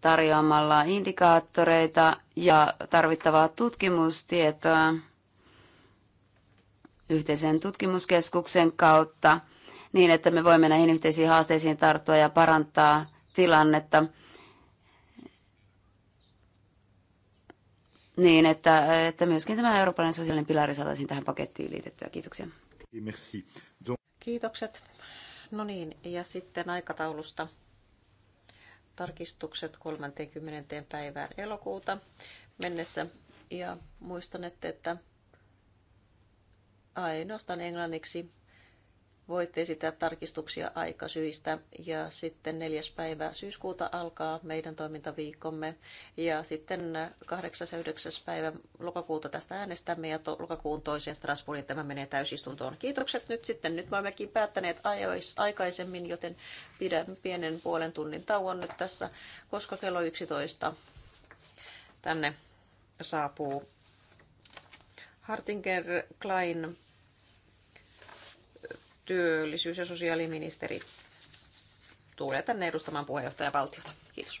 tarjoamalla indikaattoreita ja tarvittavaa tutkimustietoa yhteisen tutkimuskeskuksen kautta niin, että me voimme näihin yhteisiin haasteisiin tarttua ja parantaa tilannetta. niin, että, että myöskin tämä eurooppalainen sosiaalinen pilari saataisiin tähän pakettiin liitettyä. Kiitoksia. Merci. Kiitokset. No niin, ja sitten aikataulusta. Tarkistukset 30. päivään elokuuta mennessä. Ja muistan, että ainoastaan englanniksi voitte esittää tarkistuksia aikasyistä. Ja sitten neljäs päivä syyskuuta alkaa meidän toimintaviikkomme. Ja sitten 8. ja 9. päivä lokakuuta tästä äänestämme ja to- lokakuun toisen Strasbourgin tämä menee täysistuntoon. Kiitokset nyt sitten. Nyt me olemmekin päättäneet ajois- aikaisemmin, joten pidän pienen puolen tunnin tauon nyt tässä, koska kello 11 tänne saapuu Hartinger Klein työllisyys- ja sosiaaliministeri tulee tänne edustamaan puheenjohtajavaltiota. Kiitos.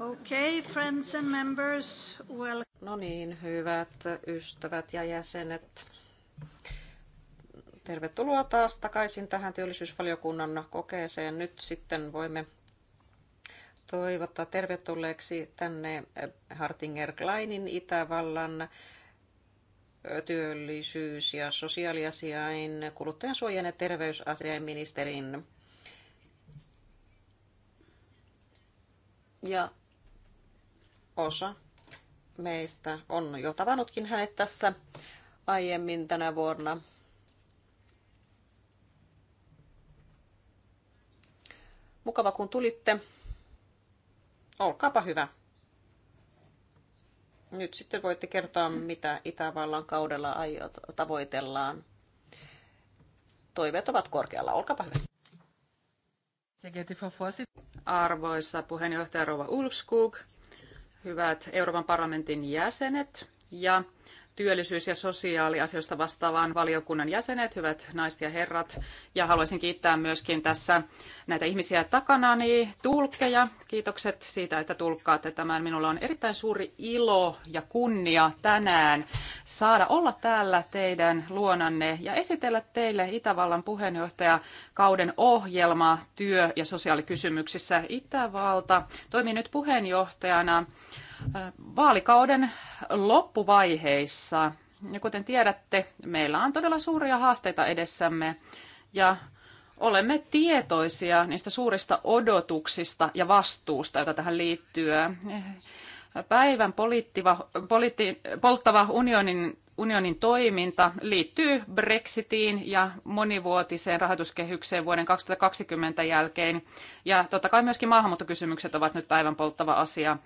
Okay, friends and members, well... No niin, hyvät ystävät ja jäsenet. Tervetuloa taas takaisin tähän työllisyysvaliokunnan kokeeseen. Nyt sitten voimme toivottaa tervetulleeksi tänne Hartinger Kleinin Itävallan työllisyys- ja sosiaaliasiain kuluttajansuojan ja ministerin Ja osa meistä on jo tavannutkin hänet tässä aiemmin tänä vuonna. Mukava kun tulitte. Olkaapa hyvä. Nyt sitten voitte kertoa, mitä Itävallan kaudella aiot, tavoitellaan. Toiveet ovat korkealla. Olkaapa hyvä. Arvoisa puheenjohtaja Rova Ulfskog, hyvät Euroopan parlamentin jäsenet ja työllisyys- ja sosiaaliasioista vastaavaan valiokunnan jäsenet, hyvät naiset ja herrat. Ja haluaisin kiittää myöskin tässä näitä ihmisiä takana, niin tulkkeja. Kiitokset siitä, että tulkkaatte tämän. Minulla on erittäin suuri ilo ja kunnia tänään saada olla täällä teidän luonanne ja esitellä teille Itävallan kauden ohjelma työ- ja sosiaalikysymyksissä. Itävalta toimii nyt puheenjohtajana vaalikauden loppuvaiheissa. Ja kuten tiedätte, meillä on todella suuria haasteita edessämme ja olemme tietoisia niistä suurista odotuksista ja vastuusta, joita tähän liittyy päivän poliittiva, poliitti, polttava unionin, unionin toiminta liittyy Brexitiin ja monivuotiseen rahoituskehykseen vuoden 2020 jälkeen. Ja totta kai myöskin maahanmuuttokysymykset ovat nyt päivän polttava asia.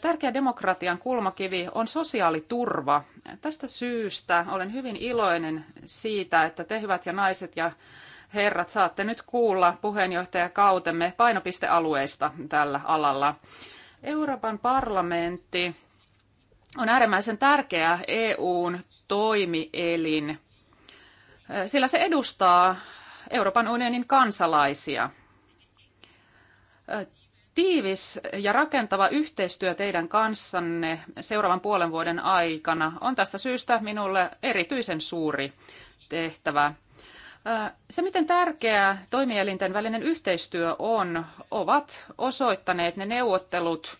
Tärkeä demokratian kulmakivi on sosiaaliturva. Tästä syystä olen hyvin iloinen siitä, että te hyvät ja naiset ja herrat saatte nyt kuulla puheenjohtajakautemme painopistealueista tällä alalla. Euroopan parlamentti on äärimmäisen tärkeä EUn toimielin, sillä se edustaa Euroopan unionin kansalaisia. Tiivis ja rakentava yhteistyö teidän kanssanne seuraavan puolen vuoden aikana on tästä syystä minulle erityisen suuri tehtävä. Se, miten tärkeää toimielinten välinen yhteistyö on, ovat osoittaneet ne neuvottelut,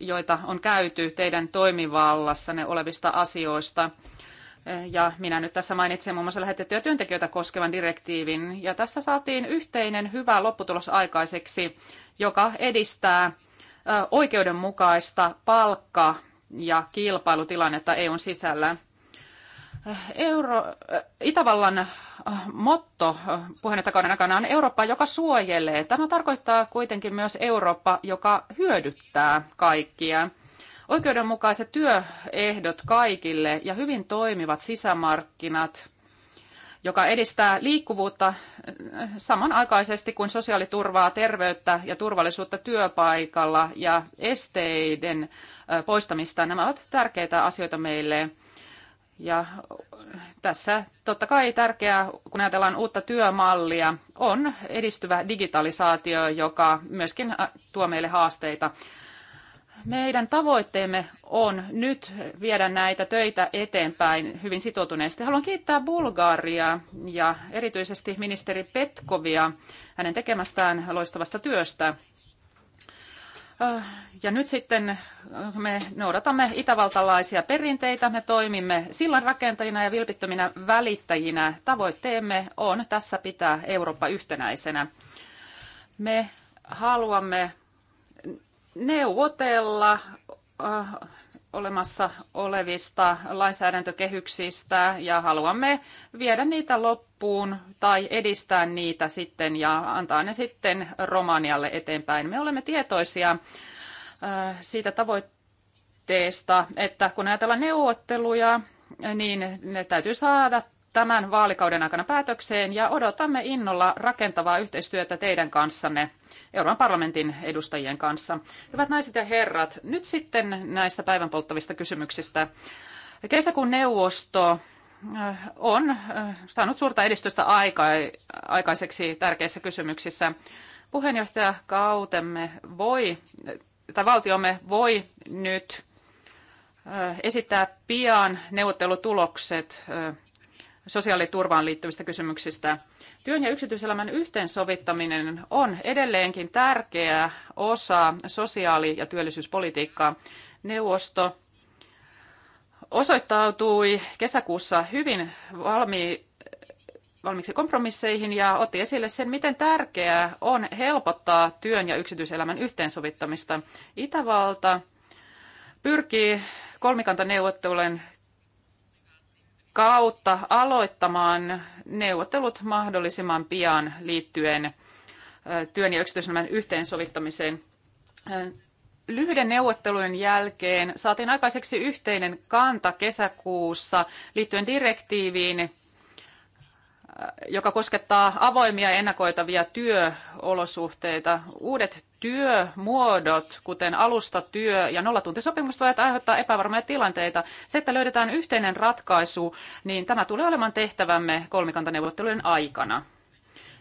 joita on käyty teidän toimivallassanne olevista asioista. Ja minä nyt tässä mainitsen muun muassa lähetettyjä työntekijöitä koskevan direktiivin. Ja tässä saatiin yhteinen hyvä lopputulos aikaiseksi, joka edistää oikeudenmukaista palkka- ja kilpailutilannetta EUn sisällä. Euro, äh, Itävallan äh, motto äh, puheenjohtajan aikana on Eurooppa, joka suojelee. Tämä tarkoittaa kuitenkin myös Eurooppa, joka hyödyttää kaikkia. Oikeudenmukaiset työehdot kaikille ja hyvin toimivat sisämarkkinat, joka edistää liikkuvuutta samanaikaisesti kuin sosiaaliturvaa, terveyttä ja turvallisuutta työpaikalla ja esteiden poistamista. Nämä ovat tärkeitä asioita meille ja tässä totta kai tärkeää, kun ajatellaan uutta työmallia, on edistyvä digitalisaatio, joka myöskin äh, tuo meille haasteita. Meidän tavoitteemme on nyt viedä näitä töitä eteenpäin hyvin sitoutuneesti. Haluan kiittää Bulgariaa ja erityisesti ministeri Petkovia hänen tekemästään loistavasta työstä. Äh, ja nyt sitten äh, me noudatamme itävaltalaisia perinteitä, me toimimme sillan rakentajina ja vilpittöminä välittäjinä. Tavoitteemme on tässä pitää Eurooppa yhtenäisenä. Me haluamme neuvotella äh, olemassa olevista lainsäädäntökehyksistä ja haluamme viedä niitä loppuun tai edistää niitä sitten ja antaa ne sitten Romanialle eteenpäin. Me olemme tietoisia äh, siitä tavoitteesta, että kun ajatellaan neuvotteluja, niin ne täytyy saada tämän vaalikauden aikana päätökseen ja odotamme innolla rakentavaa yhteistyötä teidän kanssanne Euroopan parlamentin edustajien kanssa. Hyvät naiset ja herrat, nyt sitten näistä päivän polttavista kysymyksistä. Kesäkuun neuvosto äh, on äh, saanut suurta edistystä aikaiseksi tärkeissä kysymyksissä. kautemme voi, tai valtiomme voi nyt äh, esittää pian neuvottelutulokset sosiaaliturvaan liittyvistä kysymyksistä. Työn ja yksityiselämän yhteensovittaminen on edelleenkin tärkeä osa sosiaali- ja työllisyyspolitiikkaa. Neuvosto osoittautui kesäkuussa hyvin valmi, valmiiksi kompromisseihin ja otti esille sen, miten tärkeää on helpottaa työn ja yksityiselämän yhteensovittamista. Itävalta pyrkii kolmikantaneuvottelujen kautta aloittamaan neuvottelut mahdollisimman pian liittyen työn ja yksityiselämän yhteensovittamiseen. Lyhyiden neuvottelujen jälkeen saatiin aikaiseksi yhteinen kanta kesäkuussa liittyen direktiiviin, joka koskettaa avoimia ja ennakoitavia työolosuhteita. Uudet työmuodot, kuten alustatyö ja nollatuntisopimukset, voivat aiheuttaa epävarmoja tilanteita. Se, että löydetään yhteinen ratkaisu, niin tämä tulee olemaan tehtävämme kolmikantaneuvottelujen aikana.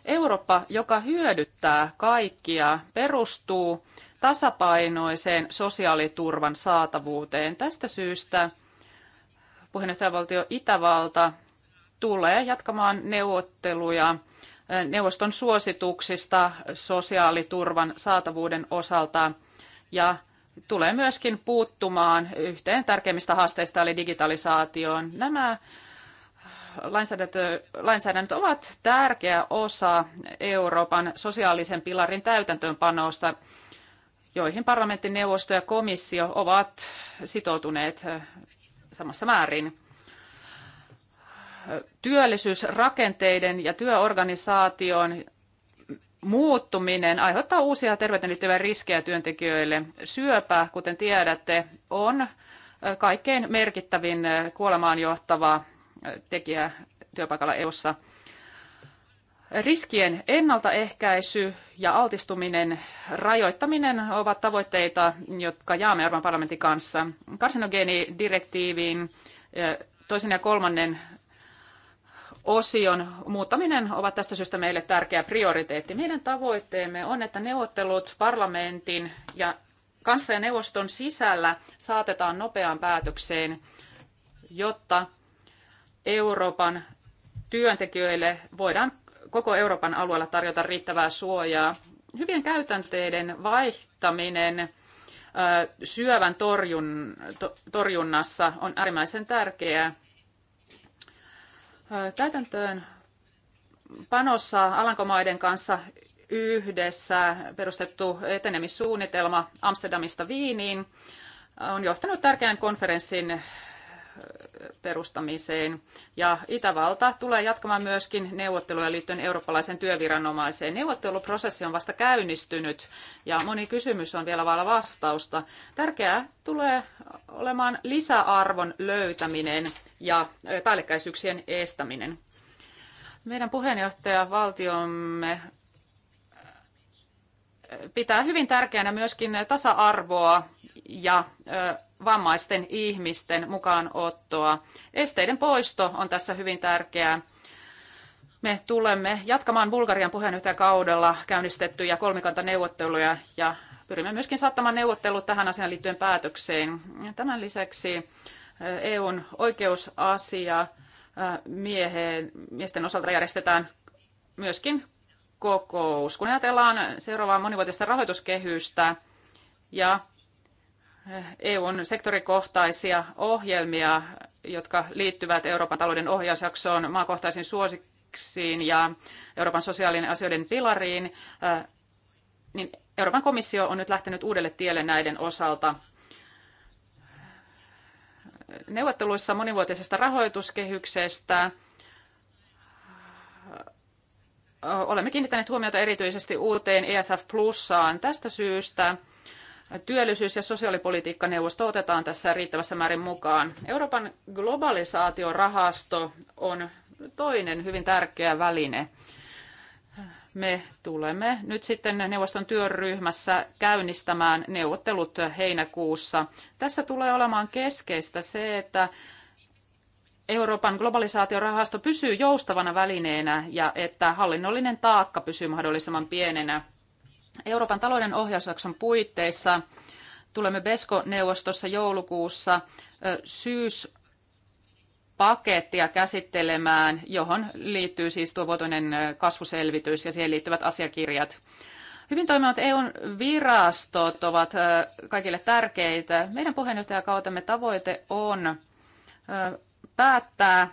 Eurooppa, joka hyödyttää kaikkia, perustuu tasapainoiseen sosiaaliturvan saatavuuteen. Tästä syystä puheenjohtajavaltio Itävalta tulee jatkamaan neuvotteluja neuvoston suosituksista sosiaaliturvan saatavuuden osalta ja tulee myöskin puuttumaan yhteen tärkeimmistä haasteista eli digitalisaatioon. Nämä lainsäädäntö, lainsäädännöt ovat tärkeä osa Euroopan sosiaalisen pilarin täytäntöönpanosta, joihin parlamentin neuvosto ja komissio ovat sitoutuneet samassa määrin työllisyysrakenteiden ja työorganisaation muuttuminen aiheuttaa uusia terveyteen liittyviä riskejä työntekijöille. Syöpä, kuten tiedätte, on kaikkein merkittävin kuolemaan johtava tekijä työpaikalla EU:ssa. Riskien ennaltaehkäisy ja altistuminen, rajoittaminen ovat tavoitteita, jotka jaamme Euroopan parlamentin kanssa. Karsinogeenidirektiiviin eh, toisen ja kolmannen osion muuttaminen ovat tästä syystä meille tärkeä prioriteetti. Meidän tavoitteemme on, että neuvottelut parlamentin ja kanssa ja neuvoston sisällä saatetaan nopeaan päätökseen, jotta Euroopan työntekijöille voidaan koko Euroopan alueella tarjota riittävää suojaa. Hyvien käytänteiden vaihtaminen syövän torjunnassa on äärimmäisen tärkeää Täytäntöön panossa Alankomaiden kanssa yhdessä perustettu etenemissuunnitelma Amsterdamista Viiniin on johtanut tärkeän konferenssin perustamiseen. Ja Itävalta tulee jatkamaan myöskin neuvotteluja liittyen eurooppalaisen työviranomaiseen. Neuvotteluprosessi on vasta käynnistynyt ja moni kysymys on vielä vailla vastausta. Tärkeää tulee olemaan lisäarvon löytäminen ja päällekkäisyyksien estäminen. Meidän puheenjohtaja valtiomme pitää hyvin tärkeänä myöskin tasa-arvoa ja vammaisten ihmisten mukaanottoa. Esteiden poisto on tässä hyvin tärkeää. Me tulemme jatkamaan Bulgarian puheenjohtajakaudella käynnistettyjä kolmikantaneuvotteluja ja pyrimme myöskin saattamaan neuvottelut tähän asiaan liittyen päätökseen. Tämän lisäksi EUn oikeusasia mieheen, miesten osalta järjestetään myöskin kokous. Kun ajatellaan seuraavaa monivuotista rahoituskehystä ja EUn sektorikohtaisia ohjelmia, jotka liittyvät Euroopan talouden ohjausjaksoon, maakohtaisiin suosiksiin ja Euroopan sosiaalinen asioiden pilariin, niin Euroopan komissio on nyt lähtenyt uudelle tielle näiden osalta neuvotteluissa monivuotisesta rahoituskehyksestä olemme kiinnittäneet huomiota erityisesti uuteen ESF Plussaan. Tästä syystä työllisyys- ja sosiaalipolitiikkaneuvosto otetaan tässä riittävässä määrin mukaan. Euroopan globalisaatiorahasto on toinen hyvin tärkeä väline me tulemme nyt sitten neuvoston työryhmässä käynnistämään neuvottelut heinäkuussa. Tässä tulee olemaan keskeistä se, että Euroopan globalisaatiorahasto pysyy joustavana välineenä ja että hallinnollinen taakka pysyy mahdollisimman pienenä. Euroopan talouden ohjausjakson puitteissa tulemme BESCO-neuvostossa joulukuussa syys pakettia käsittelemään, johon liittyy siis tuo vuotoinen kasvuselvitys ja siihen liittyvät asiakirjat. Hyvin toimivat EUn virastot ovat kaikille tärkeitä. Meidän puheenjohtajakautemme tavoite on päättää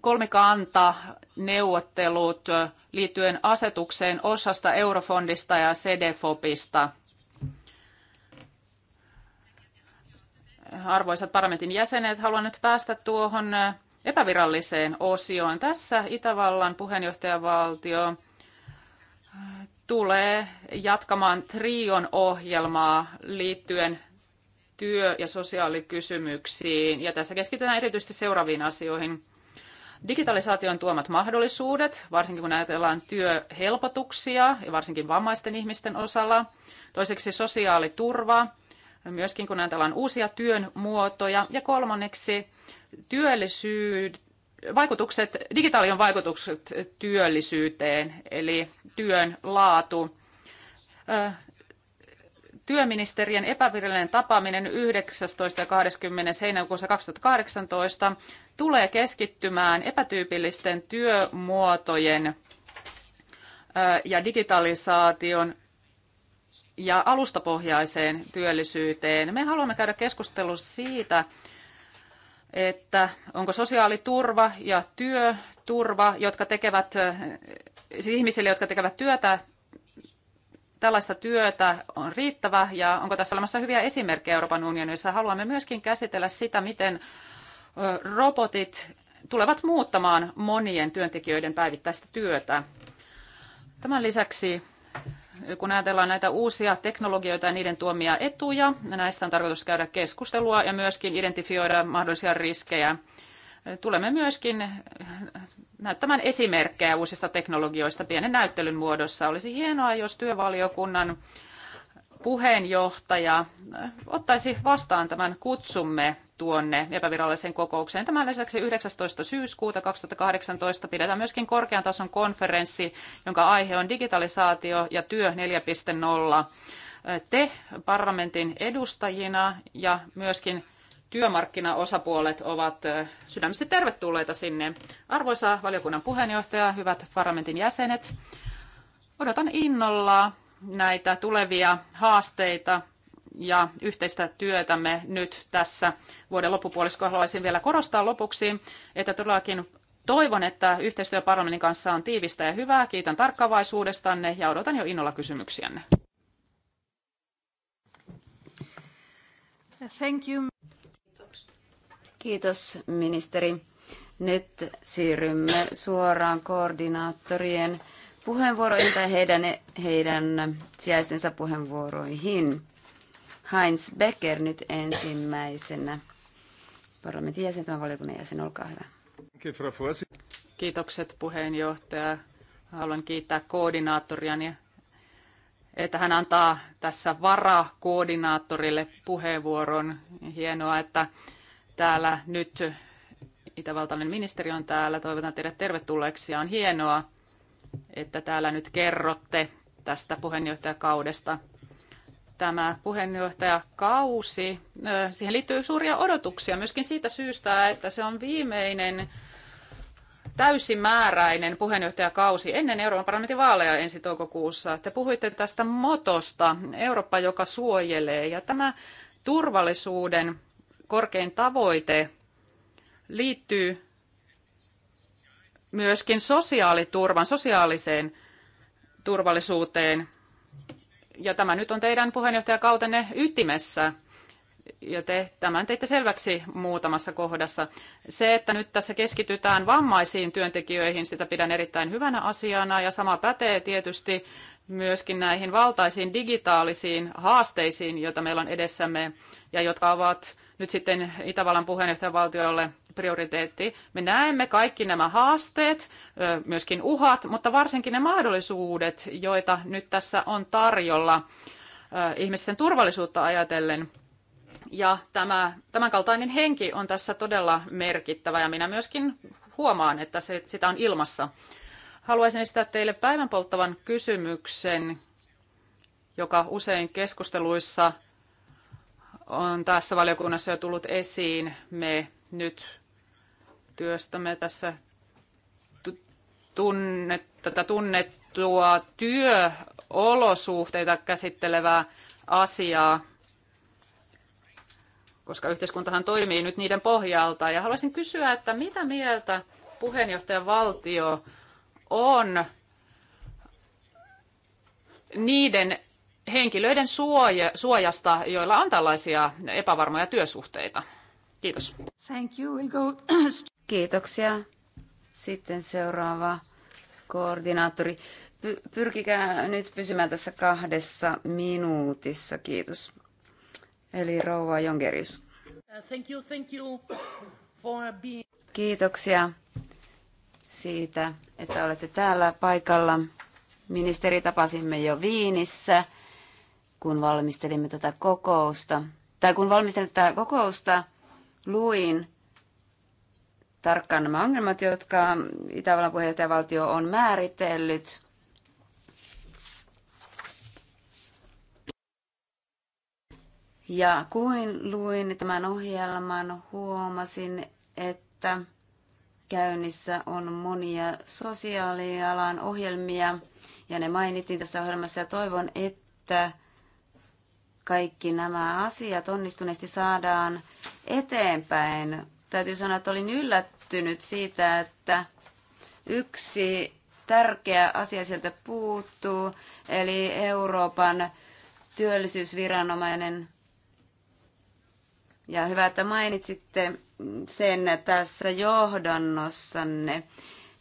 kolmikanta neuvottelut liittyen asetukseen osasta Eurofondista ja CDFOPista – arvoisat parlamentin jäsenet, haluan nyt päästä tuohon epäviralliseen osioon. Tässä Itävallan puheenjohtajavaltio tulee jatkamaan Trion ohjelmaa liittyen työ- ja sosiaalikysymyksiin. Ja tässä keskitytään erityisesti seuraaviin asioihin. Digitalisaation tuomat mahdollisuudet, varsinkin kun ajatellaan työhelpotuksia ja varsinkin vammaisten ihmisten osalla. Toiseksi sosiaaliturva, myöskin kun ajatellaan uusia työn muotoja. Ja kolmanneksi työllisyyd, vaikutukset, digitaalion vaikutukset työllisyyteen, eli työn laatu. Työministerien epävirallinen tapaaminen 19. ja 20. heinäkuussa 2018 tulee keskittymään epätyypillisten työmuotojen ja digitalisaation ja alustapohjaiseen työllisyyteen. Me haluamme käydä keskustelua siitä, että onko sosiaaliturva ja työturva, jotka tekevät eh, siis ihmisille, jotka tekevät työtä, tällaista työtä on riittävä ja onko tässä olemassa hyviä esimerkkejä Euroopan unionissa. Haluamme myöskin käsitellä sitä, miten eh, robotit tulevat muuttamaan monien työntekijöiden päivittäistä työtä. Tämän lisäksi kun ajatellaan näitä uusia teknologioita ja niiden tuomia etuja, näistä on tarkoitus käydä keskustelua ja myöskin identifioida mahdollisia riskejä. Tulemme myöskin näyttämään esimerkkejä uusista teknologioista pienen näyttelyn muodossa. Olisi hienoa, jos työvaliokunnan puheenjohtaja ottaisi vastaan tämän kutsumme tuonne epäviralliseen kokoukseen. Tämän lisäksi 19. syyskuuta 2018 pidetään myöskin korkean tason konferenssi, jonka aihe on digitalisaatio ja työ 4.0. Te parlamentin edustajina ja myöskin työmarkkinaosapuolet ovat sydämesti tervetulleita sinne. Arvoisa valiokunnan puheenjohtaja, hyvät parlamentin jäsenet, odotan innolla näitä tulevia haasteita ja yhteistä työtämme nyt tässä vuoden loppupuoliskolla. Haluaisin vielä korostaa lopuksi, että todellakin toivon, että yhteistyö parlamentin kanssa on tiivistä ja hyvää. Kiitän tarkkaavaisuudestanne ja odotan jo innolla kysymyksiänne. Thank you. Kiitos ministeri. Nyt siirrymme suoraan koordinaattorien puheenvuoroihin tai heidän, heidän sijaistensa puheenvuoroihin. Heinz Becker nyt ensimmäisenä. Parlamentin jäsen, tämän valiokunnan jäsen, olkaa hyvä. Kiitokset puheenjohtaja. Haluan kiittää koordinaattoria, niin että hän antaa tässä varakoordinaattorille puheenvuoron. Hienoa, että täällä nyt itävaltainen ministeri on täällä. Toivotan teidät tervetulleeksi ja on hienoa, että täällä nyt kerrotte tästä puheenjohtajakaudesta – tämä puheenjohtajakausi. Siihen liittyy suuria odotuksia myöskin siitä syystä, että se on viimeinen täysimääräinen puheenjohtajakausi ennen Euroopan parlamentin vaaleja ensi toukokuussa. Te puhuitte tästä motosta, Eurooppa, joka suojelee, ja tämä turvallisuuden korkein tavoite liittyy myöskin sosiaaliturvan, sosiaaliseen turvallisuuteen – ja tämä nyt on teidän puheenjohtajakautenne ytimessä. Ja te tämän teitte selväksi muutamassa kohdassa. Se, että nyt tässä keskitytään vammaisiin työntekijöihin, sitä pidän erittäin hyvänä asiana ja sama pätee tietysti myöskin näihin valtaisiin digitaalisiin haasteisiin, joita meillä on edessämme ja jotka ovat nyt sitten Itävallan puheenjohtajavaltiolle prioriteetti. Me näemme kaikki nämä haasteet, myöskin uhat, mutta varsinkin ne mahdollisuudet, joita nyt tässä on tarjolla ihmisten turvallisuutta ajatellen. Ja tämä, tämänkaltainen henki on tässä todella merkittävä ja minä myöskin huomaan, että se, sitä on ilmassa. Haluaisin esittää teille päivän polttavan kysymyksen, joka usein keskusteluissa – on tässä valiokunnassa jo tullut esiin. Me nyt työstämme tässä tunne, tätä tunnettua työolosuhteita käsittelevää asiaa, koska yhteiskuntahan toimii nyt niiden pohjalta. Ja haluaisin kysyä, että mitä mieltä puheenjohtajan valtio on niiden henkilöiden suoja, suojasta, joilla on tällaisia epävarmoja työsuhteita. Kiitos. Thank you. We'll go... <clears throat> Kiitoksia. Sitten seuraava koordinaattori. Py- pyrkikää nyt pysymään tässä kahdessa minuutissa. Kiitos. Eli rouva Jongerius. Uh, thank you, thank you for being... Kiitoksia siitä, että olette täällä paikalla. Ministeri tapasimme jo Viinissä kun valmistelimme tätä kokousta, tai kun valmistelin tätä kokousta, luin tarkkaan nämä ongelmat, jotka Itävallan puheenjohtajavaltio on määritellyt. Ja kuin luin tämän ohjelman, huomasin, että käynnissä on monia sosiaalialan ohjelmia, ja ne mainittiin tässä ohjelmassa, ja toivon, että kaikki nämä asiat onnistuneesti saadaan eteenpäin. Täytyy sanoa, että olin yllättynyt siitä, että yksi tärkeä asia sieltä puuttuu, eli Euroopan työllisyysviranomainen. Ja hyvä, että mainitsitte sen tässä johdannossanne.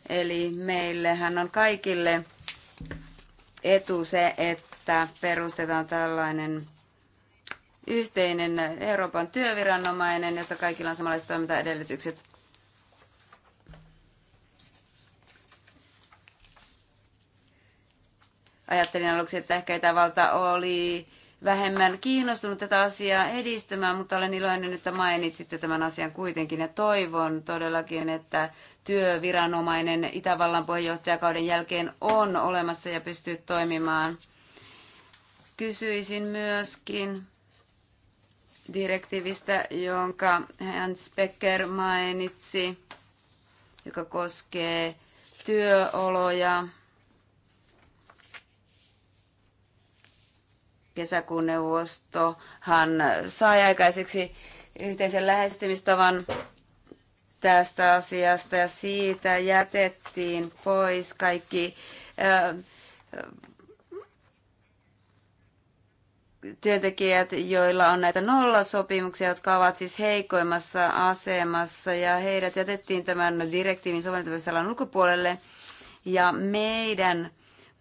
Eli meillähän on kaikille etu se, että perustetaan tällainen yhteinen Euroopan työviranomainen, jotta kaikilla on samanlaiset toimintaedellytykset. Ajattelin aluksi, että ehkä Itävalta oli vähemmän kiinnostunut tätä asiaa edistämään, mutta olen iloinen, että mainitsitte tämän asian kuitenkin ja toivon todellakin, että työviranomainen Itävallan puheenjohtajakauden jälkeen on olemassa ja pystyy toimimaan. Kysyisin myöskin direktiivistä, jonka Hans Becker mainitsi, joka koskee työoloja kesäkuun neuvostohan sai aikaiseksi yhteisen lähestymistavan tästä asiasta ja siitä jätettiin pois kaikki äh, työntekijät, joilla on näitä nollasopimuksia, jotka ovat siis heikoimmassa asemassa ja heidät jätettiin tämän direktiivin soveltamisalan ulkopuolelle ja meidän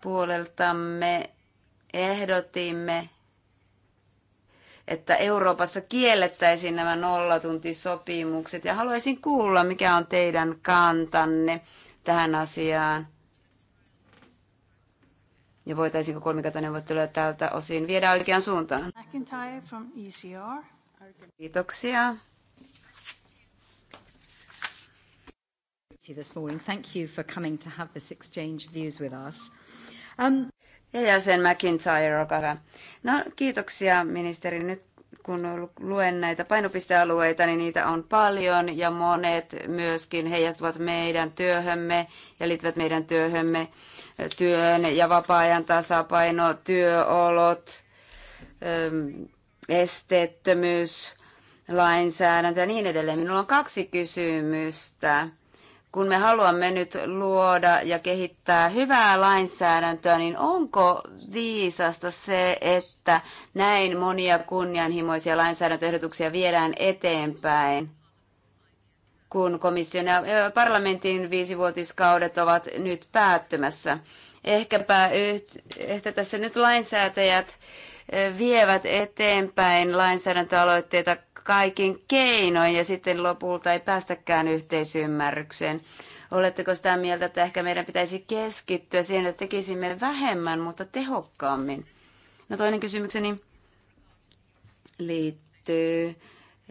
puoleltamme ehdotimme, että Euroopassa kiellettäisiin nämä nollatuntisopimukset ja haluaisin kuulla, mikä on teidän kantanne tähän asiaan ja voitaisiinko kolmikantaneuvotteluja tältä osin viedä oikeaan suuntaan. from ECR. Kiitoksia. This morning. Thank you for coming to have this exchange of views with us. Um, ja jäsen McIntyre, olkaa hyvä. No, kiitoksia ministeri. Nyt kun luen näitä painopistealueita, niin niitä on paljon ja monet myöskin heijastuvat meidän työhömme ja liittyvät meidän työhömme työn ja vapaa-ajan tasapaino, työolot, ähm, esteettömyys, lainsäädäntö ja niin edelleen. Minulla on kaksi kysymystä. Kun me haluamme nyt luoda ja kehittää hyvää lainsäädäntöä, niin onko viisasta se, että näin monia kunnianhimoisia lainsäädäntöehdotuksia viedään eteenpäin? kun komission ja parlamentin viisivuotiskaudet ovat nyt päättymässä. Ehkäpä että tässä nyt lainsäätäjät e, vievät eteenpäin lainsäädäntöaloitteita kaikin keinoin ja sitten lopulta ei päästäkään yhteisymmärrykseen. Oletteko sitä mieltä, että ehkä meidän pitäisi keskittyä siihen, että tekisimme vähemmän, mutta tehokkaammin? No toinen kysymykseni liittyy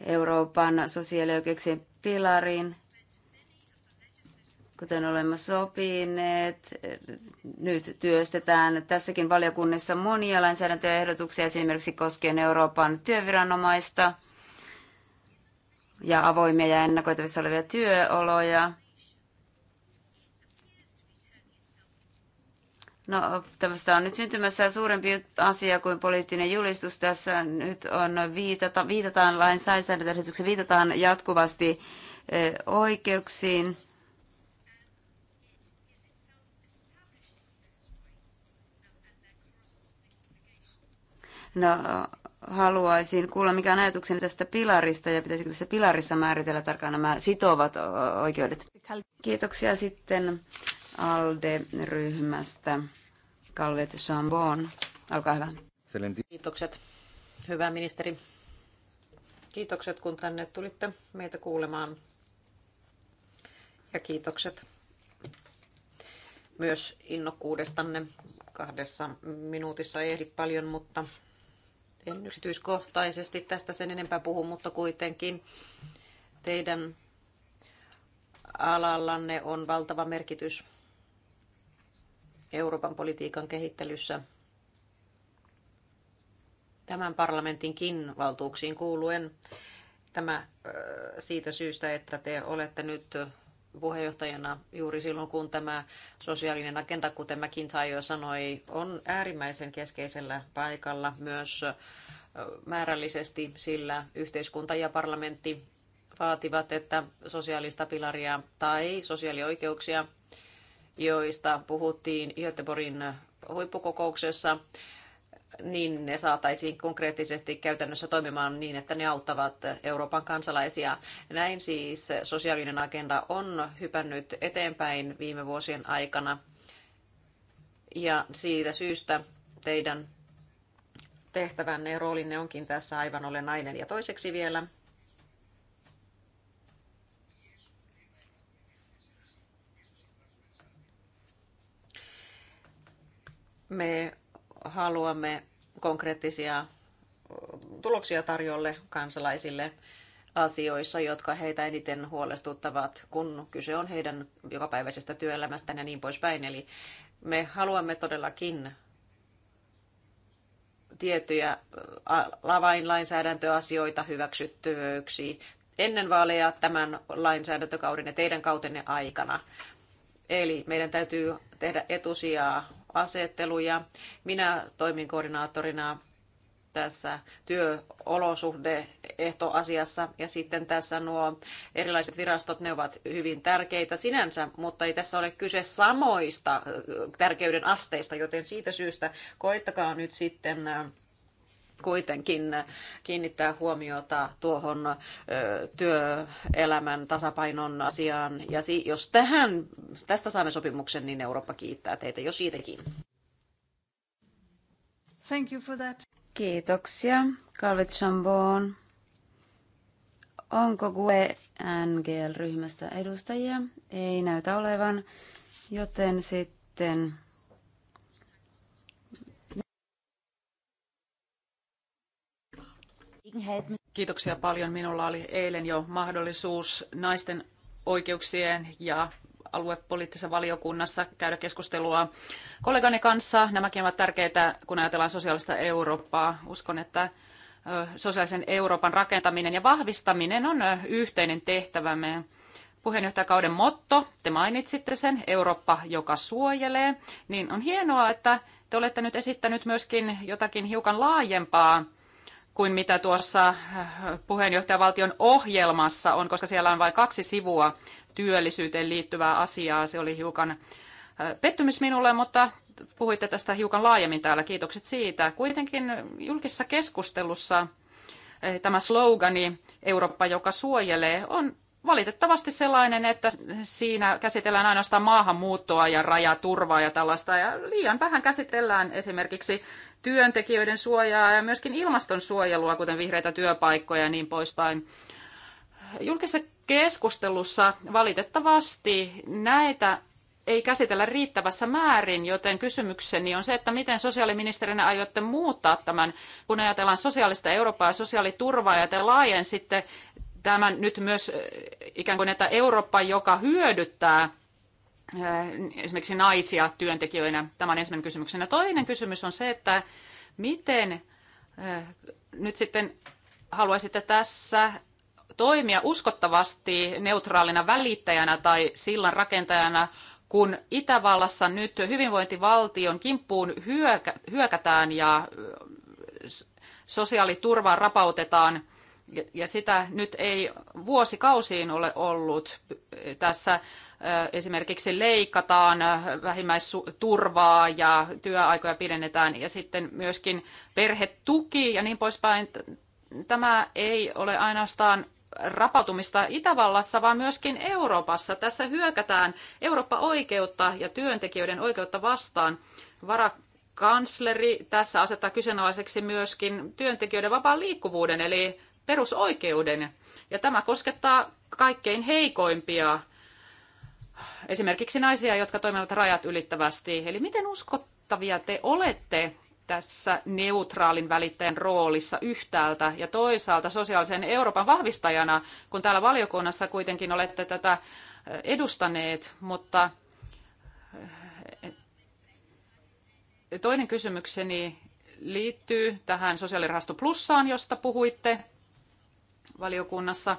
Euroopan sosiaalioikeuksien pilariin, kuten olemme sopineet. Nyt työstetään tässäkin valiokunnissa monia lainsäädäntöehdotuksia esimerkiksi koskien Euroopan työviranomaista ja avoimia ja ennakoitavissa olevia työoloja. No, tämmöistä on nyt syntymässä suurempi asia kuin poliittinen julistus. Tässä nyt on viitata, viitataan lainsäädäntöehdotuksen, viitataan jatkuvasti eh, oikeuksiin. No, haluaisin kuulla, mikä on ajatukseni tästä pilarista ja pitäisikö tässä pilarissa määritellä tarkkaan nämä sitovat oikeudet. Kiitoksia sitten ALDE-ryhmästä. Calvet Chambon. Olkaa hyvä. Kiitokset, hyvä ministeri. Kiitokset, kun tänne tulitte meitä kuulemaan. Ja kiitokset myös innokkuudestanne. Kahdessa minuutissa ei ehdi paljon, mutta en yksityiskohtaisesti tästä sen enempää puhu, mutta kuitenkin teidän alallanne on valtava merkitys Euroopan politiikan kehittelyssä tämän parlamentinkin valtuuksiin kuuluen. Tämä siitä syystä, että te olette nyt puheenjohtajana juuri silloin, kun tämä sosiaalinen agenda, kuten McIntyre jo sanoi, on äärimmäisen keskeisellä paikalla myös määrällisesti, sillä yhteiskunta ja parlamentti vaativat, että sosiaalista pilaria tai sosiaalioikeuksia joista puhuttiin Göteborgin huippukokouksessa, niin ne saataisiin konkreettisesti käytännössä toimimaan niin, että ne auttavat Euroopan kansalaisia. Näin siis sosiaalinen agenda on hypännyt eteenpäin viime vuosien aikana. Ja siitä syystä teidän tehtävänne ja roolinne onkin tässä aivan olennainen. Ja toiseksi vielä Me haluamme konkreettisia tuloksia tarjolle kansalaisille asioissa, jotka heitä eniten huolestuttavat, kun kyse on heidän jokapäiväisestä työelämästään ja niin poispäin. Eli me haluamme todellakin tiettyjä lainsäädäntöasioita hyväksyttyöksi ennen vaaleja tämän lainsäädäntökauden ja teidän kautenne aikana. Eli meidän täytyy tehdä etusijaa asetteluja. Minä toimin koordinaattorina tässä työolosuhdeehtoasiassa ja sitten tässä nuo erilaiset virastot, ne ovat hyvin tärkeitä sinänsä, mutta ei tässä ole kyse samoista äh, tärkeyden asteista, joten siitä syystä koittakaa nyt sitten äh, kuitenkin kiinnittää huomiota tuohon työelämän tasapainon asiaan. Ja jos tähän, tästä saamme sopimuksen, niin Eurooppa kiittää teitä jo siitäkin. Thank you for that. Kiitoksia, Kalvi Chambon. Onko GUE NGL-ryhmästä edustajia? Ei näytä olevan, joten sitten Kiitoksia paljon. Minulla oli eilen jo mahdollisuus naisten oikeuksien ja aluepoliittisessa valiokunnassa käydä keskustelua kollegani kanssa. Nämäkin ovat tärkeitä, kun ajatellaan sosiaalista Eurooppaa. Uskon, että sosiaalisen Euroopan rakentaminen ja vahvistaminen on yhteinen tehtävämme. Puheenjohtajakauden motto, te mainitsitte sen, Eurooppa, joka suojelee, niin on hienoa, että te olette nyt esittänyt myöskin jotakin hiukan laajempaa kuin mitä tuossa äh, puheenjohtajavaltion ohjelmassa on, koska siellä on vain kaksi sivua työllisyyteen liittyvää asiaa. Se oli hiukan äh, pettymys minulle, mutta puhuitte tästä hiukan laajemmin täällä. Kiitokset siitä. Kuitenkin julkisessa keskustelussa äh, tämä slogani Eurooppa, joka suojelee, on valitettavasti sellainen, että siinä käsitellään ainoastaan maahanmuuttoa ja rajaturvaa ja tällaista. Ja liian vähän käsitellään esimerkiksi työntekijöiden suojaa ja myöskin ilmastonsuojelua, kuten vihreitä työpaikkoja ja niin poispäin. Julkisessa keskustelussa valitettavasti näitä ei käsitellä riittävässä määrin, joten kysymykseni on se, että miten sosiaaliministerinä aiotte muuttaa tämän, kun ajatellaan sosiaalista Eurooppaa ja sosiaaliturvaa ja te sitten tämän nyt myös eh, ikään kuin, että Eurooppa, joka hyödyttää eh, esimerkiksi naisia työntekijöinä, tämä on ensimmäinen ja Toinen kysymys on se, että miten eh, nyt sitten haluaisitte tässä toimia uskottavasti neutraalina välittäjänä tai sillan rakentajana, kun Itävallassa nyt hyvinvointivaltion kimppuun hyökätään ja sosiaaliturvaa rapautetaan – ja sitä nyt ei vuosikausiin ole ollut. Tässä esimerkiksi leikataan vähimmäisturvaa ja työaikoja pidennetään ja sitten myöskin perhetuki ja niin poispäin. Tämä ei ole ainoastaan rapautumista Itävallassa, vaan myöskin Euroopassa. Tässä hyökätään Eurooppa-oikeutta ja työntekijöiden oikeutta vastaan. Vara kansleri tässä asettaa kyseenalaiseksi myöskin työntekijöiden vapaan liikkuvuuden, eli perusoikeuden. Ja tämä koskettaa kaikkein heikoimpia, esimerkiksi naisia, jotka toimivat rajat ylittävästi. Eli miten uskottavia te olette tässä neutraalin välittäjän roolissa yhtäältä ja toisaalta sosiaalisen Euroopan vahvistajana, kun täällä valiokunnassa kuitenkin olette tätä eh, edustaneet, mutta eh, toinen kysymykseni liittyy tähän sosiaalirahasto plussaan, josta puhuitte valiokunnassa,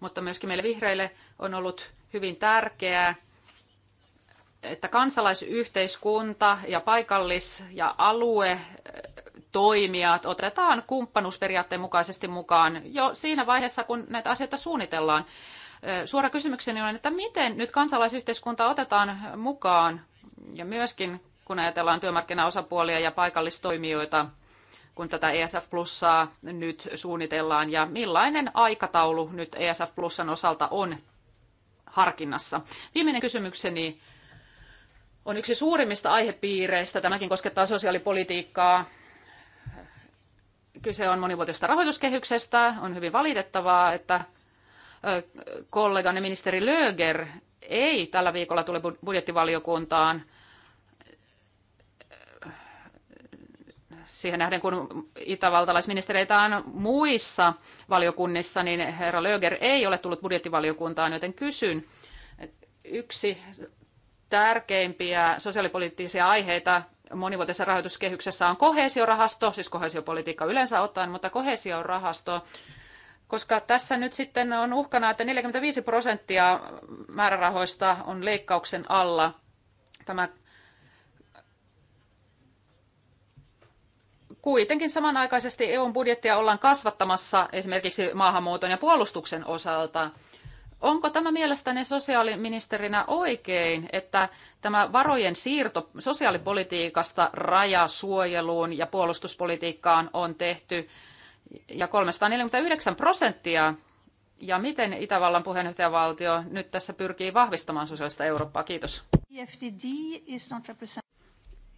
mutta myöskin meille vihreille on ollut hyvin tärkeää, että kansalaisyhteiskunta ja paikallis- ja aluetoimijat otetaan kumppanuusperiaatteen mukaisesti mukaan jo siinä vaiheessa, kun näitä asioita suunnitellaan. Suora kysymykseni on, että miten nyt kansalaisyhteiskunta otetaan mukaan ja myöskin kun ajatellaan työmarkkinaosapuolia ja paikallistoimijoita – kun tätä ESF Plussaa nyt suunnitellaan ja millainen aikataulu nyt ESF Plussan osalta on harkinnassa. Viimeinen kysymykseni on yksi suurimmista aihepiireistä. Tämäkin koskettaa sosiaalipolitiikkaa. Kyse on monivuotisesta rahoituskehyksestä. On hyvin valitettavaa, että kollegani ministeri Löger ei tällä viikolla tule budjettivaliokuntaan – siihen nähden, kun itävaltalaisministereitä on muissa valiokunnissa, niin herra Löger ei ole tullut budjettivaliokuntaan, joten kysyn, yksi tärkeimpiä sosiaalipoliittisia aiheita monivuotisessa rahoituskehyksessä on kohesiorahasto, siis kohesiopolitiikka yleensä ottaen, mutta kohesiorahasto, koska tässä nyt sitten on uhkana, että 45 prosenttia määrärahoista on leikkauksen alla. Tämä kuitenkin samanaikaisesti EUn budjettia ollaan kasvattamassa esimerkiksi maahanmuuton ja puolustuksen osalta. Onko tämä mielestäni sosiaaliministerinä oikein, että tämä varojen siirto sosiaalipolitiikasta rajasuojeluun ja puolustuspolitiikkaan on tehty ja 349 prosenttia ja miten Itävallan puheenjohtajavaltio nyt tässä pyrkii vahvistamaan sosiaalista Eurooppaa? Kiitos. E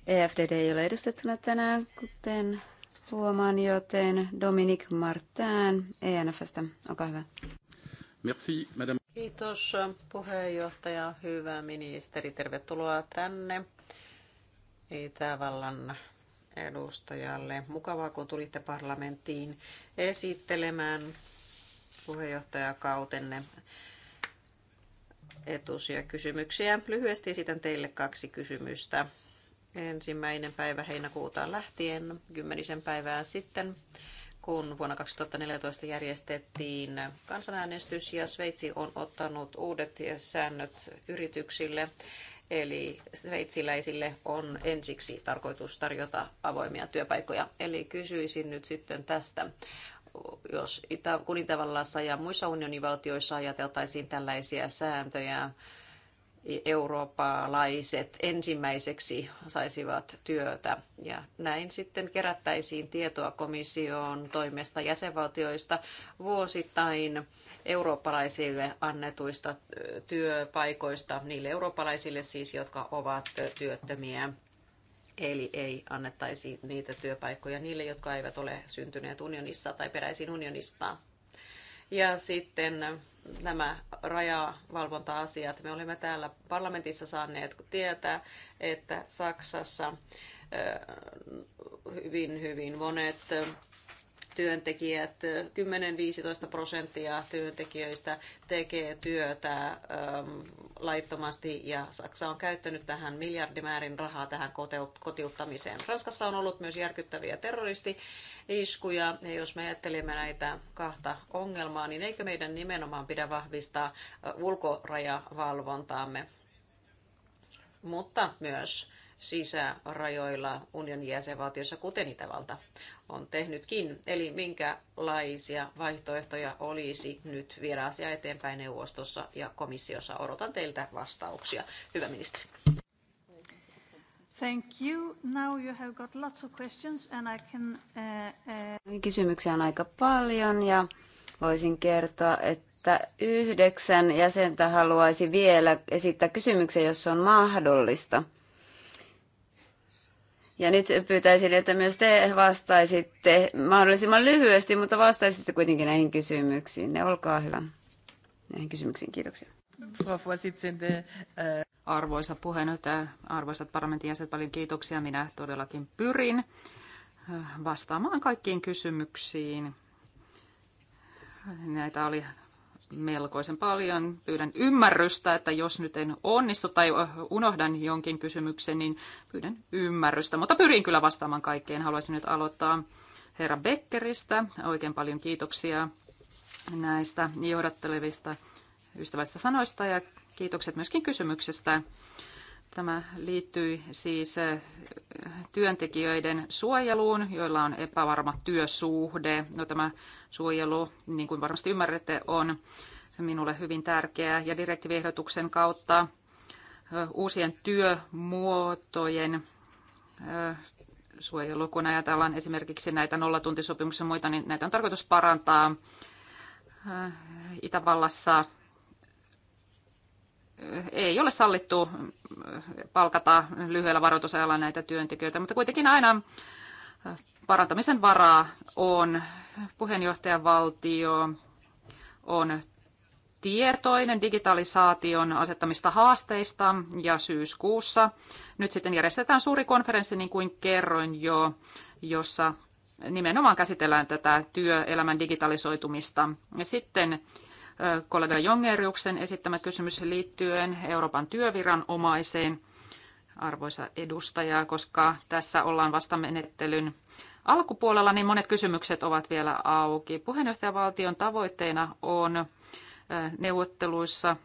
EFDD ei ole edustettuna tänään, kuten huomaan, joten Dominik Martin ENFstä, olkaa hyvä. Merci, madame. Kiitos puheenjohtaja, hyvä ministeri, tervetuloa tänne Itävallan edustajalle. Mukavaa, kun tulitte parlamenttiin esittelemään puheenjohtajakautenne etusia kysymyksiä. Lyhyesti esitän teille kaksi kysymystä ensimmäinen päivä heinäkuuta lähtien, kymmenisen päivää sitten, kun vuonna 2014 järjestettiin kansanäänestys ja Sveitsi on ottanut uudet säännöt yrityksille. Eli sveitsiläisille on ensiksi tarkoitus tarjota avoimia työpaikkoja. Eli kysyisin nyt sitten tästä jos Itä, kun ja muissa unionivaltioissa ajateltaisiin tällaisia sääntöjä, eurooppalaiset ensimmäiseksi saisivat työtä. Ja näin sitten kerättäisiin tietoa komission toimesta jäsenvaltioista vuosittain eurooppalaisille annetuista työpaikoista, niille eurooppalaisille siis, jotka ovat työttömiä. Eli ei annettaisi niitä työpaikkoja niille, jotka eivät ole syntyneet unionissa tai peräisin unionista. Ja sitten nämä rajavalvonta-asiat. Me olimme täällä parlamentissa saaneet tietää, että Saksassa hyvin, hyvin monet työntekijät, 10-15 prosenttia työntekijöistä tekee työtä äm, laittomasti ja Saksa on käyttänyt tähän miljardimäärin rahaa tähän kotiuttamiseen. Ranskassa on ollut myös järkyttäviä terroristi-iskuja ja jos me ajattelemme näitä kahta ongelmaa, niin eikö meidän nimenomaan pidä vahvistaa äh, ulkorajavalvontaamme, mutta myös sisärajoilla unionin jäsenvaltiossa, kuten Itävalta on tehnytkin. Eli minkälaisia vaihtoehtoja olisi nyt viedä asia eteenpäin neuvostossa ja komissiossa? Odotan teiltä vastauksia. Hyvä ministeri. Thank you. Now you have got lots of questions and I can, uh, uh... Kysymyksiä on aika paljon ja voisin kertoa, että yhdeksän jäsentä haluaisi vielä esittää kysymyksen, jos on mahdollista. Ja nyt pyytäisin, että myös te vastaisitte mahdollisimman lyhyesti, mutta vastaisitte kuitenkin näihin kysymyksiin. Ne olkaa hyvä. Näihin kysymyksiin kiitoksia. Äh, Arvoisa puheenjohtaja, arvoisat parlamentin jäsenet, paljon kiitoksia. Minä todellakin pyrin äh, vastaamaan kaikkiin kysymyksiin. Näitä oli melkoisen paljon. Pyydän ymmärrystä, että jos nyt en onnistu tai unohdan jonkin kysymyksen, niin pyydän ymmärrystä. Mutta pyrin kyllä vastaamaan kaikkeen. Haluaisin nyt aloittaa herra Beckeristä. Oikein paljon kiitoksia näistä johdattelevista ystävistä sanoista ja kiitokset myöskin kysymyksestä. Tämä liittyi siis työntekijöiden suojeluun, joilla on epävarma työsuhde. No, tämä suojelu, niin kuin varmasti ymmärrätte, on minulle hyvin tärkeää. Ja direktiviehdotuksen kautta uusien työmuotojen suojelu, kun ajatellaan esimerkiksi näitä nollatuntisopimuksia ja muita, niin näitä on tarkoitus parantaa Itävallassa ei ole sallittu äh, palkata lyhyellä varoitusajalla näitä työntekijöitä, mutta kuitenkin aina äh, parantamisen varaa on. Puheenjohtajavaltio on tietoinen digitalisaation asettamista haasteista ja syyskuussa nyt sitten järjestetään suuri konferenssi, niin kuin kerroin jo, jossa nimenomaan käsitellään tätä työelämän digitalisoitumista. Ja sitten kollega Jongeriuksen esittämä kysymys liittyen Euroopan työviranomaiseen, arvoisa edustaja, koska tässä ollaan vasta menettelyn alkupuolella, niin monet kysymykset ovat vielä auki. Puheenjohtajavaltion tavoitteena on neuvotteluissa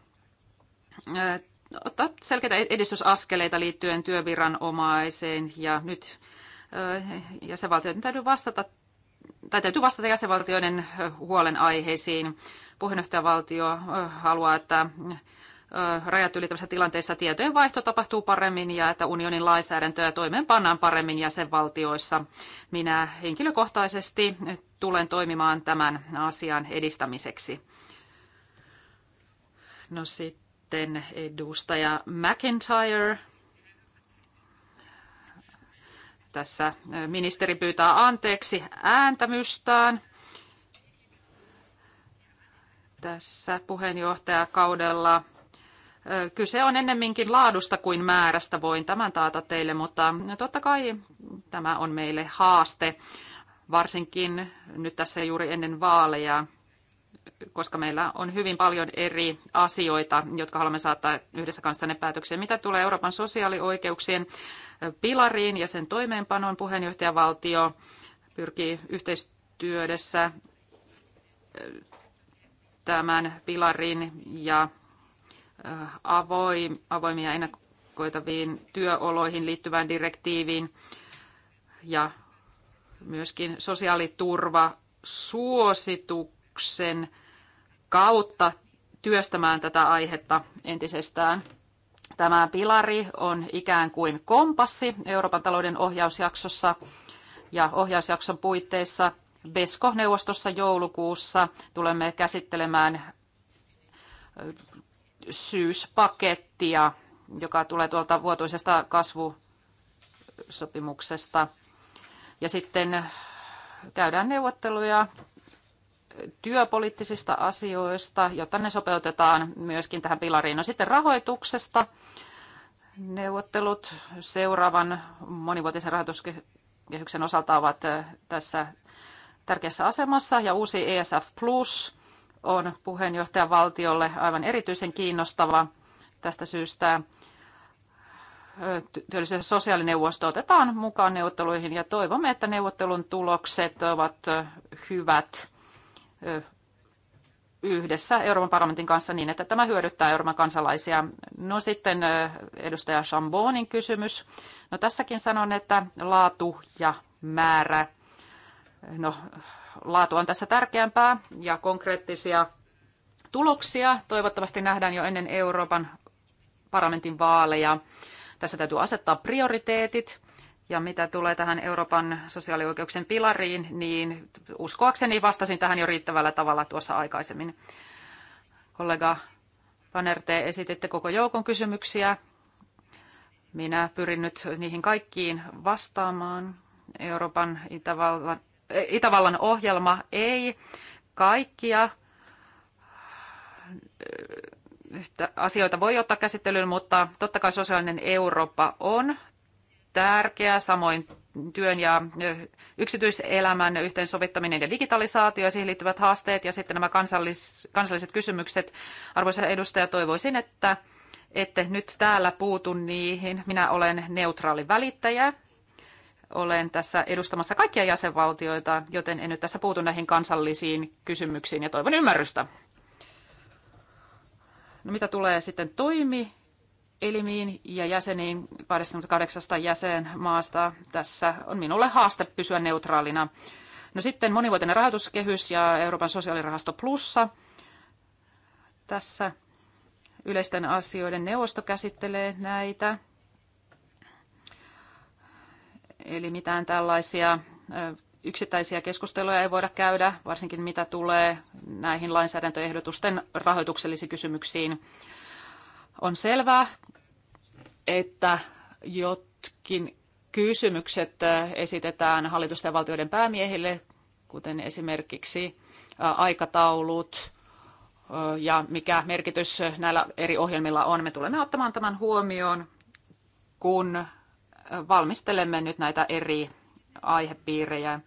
ottaa selkeitä edistysaskeleita liittyen työviranomaiseen ja nyt jäsenvaltioiden täytyy vastata tai täytyy vastata jäsenvaltioiden huolenaiheisiin. Puheenjohtajavaltio haluaa, että rajat ylittävässä tilanteessa tietojen vaihto tapahtuu paremmin ja että unionin lainsäädäntöä toimeenpannaan paremmin jäsenvaltioissa. Minä henkilökohtaisesti tulen toimimaan tämän asian edistämiseksi. No sitten edustaja McIntyre Tässä ministeri pyytää anteeksi ääntämystään. Tässä puheenjohtajakaudella Kyse on ennemminkin laadusta kuin määrästä, voin tämän taata teille, mutta totta kai tämä on meille haaste, varsinkin nyt tässä juuri ennen vaaleja koska meillä on hyvin paljon eri asioita, jotka haluamme saattaa yhdessä kanssanne päätöksiä. Mitä tulee Euroopan sosiaalioikeuksien pilariin ja sen toimeenpanoon, puheenjohtajavaltio pyrkii yhteistyössä tämän pilarin ja avoimia ennakoitaviin työoloihin liittyvään direktiiviin ja myöskin sosiaaliturva suosituksen kautta työstämään tätä aihetta entisestään. Tämä pilari on ikään kuin kompassi Euroopan talouden ohjausjaksossa ja ohjausjakson puitteissa BESCO-neuvostossa joulukuussa tulemme käsittelemään syyspakettia, joka tulee tuolta vuotuisesta kasvusopimuksesta. Ja sitten käydään neuvotteluja työpoliittisista asioista, jota ne sopeutetaan myöskin tähän pilariin. No sitten rahoituksesta. Neuvottelut seuraavan monivuotisen rahoituskehyksen osalta ovat eh, tässä tärkeässä asemassa ja uusi ESF Plus on valtiolle aivan erityisen kiinnostava tästä syystä eh, työllisyys- ja sosiaalineuvosto otetaan mukaan neuvotteluihin ja toivomme, että neuvottelun tulokset ovat eh, hyvät yhdessä Euroopan parlamentin kanssa niin, että tämä hyödyttää Euroopan kansalaisia. No sitten edustaja Chambonin kysymys. No tässäkin sanon, että laatu ja määrä. No laatu on tässä tärkeämpää ja konkreettisia tuloksia toivottavasti nähdään jo ennen Euroopan parlamentin vaaleja. Tässä täytyy asettaa prioriteetit ja mitä tulee tähän Euroopan sosiaalioikeuksien pilariin, niin uskoakseni vastasin tähän jo riittävällä tavalla tuossa aikaisemmin. Kollega Panerte, esititte koko joukon kysymyksiä. Minä pyrin nyt niihin kaikkiin vastaamaan. Euroopan Itävallan, eh, Itävallan ohjelma ei kaikkia eh, asioita voi ottaa käsittelyyn, mutta totta kai sosiaalinen Eurooppa on tärkeä, samoin työn ja yksityiselämän yhteensovittaminen ja digitalisaatio ja siihen liittyvät haasteet ja sitten nämä kansallis, kansalliset kysymykset. Arvoisa edustaja, toivoisin, että ette nyt täällä puutu niihin. Minä olen neutraali välittäjä. Olen tässä edustamassa kaikkia jäsenvaltioita, joten en nyt tässä puutu näihin kansallisiin kysymyksiin ja toivon ymmärrystä. No, mitä tulee sitten toimi elimiin ja jäseniin 28 jäsenmaasta. Tässä on minulle haaste pysyä neutraalina. No sitten monivuotinen rahoituskehys ja Euroopan sosiaalirahasto plussa. Tässä yleisten asioiden neuvosto käsittelee näitä. Eli mitään tällaisia yksittäisiä keskusteluja ei voida käydä, varsinkin mitä tulee näihin lainsäädäntöehdotusten rahoituksellisiin kysymyksiin. On selvää, että jotkin kysymykset äh, esitetään hallitusten ja valtioiden päämiehille, kuten esimerkiksi äh, aikataulut äh, ja mikä merkitys näillä eri ohjelmilla on. Me tulemme ottamaan tämän huomioon, kun valmistelemme nyt näitä eri aihepiirejä.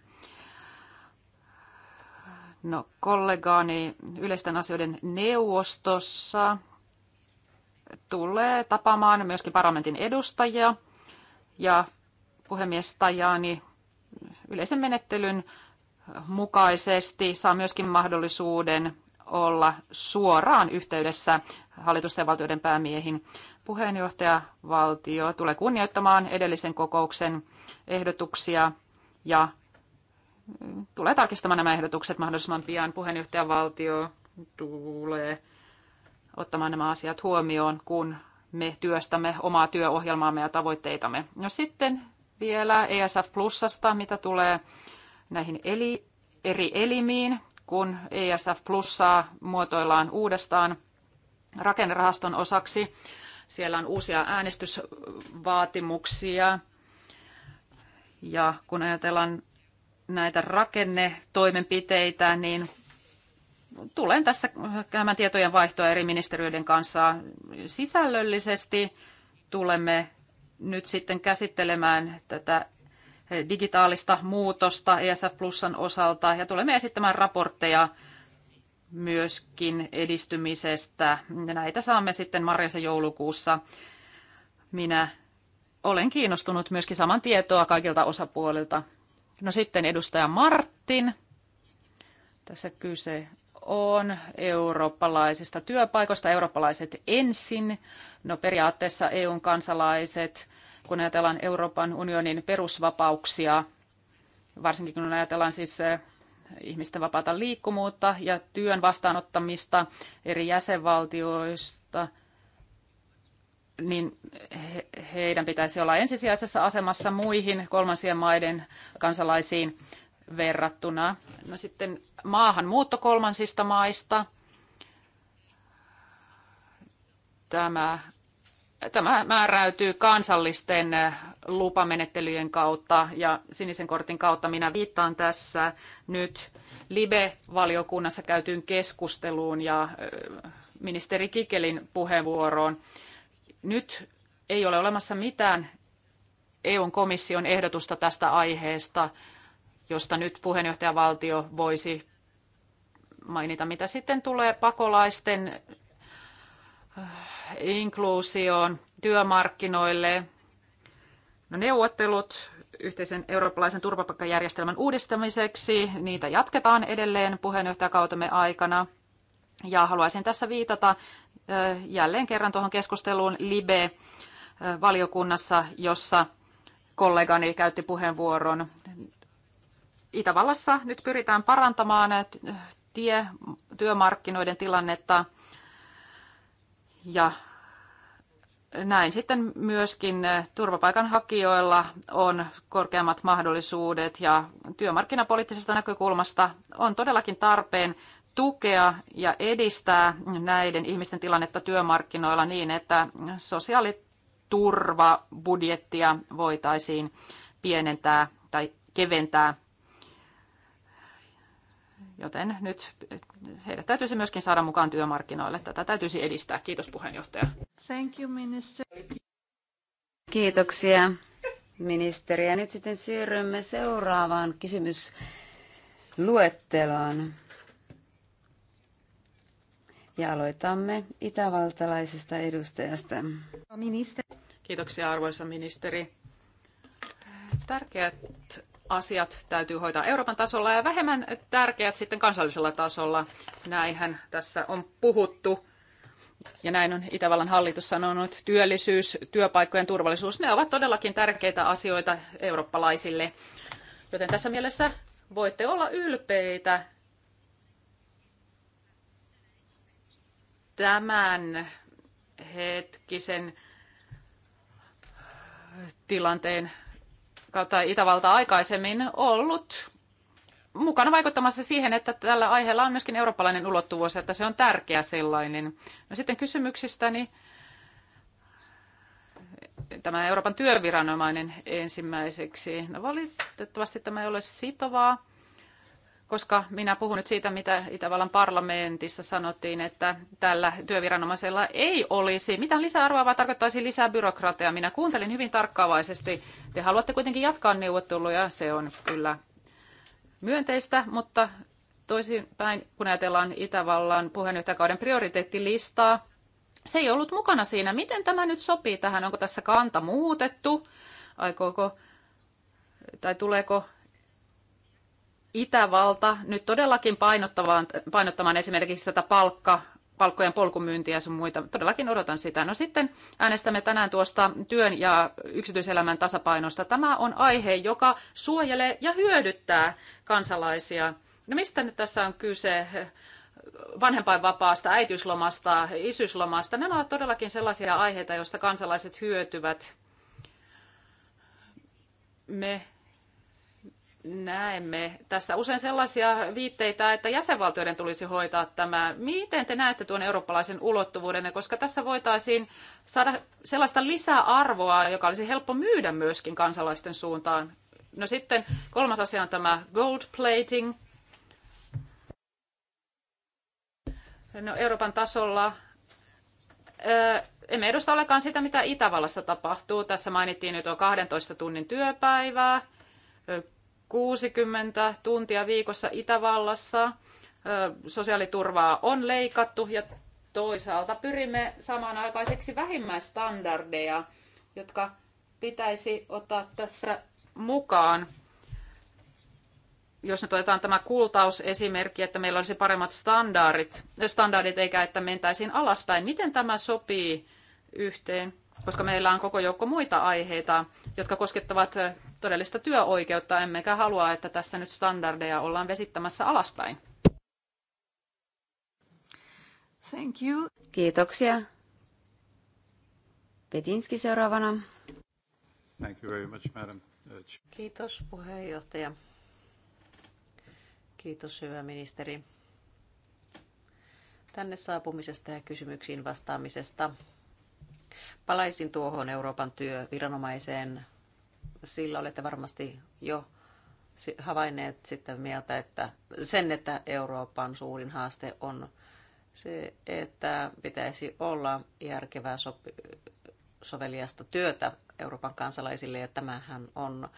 No, kollegaani yleisten asioiden neuvostossa tulee tapaamaan myöskin parlamentin edustajia ja puhemies Tajani yleisen menettelyn mukaisesti saa myöskin mahdollisuuden olla suoraan yhteydessä hallitusten ja valtioiden päämiehin. Puheenjohtaja valtio tulee kunnioittamaan edellisen kokouksen ehdotuksia ja tulee tarkistamaan nämä ehdotukset mahdollisimman pian. Puheenjohtaja valtio tulee ottamaan nämä asiat huomioon, kun me työstämme omaa työohjelmaamme ja tavoitteitamme. No sitten vielä ESF Plusasta, mitä tulee näihin eli, eri elimiin, kun ESF Plusaa muotoillaan uudestaan rakennerahaston osaksi. Siellä on uusia äänestysvaatimuksia. Ja kun ajatellaan näitä rakennetoimenpiteitä, niin tulen tässä käymään tietojen vaihtoa eri ministeriöiden kanssa sisällöllisesti. Tulemme nyt sitten käsittelemään tätä digitaalista muutosta ESF Plusan osalta ja tulemme esittämään raportteja myöskin edistymisestä. Näitä saamme sitten marjassa joulukuussa. Minä olen kiinnostunut myöskin saman tietoa kaikilta osapuolilta. No sitten edustaja Martin. Tässä kyse on eurooppalaisista työpaikoista, eurooppalaiset ensin, no periaatteessa EUn kansalaiset, kun ajatellaan Euroopan unionin perusvapauksia, varsinkin kun ajatellaan siis eh, ihmisten vapaata liikkumuutta ja työn vastaanottamista eri jäsenvaltioista, niin he, heidän pitäisi olla ensisijaisessa asemassa muihin kolmansien maiden kansalaisiin verrattuna. No sitten maahanmuutto kolmansista maista. Tämä, tämä määräytyy kansallisten lupamenettelyjen kautta ja sinisen kortin kautta. Minä viittaan tässä nyt Libe-valiokunnassa käytyyn keskusteluun ja ministeri Kikelin puheenvuoroon. Nyt ei ole olemassa mitään eu komission ehdotusta tästä aiheesta josta nyt puheenjohtajavaltio voisi mainita, mitä sitten tulee pakolaisten äh, inkluusioon työmarkkinoille. No, neuvottelut yhteisen eurooppalaisen turvapaikkajärjestelmän uudistamiseksi, niitä jatketaan edelleen puheenjohtajakautemme aikana. Ja haluaisin tässä viitata äh, jälleen kerran tuohon keskusteluun Libe-valiokunnassa, äh, jossa kollegani käytti puheenvuoron. Itävallassa nyt pyritään parantamaan eh, tie, työmarkkinoiden tilannetta ja näin sitten myöskin eh, turvapaikanhakijoilla on korkeammat mahdollisuudet ja työmarkkinapoliittisesta näkökulmasta on todellakin tarpeen tukea ja edistää näiden ihmisten tilannetta työmarkkinoilla niin, että sosiaaliturvabudjettia voitaisiin pienentää tai keventää. Joten nyt heidät täytyisi myöskin saada mukaan työmarkkinoille. Tätä täytyisi edistää. Kiitos puheenjohtaja. Thank you, minister. Kiitoksia ministeri. Ja nyt sitten siirrymme seuraavaan kysymysluetteloon. Ja aloitamme itävaltalaisesta edustajasta. Kiitoksia arvoisa ministeri. Tärkeät asiat täytyy hoitaa Euroopan tasolla ja vähemmän tärkeät sitten kansallisella tasolla. Näinhän tässä on puhuttu. Ja näin on Itävallan hallitus sanonut, työllisyys, työpaikkojen turvallisuus, ne ovat todellakin tärkeitä asioita eurooppalaisille. Joten tässä mielessä voitte olla ylpeitä tämän hetkisen tilanteen kautta Itävalta aikaisemmin ollut mukana vaikuttamassa siihen, että tällä aiheella on myöskin eurooppalainen ulottuvuus, että se on tärkeä sellainen. No sitten kysymyksistäni. Niin tämä Euroopan työviranomainen ensimmäiseksi. No valitettavasti tämä ei ole sitovaa koska minä puhun nyt siitä, mitä Itävallan parlamentissa sanottiin, että tällä työviranomaisella ei olisi. Mitä lisäarvoa vaan tarkoittaisi lisää byrokratiaa? Minä kuuntelin hyvin tarkkaavaisesti. Te haluatte kuitenkin jatkaa neuvotteluja, se on kyllä myönteistä, mutta toisinpäin, kun ajatellaan Itävallan puheenjohtajakauden prioriteettilistaa, se ei ollut mukana siinä. Miten tämä nyt sopii tähän? Onko tässä kanta muutettu? Aikooko tai tuleeko Itävalta nyt todellakin painottamaan, painottamaan esimerkiksi tätä palkka, palkkojen polkumyyntiä ja sun muita. Todellakin odotan sitä. No sitten äänestämme tänään tuosta työn ja yksityiselämän tasapainosta. Tämä on aihe, joka suojelee ja hyödyttää kansalaisia. No mistä nyt tässä on kyse? vanhempainvapaasta, äitiyslomasta, isyyslomasta. Nämä ovat todellakin sellaisia aiheita, joista kansalaiset hyötyvät. Me näemme tässä usein sellaisia viitteitä, että jäsenvaltioiden tulisi hoitaa tämä. Miten te näette tuon eurooppalaisen ulottuvuuden, koska tässä voitaisiin saada sellaista lisäarvoa, joka olisi helppo myydä myöskin kansalaisten suuntaan. No sitten kolmas asia on tämä gold plating. No Euroopan tasolla emme edusta olekaan sitä, mitä Itävallassa tapahtuu. Tässä mainittiin nyt on 12 tunnin työpäivää 60 tuntia viikossa Itävallassa. Sosiaaliturvaa on leikattu ja toisaalta pyrimme samanaikaiseksi vähimmäistandardeja, jotka pitäisi ottaa tässä mukaan. Jos nyt otetaan tämä kultausesimerkki, että meillä olisi paremmat standardit, standardit eikä että mentäisiin alaspäin. Miten tämä sopii yhteen? Koska meillä on koko joukko muita aiheita, jotka koskettavat todellista työoikeutta, emmekä halua, että tässä nyt standardeja ollaan vesittämässä alaspäin. Thank you. Kiitoksia. Petinski seuraavana. Thank you very much, madam. Uh, Kiitos puheenjohtaja. Kiitos hyvä ministeri tänne saapumisesta ja kysymyksiin vastaamisesta. Palaisin tuohon Euroopan työviranomaiseen sillä olette varmasti jo havainneet sitten mieltä, että sen, että Euroopan suurin haaste on se, että pitäisi olla järkevää sopi- soveliasta työtä Euroopan kansalaisille, ja tämähän on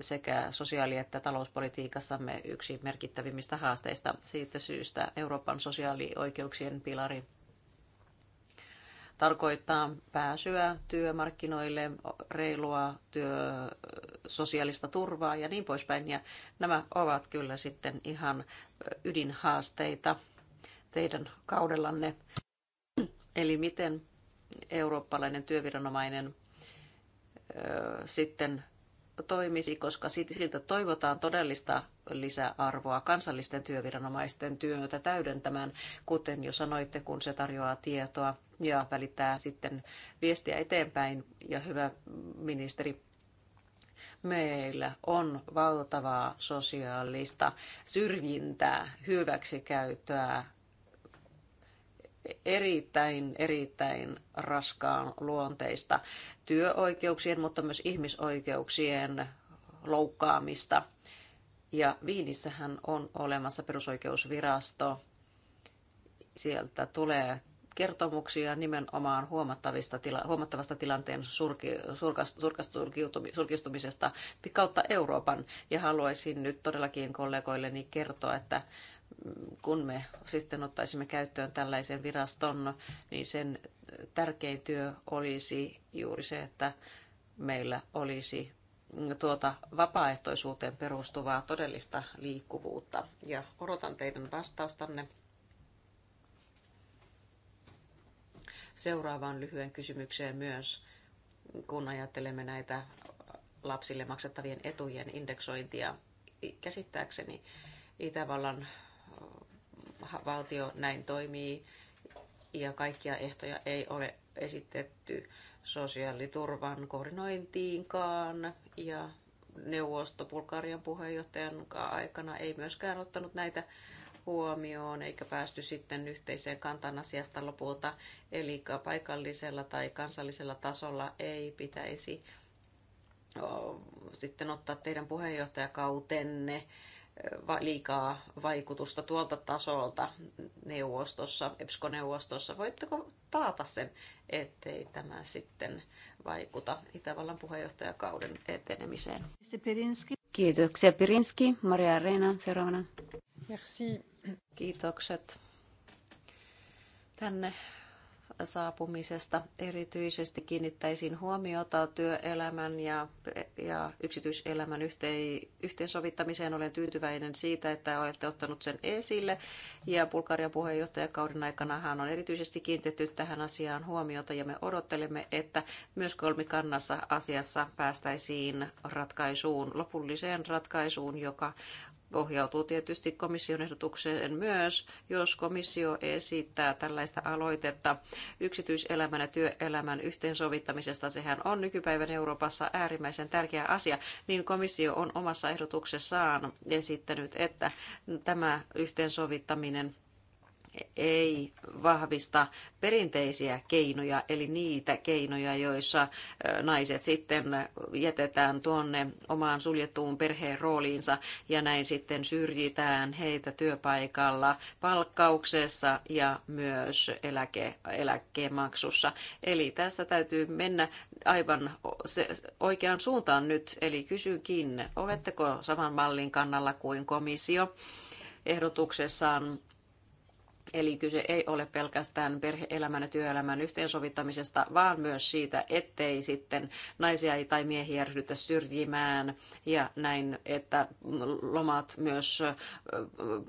sekä sosiaali- että talouspolitiikassamme yksi merkittävimmistä haasteista. Siitä syystä Euroopan sosiaalioikeuksien pilari tarkoittaa pääsyä työmarkkinoille, reilua työ, sosiaalista turvaa ja niin poispäin. Ja nämä ovat kyllä sitten ihan ydinhaasteita teidän kaudellanne. Eli miten eurooppalainen työviranomainen sitten toimisi, koska siltä toivotaan todellista lisäarvoa kansallisten työviranomaisten työtä täydentämään, kuten jo sanoitte, kun se tarjoaa tietoa ja välittää sitten viestiä eteenpäin. Ja hyvä ministeri, meillä on valtavaa sosiaalista syrjintää, hyväksikäyttöä, erittäin, erittäin raskaan luonteista työoikeuksien, mutta myös ihmisoikeuksien loukkaamista. Ja Viinissähän on olemassa perusoikeusvirasto. Sieltä tulee kertomuksia nimenomaan huomattavista tila, huomattavasta tilanteen surki, surkas, surkistumisesta kautta Euroopan. Ja haluaisin nyt todellakin kollegoilleni kertoa, että kun me sitten ottaisimme käyttöön tällaisen viraston, niin sen tärkein työ olisi juuri se, että meillä olisi tuota vapaaehtoisuuteen perustuvaa todellista liikkuvuutta. Ja odotan teidän vastaustanne seuraavaan lyhyen kysymykseen myös, kun ajattelemme näitä lapsille maksettavien etujen indeksointia. Käsittääkseni Itävallan äh, valtio näin toimii ja kaikkia ehtoja ei ole esitetty sosiaaliturvan koordinointiinkaan ja neuvosto Bulgarian puheenjohtajan aikana ei myöskään ottanut näitä huomioon, eikä päästy sitten yhteiseen kantaan asiasta lopulta. Eli paikallisella tai kansallisella tasolla ei pitäisi sitten ottaa teidän puheenjohtajakautenne liikaa vaikutusta tuolta tasolta neuvostossa, EPSCO-neuvostossa. Voitteko taata sen, ettei tämä sitten vaikuta Itävallan puheenjohtajakauden etenemiseen? Kiitoksia Pirinski. Maria Reina seuraavana. Merci. Kiitokset tänne saapumisesta. Erityisesti kiinnittäisin huomiota työelämän ja, ja yksityiselämän yhteensovittamiseen. Olen tyytyväinen siitä, että olette ottanut sen esille. Ja Bulgarian puheenjohtajakauden hän on erityisesti kiinnitetty tähän asiaan huomiota ja me odottelemme, että myös kolmikannassa asiassa päästäisiin ratkaisuun, lopulliseen ratkaisuun, joka ohjautuu tietysti komission ehdotukseen myös, jos komissio esittää tällaista aloitetta yksityiselämän ja työelämän yhteensovittamisesta. Sehän on nykypäivän Euroopassa äärimmäisen tärkeä asia, niin komissio on omassa ehdotuksessaan esittänyt, että tämä yhteensovittaminen ei vahvista perinteisiä keinoja, eli niitä keinoja, joissa naiset sitten jätetään tuonne omaan suljettuun perheen rooliinsa ja näin sitten syrjitään heitä työpaikalla palkkauksessa ja myös eläke, maksussa. Eli tässä täytyy mennä aivan oikeaan suuntaan nyt, eli kysynkin, oletteko saman mallin kannalla kuin komissio ehdotuksessaan Eli kyse ei ole pelkästään perhe-elämän ja työelämän yhteensovittamisesta, vaan myös siitä, ettei sitten naisia tai miehiä ryhdytä syrjimään ja näin, että lomat myös,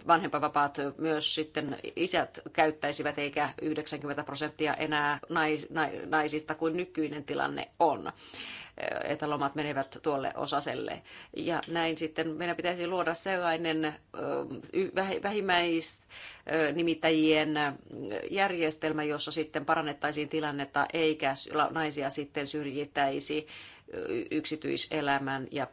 vanhempavapaat myös sitten isät käyttäisivät eikä 90 prosenttia enää naisista kuin nykyinen tilanne on että lomat menevät tuolle osaselle. Ja näin sitten meidän pitäisi luoda sellainen vähimmäis nimittäjien järjestelmä, jossa sitten parannettaisiin tilannetta eikä naisia sitten syrjittäisi yksityiselämän ja,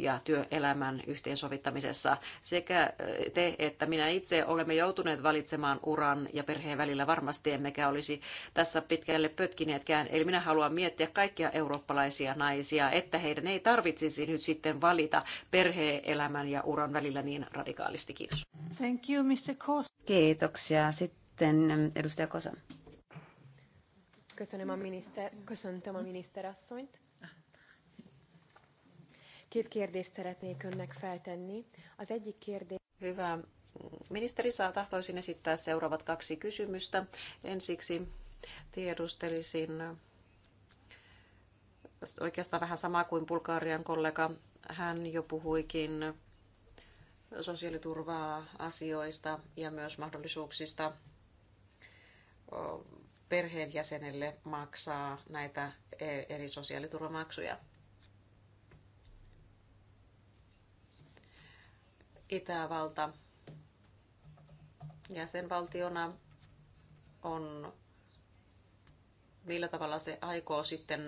ja työelämän yhteensovittamisessa. Sekä te että minä itse olemme joutuneet valitsemaan uran ja perheen välillä varmasti, emmekä olisi tässä pitkälle pötkineetkään. Eli minä haluan miettiä kaikkia eurooppalaisia naisia, että heidän ei tarvitsisi nyt sitten valita perheelämän ja uran välillä niin radikaalisti. Kiitos. Thank you, Mr. Kos. Kiitoksia. Sitten ähm, edustaja Kosa. Köszönöm a miniszter, köszöntöm a Két kérdést szeretnék önnek feltenni. Az egyik kérdés... Hyvä. Ministeri saa tahtoisin esittää seuraavat kaksi kysymystä. Ensiksi tiedustelisin oikeastaan vähän samaa kuin Bulgarian kollega. Hän jo puhuikin sosiaaliturvaa asioista ja myös mahdollisuuksista perheenjäsenelle maksaa näitä e- eri sosiaaliturvamaksuja. Itävalta jäsenvaltiona on, millä tavalla se aikoo sitten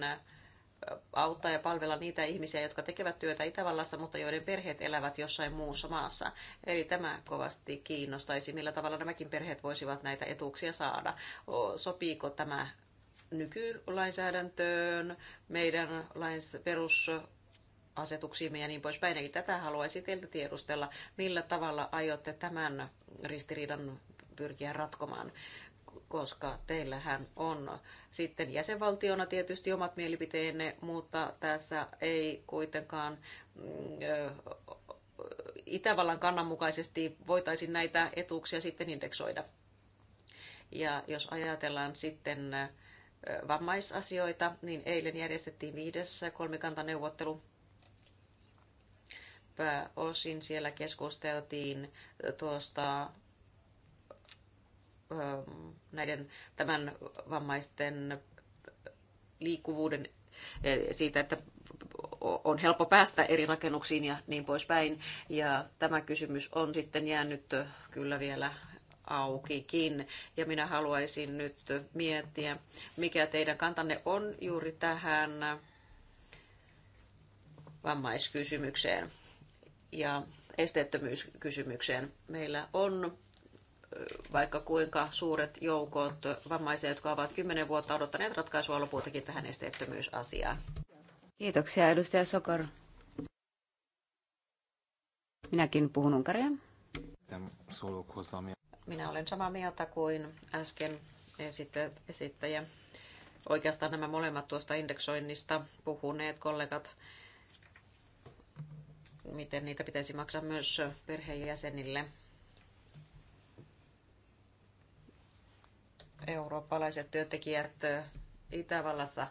auttaa ja palvella niitä ihmisiä, jotka tekevät työtä Itävallassa, mutta joiden perheet elävät jossain muussa maassa. Eli tämä kovasti kiinnostaisi, millä tavalla nämäkin perheet voisivat näitä etuuksia saada. Sopiiko tämä nykylainsäädäntöön, meidän lains, perus asetuksiimme ja niin poispäin. Eli tätä haluaisin teiltä tiedustella, millä tavalla aiotte tämän ristiriidan pyrkiä ratkomaan koska teillähän on sitten jäsenvaltiona tietysti omat mielipiteenne, mutta tässä ei kuitenkaan mm, Itävallan kannan mukaisesti voitaisiin näitä etuuksia sitten indeksoida. Ja jos ajatellaan sitten vammaisasioita, niin eilen järjestettiin viides kolmikantaneuvottelu pääosin siellä keskusteltiin tuosta näiden tämän vammaisten liikkuvuuden e, siitä, että on helppo päästä eri rakennuksiin ja niin poispäin. Ja tämä kysymys on sitten jäänyt kyllä vielä aukikin. Ja minä haluaisin nyt miettiä, mikä teidän kantanne on juuri tähän vammaiskysymykseen ja esteettömyyskysymykseen. Meillä on vaikka kuinka suuret joukot vammaisia, jotka ovat kymmenen vuotta odottaneet ratkaisua lopultakin tähän esteettömyysasiaan. Kiitoksia edustaja Sokor. Minäkin puhun unkaria. Minä olen samaa mieltä kuin äsken esittäjä. Oikeastaan nämä molemmat tuosta indeksoinnista puhuneet kollegat miten niitä pitäisi maksaa myös perheenjäsenille. Eurooppalaiset työntekijät Itävallassa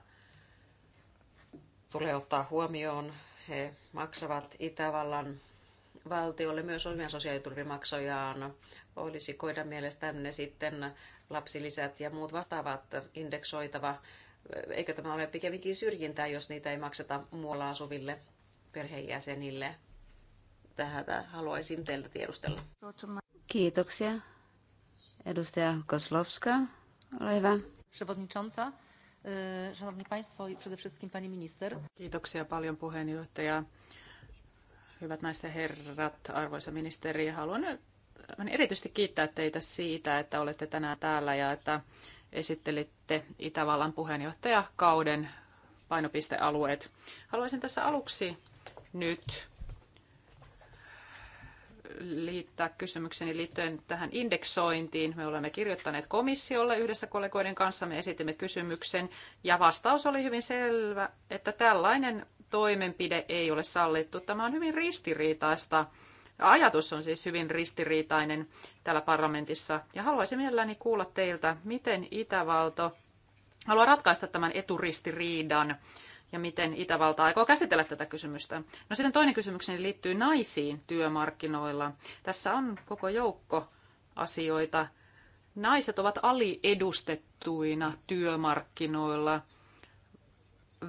tulee ottaa huomioon. He maksavat Itävallan valtiolle myös omia sosiaaliturvimaksojaan. Olisi koida mielestänne sitten lapsilisät ja muut vastaavat indeksoitava. Eikö tämä ole pikemminkin syrjintää, jos niitä ei makseta muualla asuville perheenjäsenille? tätä haluaisin teiltä tiedustella. Kiitoksia. Edustaja Koslowska, ole hyvä. Przewodnicząca, e, Szanowni Państwo i przede wszystkim Pani Minister. Kiitoksia paljon puheenjohtaja. Hyvät naiset ja herrat, arvoisa ministeri, haluan erityisesti kiittää teitä siitä, että olette tänään täällä ja että esittelitte Itävallan puheenjohtajakauden painopistealueet. Haluaisin tässä aluksi nyt liittää kysymykseni liittyen tähän indeksointiin. Me olemme kirjoittaneet komissiolle yhdessä kollegoiden kanssa, me esitimme kysymyksen ja vastaus oli hyvin selvä, että tällainen toimenpide ei ole sallittu. Tämä on hyvin ristiriitaista. Ajatus on siis hyvin ristiriitainen täällä parlamentissa ja haluaisin mielelläni kuulla teiltä, miten Itävalto haluaa ratkaista tämän eturistiriidan ja miten Itävalta aikoo käsitellä tätä kysymystä. No sitten toinen kysymykseni liittyy naisiin työmarkkinoilla. Tässä on koko joukko asioita. Naiset ovat aliedustettuina työmarkkinoilla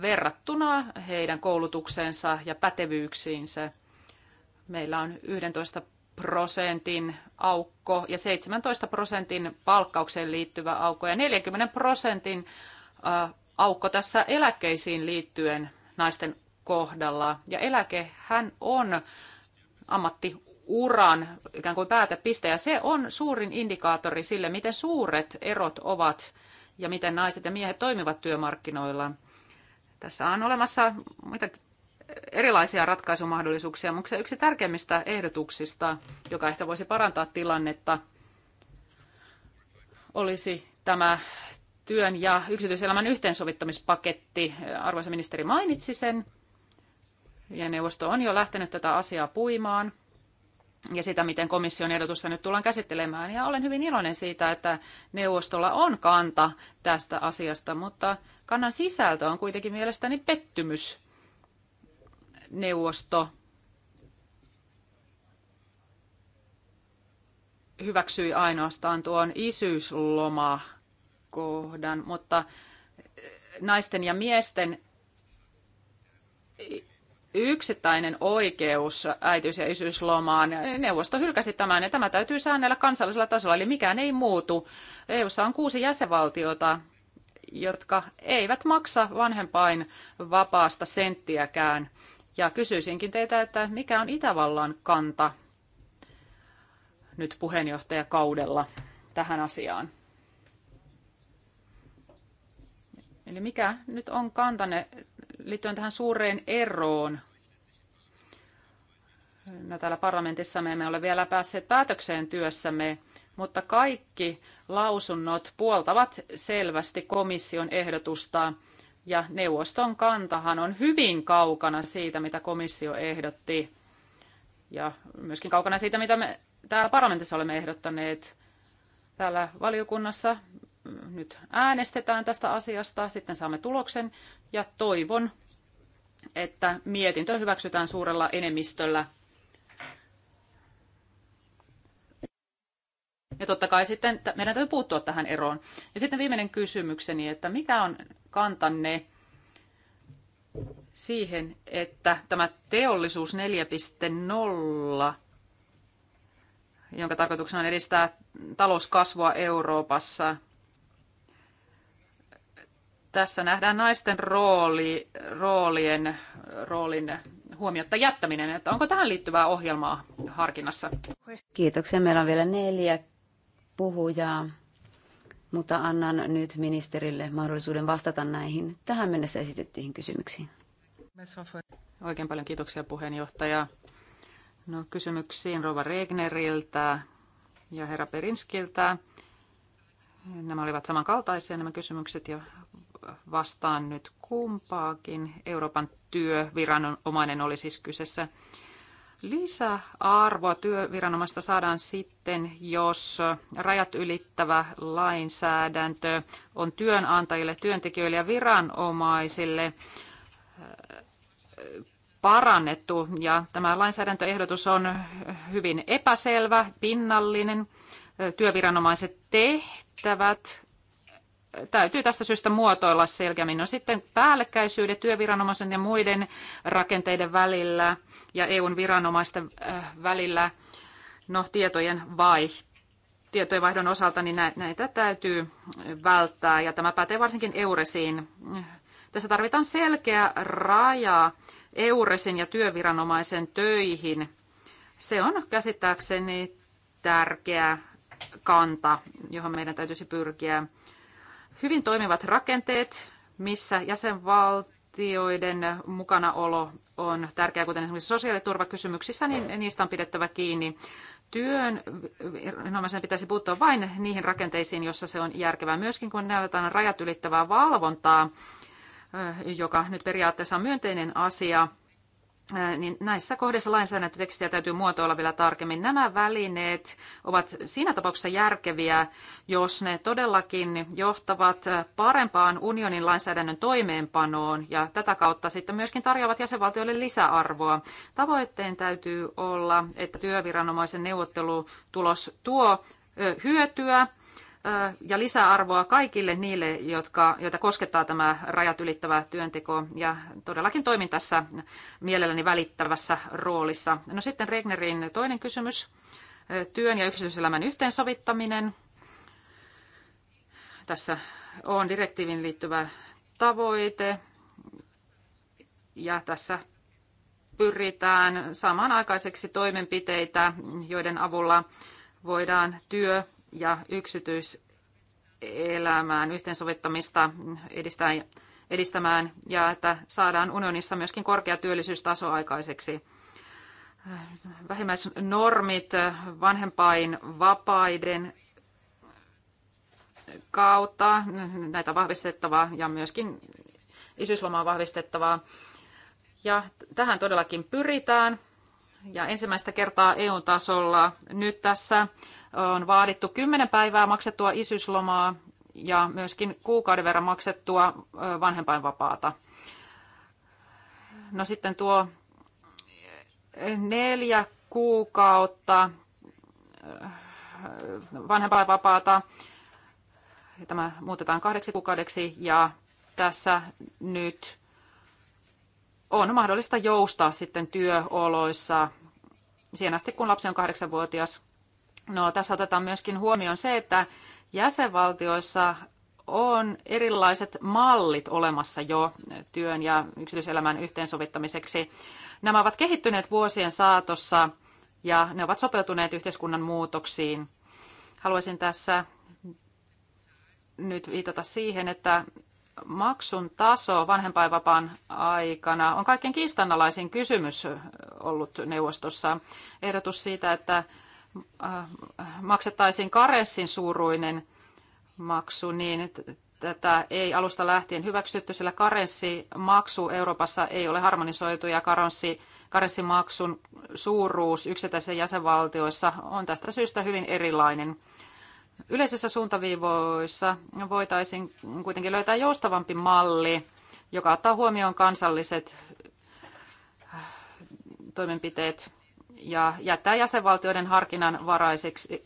verrattuna heidän koulutukseensa ja pätevyyksiinsä. Meillä on 11 prosentin aukko ja 17 prosentin palkkaukseen liittyvä aukko ja 40 prosentin äh, aukko tässä eläkkeisiin liittyen naisten kohdalla. Ja eläke hän on ammattiuran ikään kuin päätepiste, ja se on suurin indikaattori sille, miten suuret erot ovat ja miten naiset ja miehet toimivat työmarkkinoilla. Tässä on olemassa muita erilaisia ratkaisumahdollisuuksia, mutta se yksi tärkeimmistä ehdotuksista, joka ehkä voisi parantaa tilannetta, olisi tämä työn ja yksityiselämän yhteensovittamispaketti. Arvoisa ministeri mainitsi sen. Ja neuvosto on jo lähtenyt tätä asiaa puimaan ja sitä, miten komission ehdotusta nyt tullaan käsittelemään. Ja olen hyvin iloinen siitä, että neuvostolla on kanta tästä asiasta, mutta kannan sisältö on kuitenkin mielestäni pettymys. Neuvosto hyväksyi ainoastaan tuon isyysloma kohdan, mutta naisten ja miesten yksittäinen oikeus äitiys- ja isyyslomaan. Neuvosto hylkäsi tämän ja tämä täytyy säännellä kansallisella tasolla, eli mikään ei muutu. EU:ssa on kuusi jäsenvaltiota, jotka eivät maksa vanhempain vapaasta senttiäkään. Ja kysyisinkin teitä, että mikä on Itävallan kanta nyt puheenjohtajakaudella tähän asiaan? Eli mikä nyt on kantanne liittyen tähän suureen eroon? No, täällä parlamentissa me emme ole vielä päässeet päätökseen työssämme, mutta kaikki lausunnot puoltavat selvästi komission ehdotusta ja neuvoston kantahan on hyvin kaukana siitä, mitä komissio ehdotti ja myöskin kaukana siitä, mitä me täällä parlamentissa olemme ehdottaneet. Täällä valiokunnassa nyt äänestetään tästä asiasta, sitten saamme tuloksen ja toivon, että mietintö hyväksytään suurella enemmistöllä. Ja totta kai sitten meidän täytyy puuttua tähän eroon. Ja sitten viimeinen kysymykseni, että mikä on kantanne siihen, että tämä teollisuus 4.0, jonka tarkoituksena on edistää talouskasvua Euroopassa – tässä nähdään naisten rooli, roolien, roolin huomiotta jättäminen. Että onko tähän liittyvää ohjelmaa harkinnassa? Kiitoksia. Meillä on vielä neljä puhujaa, mutta annan nyt ministerille mahdollisuuden vastata näihin tähän mennessä esitettyihin kysymyksiin. Oikein paljon kiitoksia puheenjohtaja. No, kysymyksiin Rova Regneriltä ja herra Perinskiltä. Nämä olivat samankaltaisia nämä kysymykset ja vastaan nyt kumpaakin. Euroopan työviranomainen oli siis kyseessä. Lisäarvoa työviranomaista saadaan sitten, jos rajat ylittävä lainsäädäntö on työnantajille, työntekijöille ja viranomaisille äh, parannettu. Ja tämä lainsäädäntöehdotus on hyvin epäselvä, pinnallinen. Äh, työviranomaiset tehtävät täytyy tästä syystä muotoilla selkeämmin. No sitten päällekkäisyydet työviranomaisen ja muiden rakenteiden välillä ja EUn viranomaisten äh, välillä no, tietojen vaihto tietojenvaihdon osalta, niin näitä täytyy välttää, ja tämä pätee varsinkin Euresiin. Tässä tarvitaan selkeä raja Euresin ja työviranomaisen töihin. Se on käsittääkseni tärkeä kanta, johon meidän täytyisi pyrkiä hyvin toimivat rakenteet, missä jäsenvaltioiden mukanaolo on tärkeää, kuten esimerkiksi sosiaaliturvakysymyksissä, niin niistä on pidettävä kiinni. Työn viranomaisen pitäisi puuttua vain niihin rakenteisiin, joissa se on järkevää, myöskin kun näytetään rajat ylittävää valvontaa, joka nyt periaatteessa on myönteinen asia – niin näissä kohdissa lainsäädäntötekstiä täytyy muotoilla vielä tarkemmin. Nämä välineet ovat siinä tapauksessa järkeviä, jos ne todellakin johtavat parempaan unionin lainsäädännön toimeenpanoon ja tätä kautta sitten myöskin tarjoavat jäsenvaltioille lisäarvoa. Tavoitteen täytyy olla, että työviranomaisen neuvottelutulos tuo hyötyä ja lisäarvoa kaikille niille, jotka, joita koskettaa tämä rajat ylittävä työnteko ja todellakin toimin tässä mielelläni välittävässä roolissa. No sitten Regnerin toinen kysymys, työn ja yksityiselämän yhteensovittaminen. Tässä on direktiivin liittyvä tavoite ja tässä pyritään saamaan aikaiseksi toimenpiteitä, joiden avulla voidaan työ ja yksityiselämään yhteensovittamista edistää, edistämään ja että saadaan unionissa myöskin korkea työllisyystaso aikaiseksi. Vähimmäisnormit vanhempain vapaiden kautta, näitä vahvistettavaa ja myöskin isyyslomaa vahvistettavaa. Ja tähän todellakin pyritään. Ja ensimmäistä kertaa EU-tasolla nyt tässä on vaadittu 10 päivää maksettua isyyslomaa ja myöskin kuukauden verran maksettua vanhempainvapaata. No sitten tuo neljä kuukautta vanhempainvapaata, tämä muutetaan kahdeksi kuukaudeksi ja tässä nyt on mahdollista joustaa sitten työoloissa siihen asti, kun lapsi on kahdeksanvuotias. No, tässä otetaan myöskin huomioon se, että jäsenvaltioissa on erilaiset mallit olemassa jo työn ja yksityiselämän yhteensovittamiseksi. Nämä ovat kehittyneet vuosien saatossa ja ne ovat sopeutuneet yhteiskunnan muutoksiin. Haluaisin tässä nyt viitata siihen, että maksun taso vanhempainvapaan aikana on kaikkein kiistanalaisin kysymys ollut neuvostossa. Ehdotus siitä, että Äh, maksettaisiin karessin suuruinen maksu, niin tätä ei alusta lähtien hyväksytty, sillä karenssimaksu Euroopassa ei ole harmonisoitu ja karenssi, karenssimaksun suuruus yksittäisissä jäsenvaltioissa on tästä syystä hyvin erilainen. Yleisissä suuntaviivoissa voitaisiin kuitenkin löytää joustavampi malli, joka ottaa huomioon kansalliset äh, toimenpiteet ja jättää jäsenvaltioiden harkinnan varaiseksi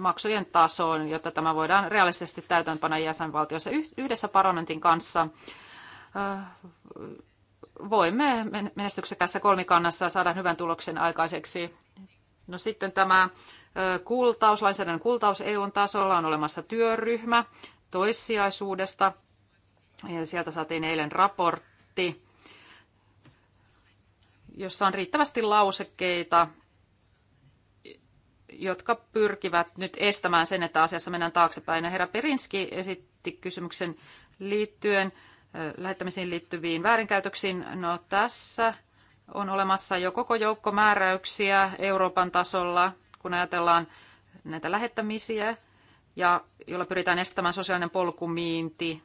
maksujen tasoon, jotta tämä voidaan realistisesti täytäntöpanna jäsenvaltioissa yhdessä parlamentin kanssa. Voimme menestyksekässä kolmikannassa saada hyvän tuloksen aikaiseksi. No sitten tämä kultaus, lainsäädännön kultaus EUn tasolla on olemassa työryhmä toissijaisuudesta. Ja sieltä saatiin eilen raportti jossa on riittävästi lausekkeita, jotka pyrkivät nyt estämään sen, että asiassa mennään taaksepäin. Ja herra Perinski esitti kysymyksen liittyen lähettämisiin liittyviin väärinkäytöksiin. No tässä on olemassa jo koko joukko määräyksiä Euroopan tasolla, kun ajatellaan näitä lähettämisiä, ja jolla pyritään estämään sosiaalinen polkumiinti.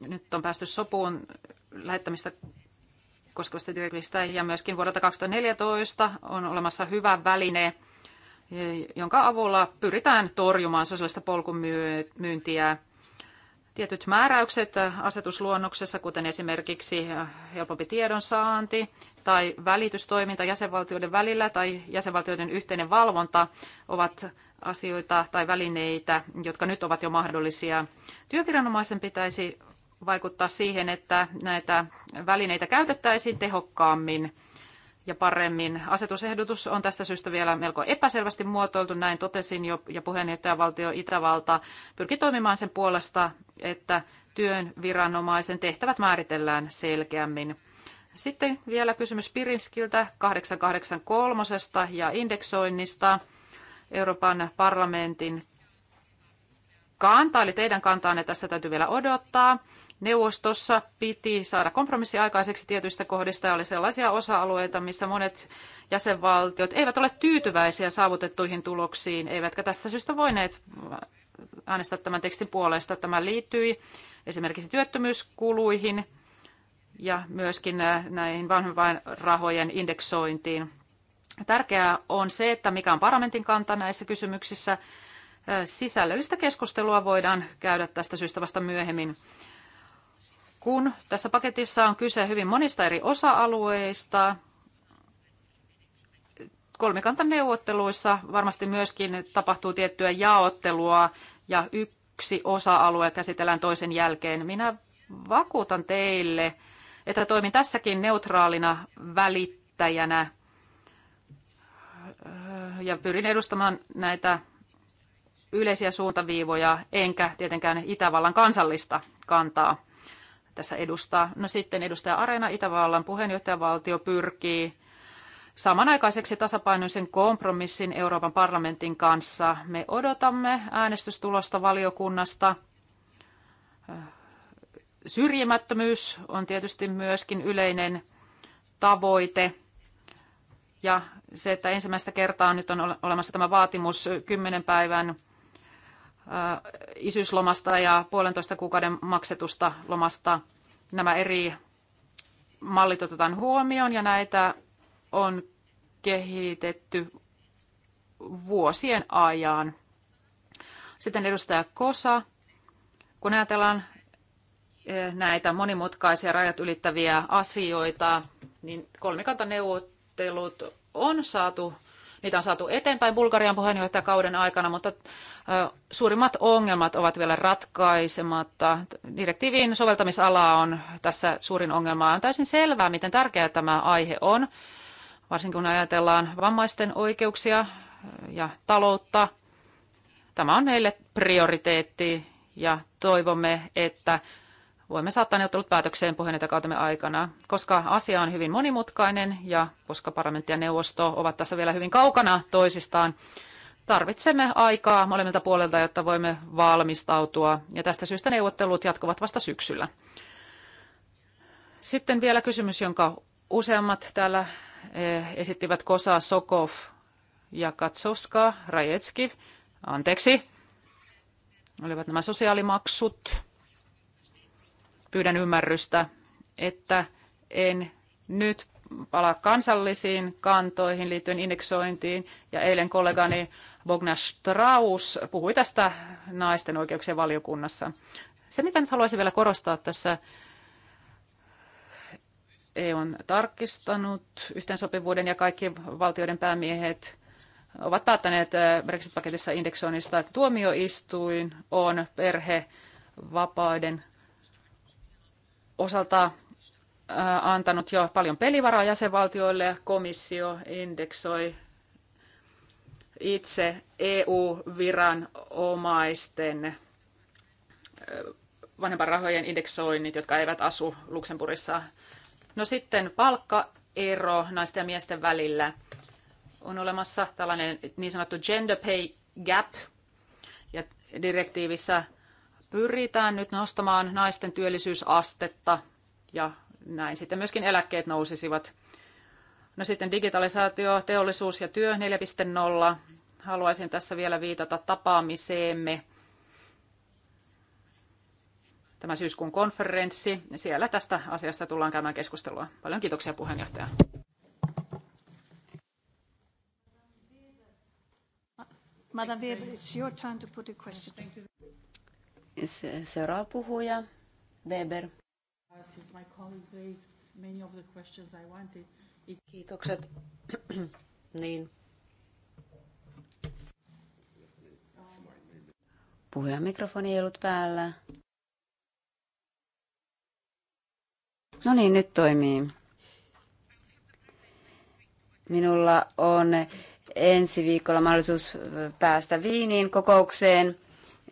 Nyt on päästy sopuun lähettämistä koskevasta direktiivistä ja myöskin vuodelta 2014 on olemassa hyvä väline, jonka avulla pyritään torjumaan sosiaalista polkumyyntiä. Tietyt määräykset asetusluonnoksessa, kuten esimerkiksi helpompi tiedonsaanti tai välitystoiminta jäsenvaltioiden välillä tai jäsenvaltioiden yhteinen valvonta, ovat asioita tai välineitä, jotka nyt ovat jo mahdollisia. Työviranomaisen pitäisi vaikuttaa siihen, että näitä välineitä käytettäisiin tehokkaammin ja paremmin. Asetusehdotus on tästä syystä vielä melko epäselvästi muotoiltu, näin totesin jo, ja puheenjohtajavaltio Itävalta pyrki toimimaan sen puolesta, että työn viranomaisen tehtävät määritellään selkeämmin. Sitten vielä kysymys Pirinskiltä 883 ja indeksoinnista Euroopan parlamentin kanta, eli teidän kantaanne tässä täytyy vielä odottaa. Neuvostossa piti saada kompromissi aikaiseksi tietyistä kohdista ja oli sellaisia osa-alueita, missä monet jäsenvaltiot eivät ole tyytyväisiä saavutettuihin tuloksiin, eivätkä tästä syystä voineet äänestää tämän tekstin puolesta. Tämä liittyi esimerkiksi työttömyyskuluihin ja myöskin näihin vanhempainrahojen indeksointiin. Tärkeää on se, että mikä on parlamentin kanta näissä kysymyksissä. Sisällöllistä keskustelua voidaan käydä tästä syystä vasta myöhemmin. Kun tässä paketissa on kyse hyvin monista eri osa-alueista, kolmikantaneuvotteluissa varmasti myöskin tapahtuu tiettyä jaottelua ja yksi osa-alue käsitellään toisen jälkeen. Minä vakuutan teille, että toimin tässäkin neutraalina välittäjänä ja pyrin edustamaan näitä yleisiä suuntaviivoja, enkä tietenkään Itävallan kansallista kantaa tässä edustaa. No sitten edustaja Areena, Itävallan puheenjohtajavaltio, pyrkii samanaikaiseksi tasapainoisen kompromissin Euroopan parlamentin kanssa. Me odotamme äänestystulosta valiokunnasta. Syrjimättömyys on tietysti myöskin yleinen tavoite. Ja se, että ensimmäistä kertaa nyt on olemassa tämä vaatimus kymmenen päivän isyyslomasta ja puolentoista kuukauden maksetusta lomasta. Nämä eri mallit otetaan huomioon ja näitä on kehitetty vuosien ajan. Sitten edustaja Kosa. Kun ajatellaan näitä monimutkaisia rajat ylittäviä asioita, niin kolmikantaneuvottelut on saatu Niitä on saatu eteenpäin Bulgarian puheenjohtajakauden aikana, mutta suurimmat ongelmat ovat vielä ratkaisematta. Direktiivin soveltamisala on tässä suurin ongelma. On täysin selvää, miten tärkeä tämä aihe on, varsinkin kun ajatellaan vammaisten oikeuksia ja taloutta. Tämä on meille prioriteetti ja toivomme, että voimme saattaa neuvottelut päätökseen puheenjohtajakautemme aikana. Koska asia on hyvin monimutkainen ja koska parlamentti ja neuvosto ovat tässä vielä hyvin kaukana toisistaan, tarvitsemme aikaa molemmilta puolilta, jotta voimme valmistautua. Ja tästä syystä neuvottelut jatkuvat vasta syksyllä. Sitten vielä kysymys, jonka useammat täällä eh, esittivät Kosa, Sokov ja Katsovska, Rajetski. Anteeksi. Olivat nämä sosiaalimaksut pyydän ymmärrystä, että en nyt palaa kansallisiin kantoihin liittyen indeksointiin. Ja eilen kollegani Bogna Strauss puhui tästä naisten oikeuksien valiokunnassa. Se, mitä nyt haluaisin vielä korostaa tässä, EU on tarkistanut yhteensopivuuden ja kaikki valtioiden päämiehet ovat päättäneet eh, Brexit-paketissa indeksoinnista. Tuomioistuin on perhevapaiden osalta antanut jo paljon pelivaraa jäsenvaltioille komissio indeksoi itse EU-viranomaisten vanhempainrahojen indeksoinnit, jotka eivät asu Luxemburgissa. No sitten palkkaero naisten ja miesten välillä. On olemassa tällainen niin sanottu gender pay gap, ja direktiivissä pyritään nyt nostamaan naisten työllisyysastetta ja näin sitten myöskin eläkkeet nousisivat. No sitten digitalisaatio, teollisuus ja työ 4.0. Haluaisin tässä vielä viitata tapaamiseemme. Tämä syyskuun konferenssi. Siellä tästä asiasta tullaan käymään keskustelua. Paljon kiitoksia puheenjohtaja. Madam Weber, it's your time to put a question. Siis seuraava puhuja, Weber. Kiitokset. niin. Puhujan mikrofoni ei ollut päällä. No niin, nyt toimii. Minulla on ensi viikolla mahdollisuus päästä Viiniin kokoukseen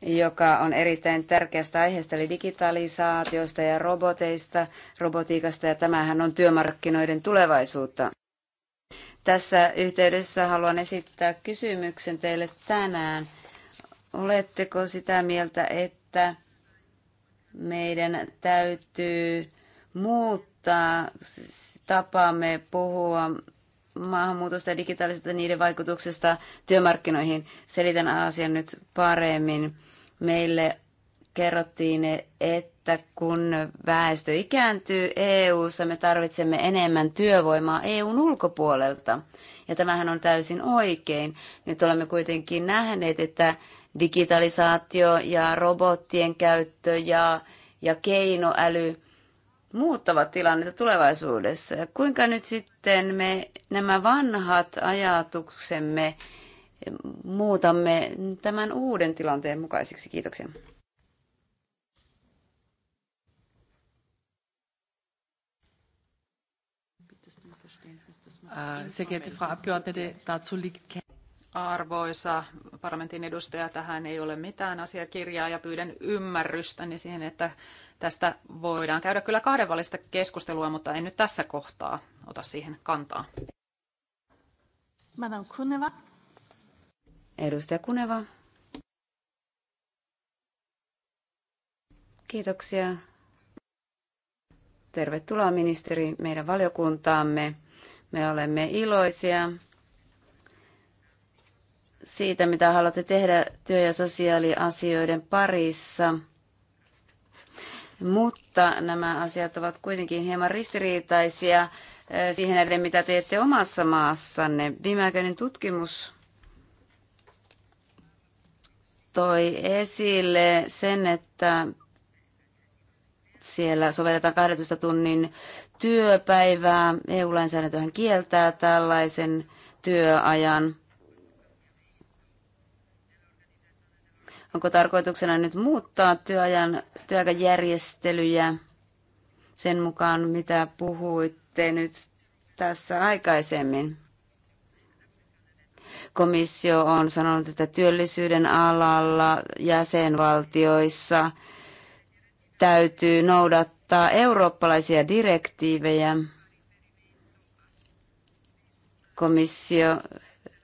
joka on erittäin tärkeästä aiheesta, eli digitalisaatiosta ja roboteista, robotiikasta, ja tämähän on työmarkkinoiden tulevaisuutta. Tässä yhteydessä haluan esittää kysymyksen teille tänään. Oletteko sitä mieltä, että meidän täytyy muuttaa tapaamme puhua maahanmuutosta ja digitaalisesta niiden vaikutuksesta työmarkkinoihin. Selitän asian nyt paremmin. Meille kerrottiin, että kun väestö ikääntyy EU-ssa, me tarvitsemme enemmän työvoimaa EUn ulkopuolelta. Ja tämähän on täysin oikein. Nyt olemme kuitenkin nähneet, että digitalisaatio ja robottien käyttö ja, ja keinoäly muuttavat tilannetta tulevaisuudessa. Kuinka nyt sitten me nämä vanhat ajatuksemme muutamme tämän uuden tilanteen mukaisiksi. Kiitoksia. Äh, arvoisa parlamentin edustaja, tähän ei ole mitään asiakirjaa ja pyydän ymmärrystäni siihen, että tästä voidaan käydä kyllä kahdenvälistä keskustelua, mutta en nyt tässä kohtaa ota siihen kantaa. Madame Kuneva. Edustaja Kuneva. Kiitoksia. Tervetuloa ministeri meidän valiokuntaamme. Me olemme iloisia siitä, mitä haluatte tehdä työ- ja sosiaaliasioiden parissa. Mutta nämä asiat ovat kuitenkin hieman ristiriitaisia eh, siihen nähden, mitä teette omassa maassanne. Viimeaikainen tutkimus toi esille sen, että siellä sovelletaan 12 tunnin työpäivää. EU-lainsäädäntöhän kieltää tällaisen työajan. Onko tarkoituksena nyt muuttaa työajan, työaikajärjestelyjä sen mukaan, mitä puhuitte nyt tässä aikaisemmin? Komissio on sanonut, että työllisyyden alalla jäsenvaltioissa täytyy noudattaa eurooppalaisia direktiivejä. Komissio,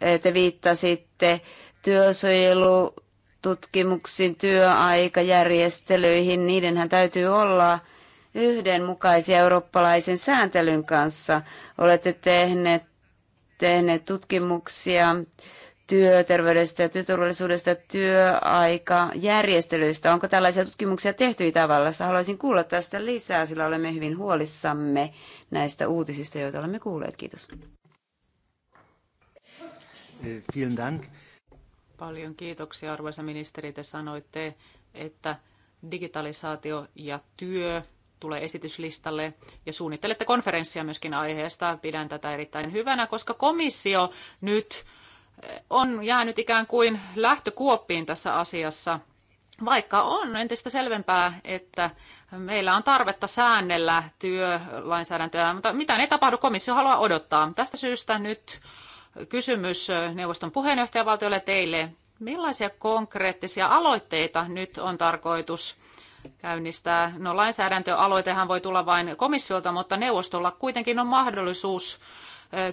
eh, te viittasitte työsuojelututkimuksiin, työaikajärjestelyihin, niidenhän täytyy olla yhdenmukaisia eurooppalaisen sääntelyn kanssa. Olette tehneet tehneet tutkimuksia työterveydestä ja työturvallisuudesta työaikajärjestelyistä. Onko tällaisia tutkimuksia tehty Itävallassa? Haluaisin kuulla tästä lisää, sillä olemme hyvin huolissamme näistä uutisista, joita olemme kuulleet. Kiitos. Eh, vielen Dank. Paljon kiitoksia, arvoisa ministeri. Te sanoitte, että digitalisaatio ja työ tulee esityslistalle ja suunnittelette konferenssia myöskin aiheesta. Pidän tätä erittäin hyvänä, koska komissio nyt eh, on jäänyt ikään kuin lähtökuoppiin tässä asiassa, vaikka on entistä selvempää, että meillä on tarvetta säännellä työlainsäädäntöä, mutta mitä ei tapahdu, komissio haluaa odottaa. Tästä syystä nyt kysymys neuvoston puheenjohtajavaltiolle teille. Millaisia konkreettisia aloitteita nyt on tarkoitus käynnistää. No lainsäädäntöaloitehan voi tulla vain komissiolta, mutta neuvostolla kuitenkin on mahdollisuus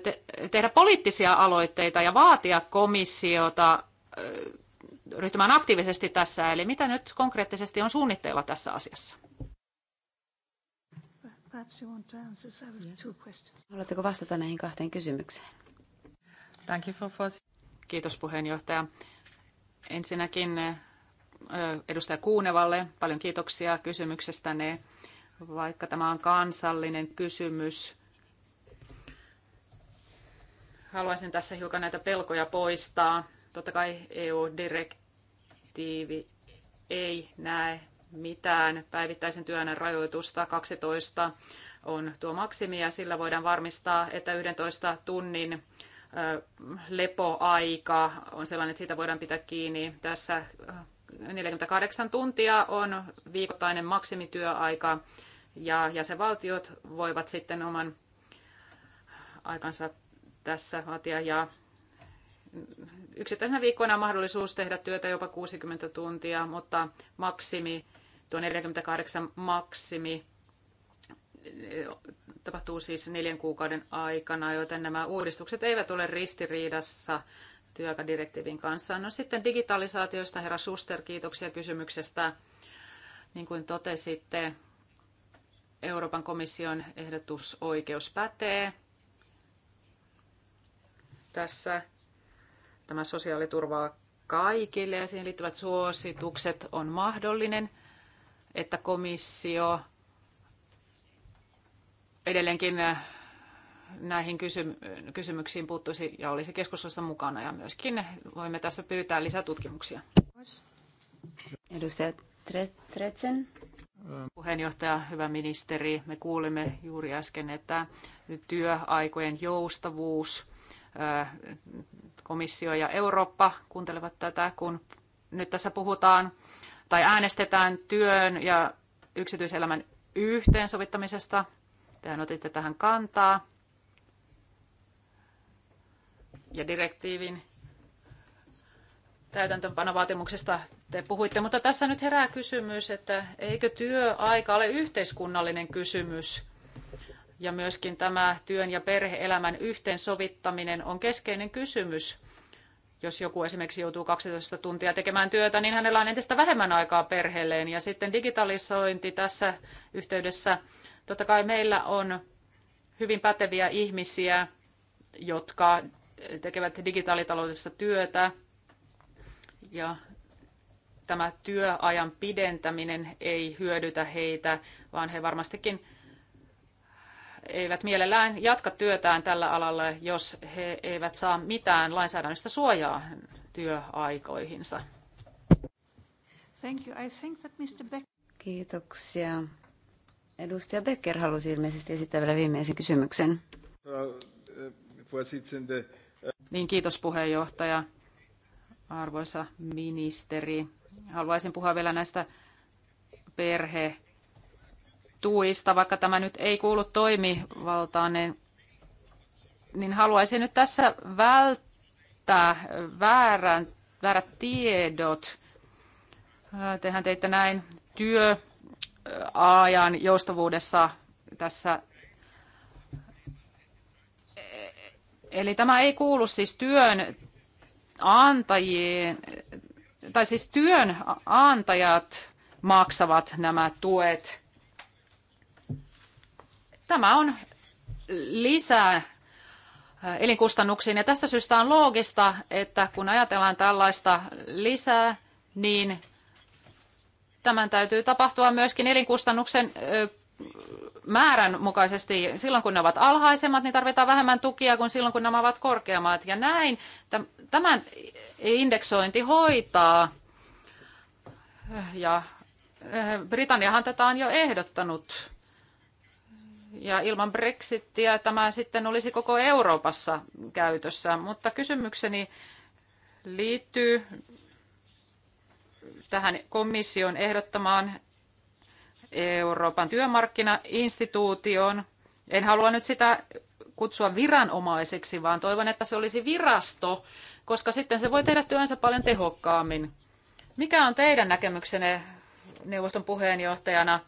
te- tehdä poliittisia aloitteita ja vaatia komissiota ryhtymään aktiivisesti tässä. Eli mitä nyt konkreettisesti on suunnitteilla tässä asiassa? Haluatteko vastata näihin kahteen kysymykseen? Kiitos puheenjohtaja. Ensinnäkin edustaja Kuunevalle. Paljon kiitoksia kysymyksestänne. Vaikka tämä on kansallinen kysymys, haluaisin tässä hiukan näitä pelkoja poistaa. Totta kai EU-direktiivi ei näe mitään päivittäisen työn rajoitusta. 12 on tuo maksimi ja sillä voidaan varmistaa, että 11 tunnin lepoaika on sellainen, että siitä voidaan pitää kiinni. Tässä 48 tuntia on viikoittainen maksimityöaika ja jäsenvaltiot voivat sitten oman aikansa tässä vaatia ja yksittäisenä viikkoina on mahdollisuus tehdä työtä jopa 60 tuntia, mutta maksimi, tuo 48 maksimi tapahtuu siis neljän kuukauden aikana, joten nämä uudistukset eivät ole ristiriidassa työaikadirektiivin kanssa. No sitten digitalisaatioista, herra Suster, kiitoksia kysymyksestä. Niin kuin totesitte, Euroopan komission ehdotusoikeus pätee. Tässä tämä sosiaaliturvaa kaikille ja siihen liittyvät suositukset on mahdollinen, että komissio edelleenkin näihin kysymyksiin puuttuisi ja olisi keskustelussa mukana ja myöskin voimme tässä pyytää lisää tutkimuksia. Edustaja Tretsen. Puheenjohtaja, hyvä ministeri, me kuulimme juuri äsken, että työaikojen joustavuus, komissio ja Eurooppa kuuntelevat tätä, kun nyt tässä puhutaan tai äänestetään työn ja yksityiselämän yhteensovittamisesta. Tehän otitte tähän kantaa ja direktiivin täytäntöönpanovaatimuksesta te puhuitte, mutta tässä nyt herää kysymys, että eikö työaika ole yhteiskunnallinen kysymys? Ja myöskin tämä työn ja perheelämän yhteensovittaminen on keskeinen kysymys. Jos joku esimerkiksi joutuu 12 tuntia tekemään työtä, niin hänellä on entistä vähemmän aikaa perheelleen. Ja sitten digitalisointi tässä yhteydessä. Totta kai meillä on hyvin päteviä ihmisiä, jotka tekevät digitaalitaloudessa työtä ja tämä työajan pidentäminen ei hyödytä heitä, vaan he varmastikin eivät mielellään jatka työtään tällä alalla, jos he eivät saa mitään lainsäädännöstä suojaa työaikoihinsa. Thank you. I think that Mr. Kiitoksia. Edustaja Becker halusi ilmeisesti esittää vielä viimeisen kysymyksen. Uh, uh, niin, kiitos puheenjohtaja. Arvoisa ministeri, haluaisin puhua vielä näistä perhetuista, vaikka tämä nyt ei kuulu niin, niin haluaisin nyt tässä välttää väärän, väärät tiedot. Tehän teitte näin työajan joustavuudessa tässä Eli tämä ei kuulu siis työn antajien, tai siis työn antajat maksavat nämä tuet. Tämä on lisää äh, elinkustannuksiin ja tästä syystä on loogista, että kun ajatellaan tällaista lisää, niin tämän täytyy tapahtua myöskin elinkustannuksen määrän mukaisesti, silloin kun ne ovat alhaisemmat, niin tarvitaan vähemmän tukia kuin silloin kun nämä ovat korkeammat. Ja näin tämän indeksointi hoitaa. Ja eh, Britanniahan tätä on jo ehdottanut. Ja ilman Brexittiä tämä sitten olisi koko Euroopassa käytössä. Mutta kysymykseni liittyy tähän komission ehdottamaan Euroopan työmarkkinainstituutioon. En halua nyt sitä kutsua viranomaiseksi, vaan toivon, että se olisi virasto, koska sitten se voi tehdä työnsä paljon tehokkaammin. Mikä on teidän näkemyksenne neuvoston puheenjohtajana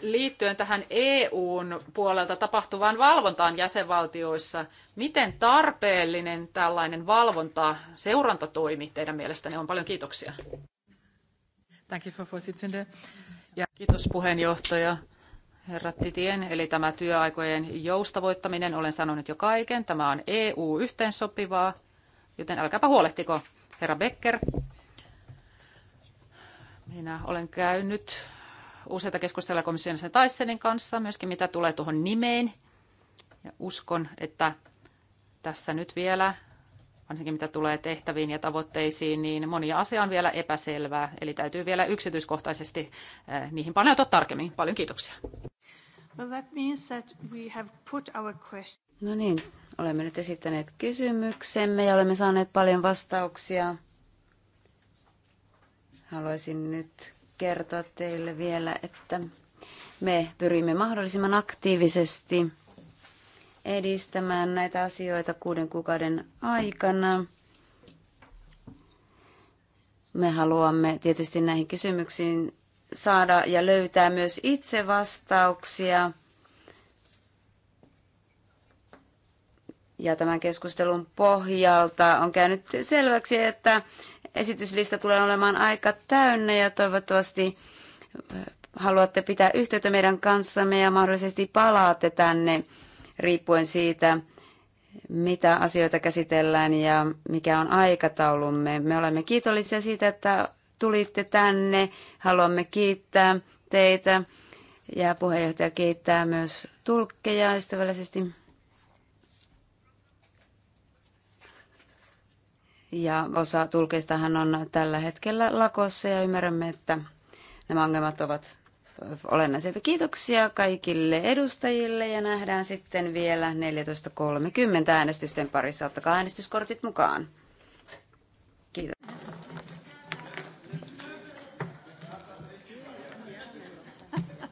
liittyen tähän EUn puolelta tapahtuvaan valvontaan jäsenvaltioissa? Miten tarpeellinen tällainen valvonta, seurantatoimi teidän mielestänne on? Paljon kiitoksia. Kiitos puheenjohtaja. Herra Titien, eli tämä työaikojen joustavoittaminen, olen sanonut jo kaiken, tämä on EU-yhteensopivaa, joten älkääpä huolehtiko, herra Becker. Minä olen käynyt useita keskusteluja komission sen Taisenin kanssa, myöskin mitä tulee tuohon nimeen. Ja uskon, että tässä nyt vielä varsinkin mitä tulee tehtäviin ja tavoitteisiin, niin monia asia on vielä epäselvää, eli täytyy vielä yksityiskohtaisesti eh, niihin paneutua tarkemmin. Paljon kiitoksia. No niin, olemme nyt esittäneet kysymyksemme ja olemme saaneet paljon vastauksia. Haluaisin nyt kertoa teille vielä, että me pyrimme mahdollisimman aktiivisesti edistämään näitä asioita kuuden kuukauden aikana. Me haluamme tietysti näihin kysymyksiin saada ja löytää myös itse vastauksia. Ja tämän keskustelun pohjalta on käynyt selväksi, että esityslista tulee olemaan aika täynnä ja toivottavasti haluatte pitää yhteyttä meidän kanssamme ja mahdollisesti palaatte tänne riippuen siitä, mitä asioita käsitellään ja mikä on aikataulumme. Me olemme kiitollisia siitä, että tulitte tänne. Haluamme kiittää teitä ja puheenjohtaja kiittää myös tulkkeja ystävällisesti. Ja osa tulkeistahan on tällä hetkellä lakossa ja ymmärrämme, että nämä ongelmat ovat olennaisia. Kiitoksia kaikille edustajille ja nähdään sitten vielä 14.30 äänestysten parissa. Ottakaa äänestyskortit mukaan. Kiitos.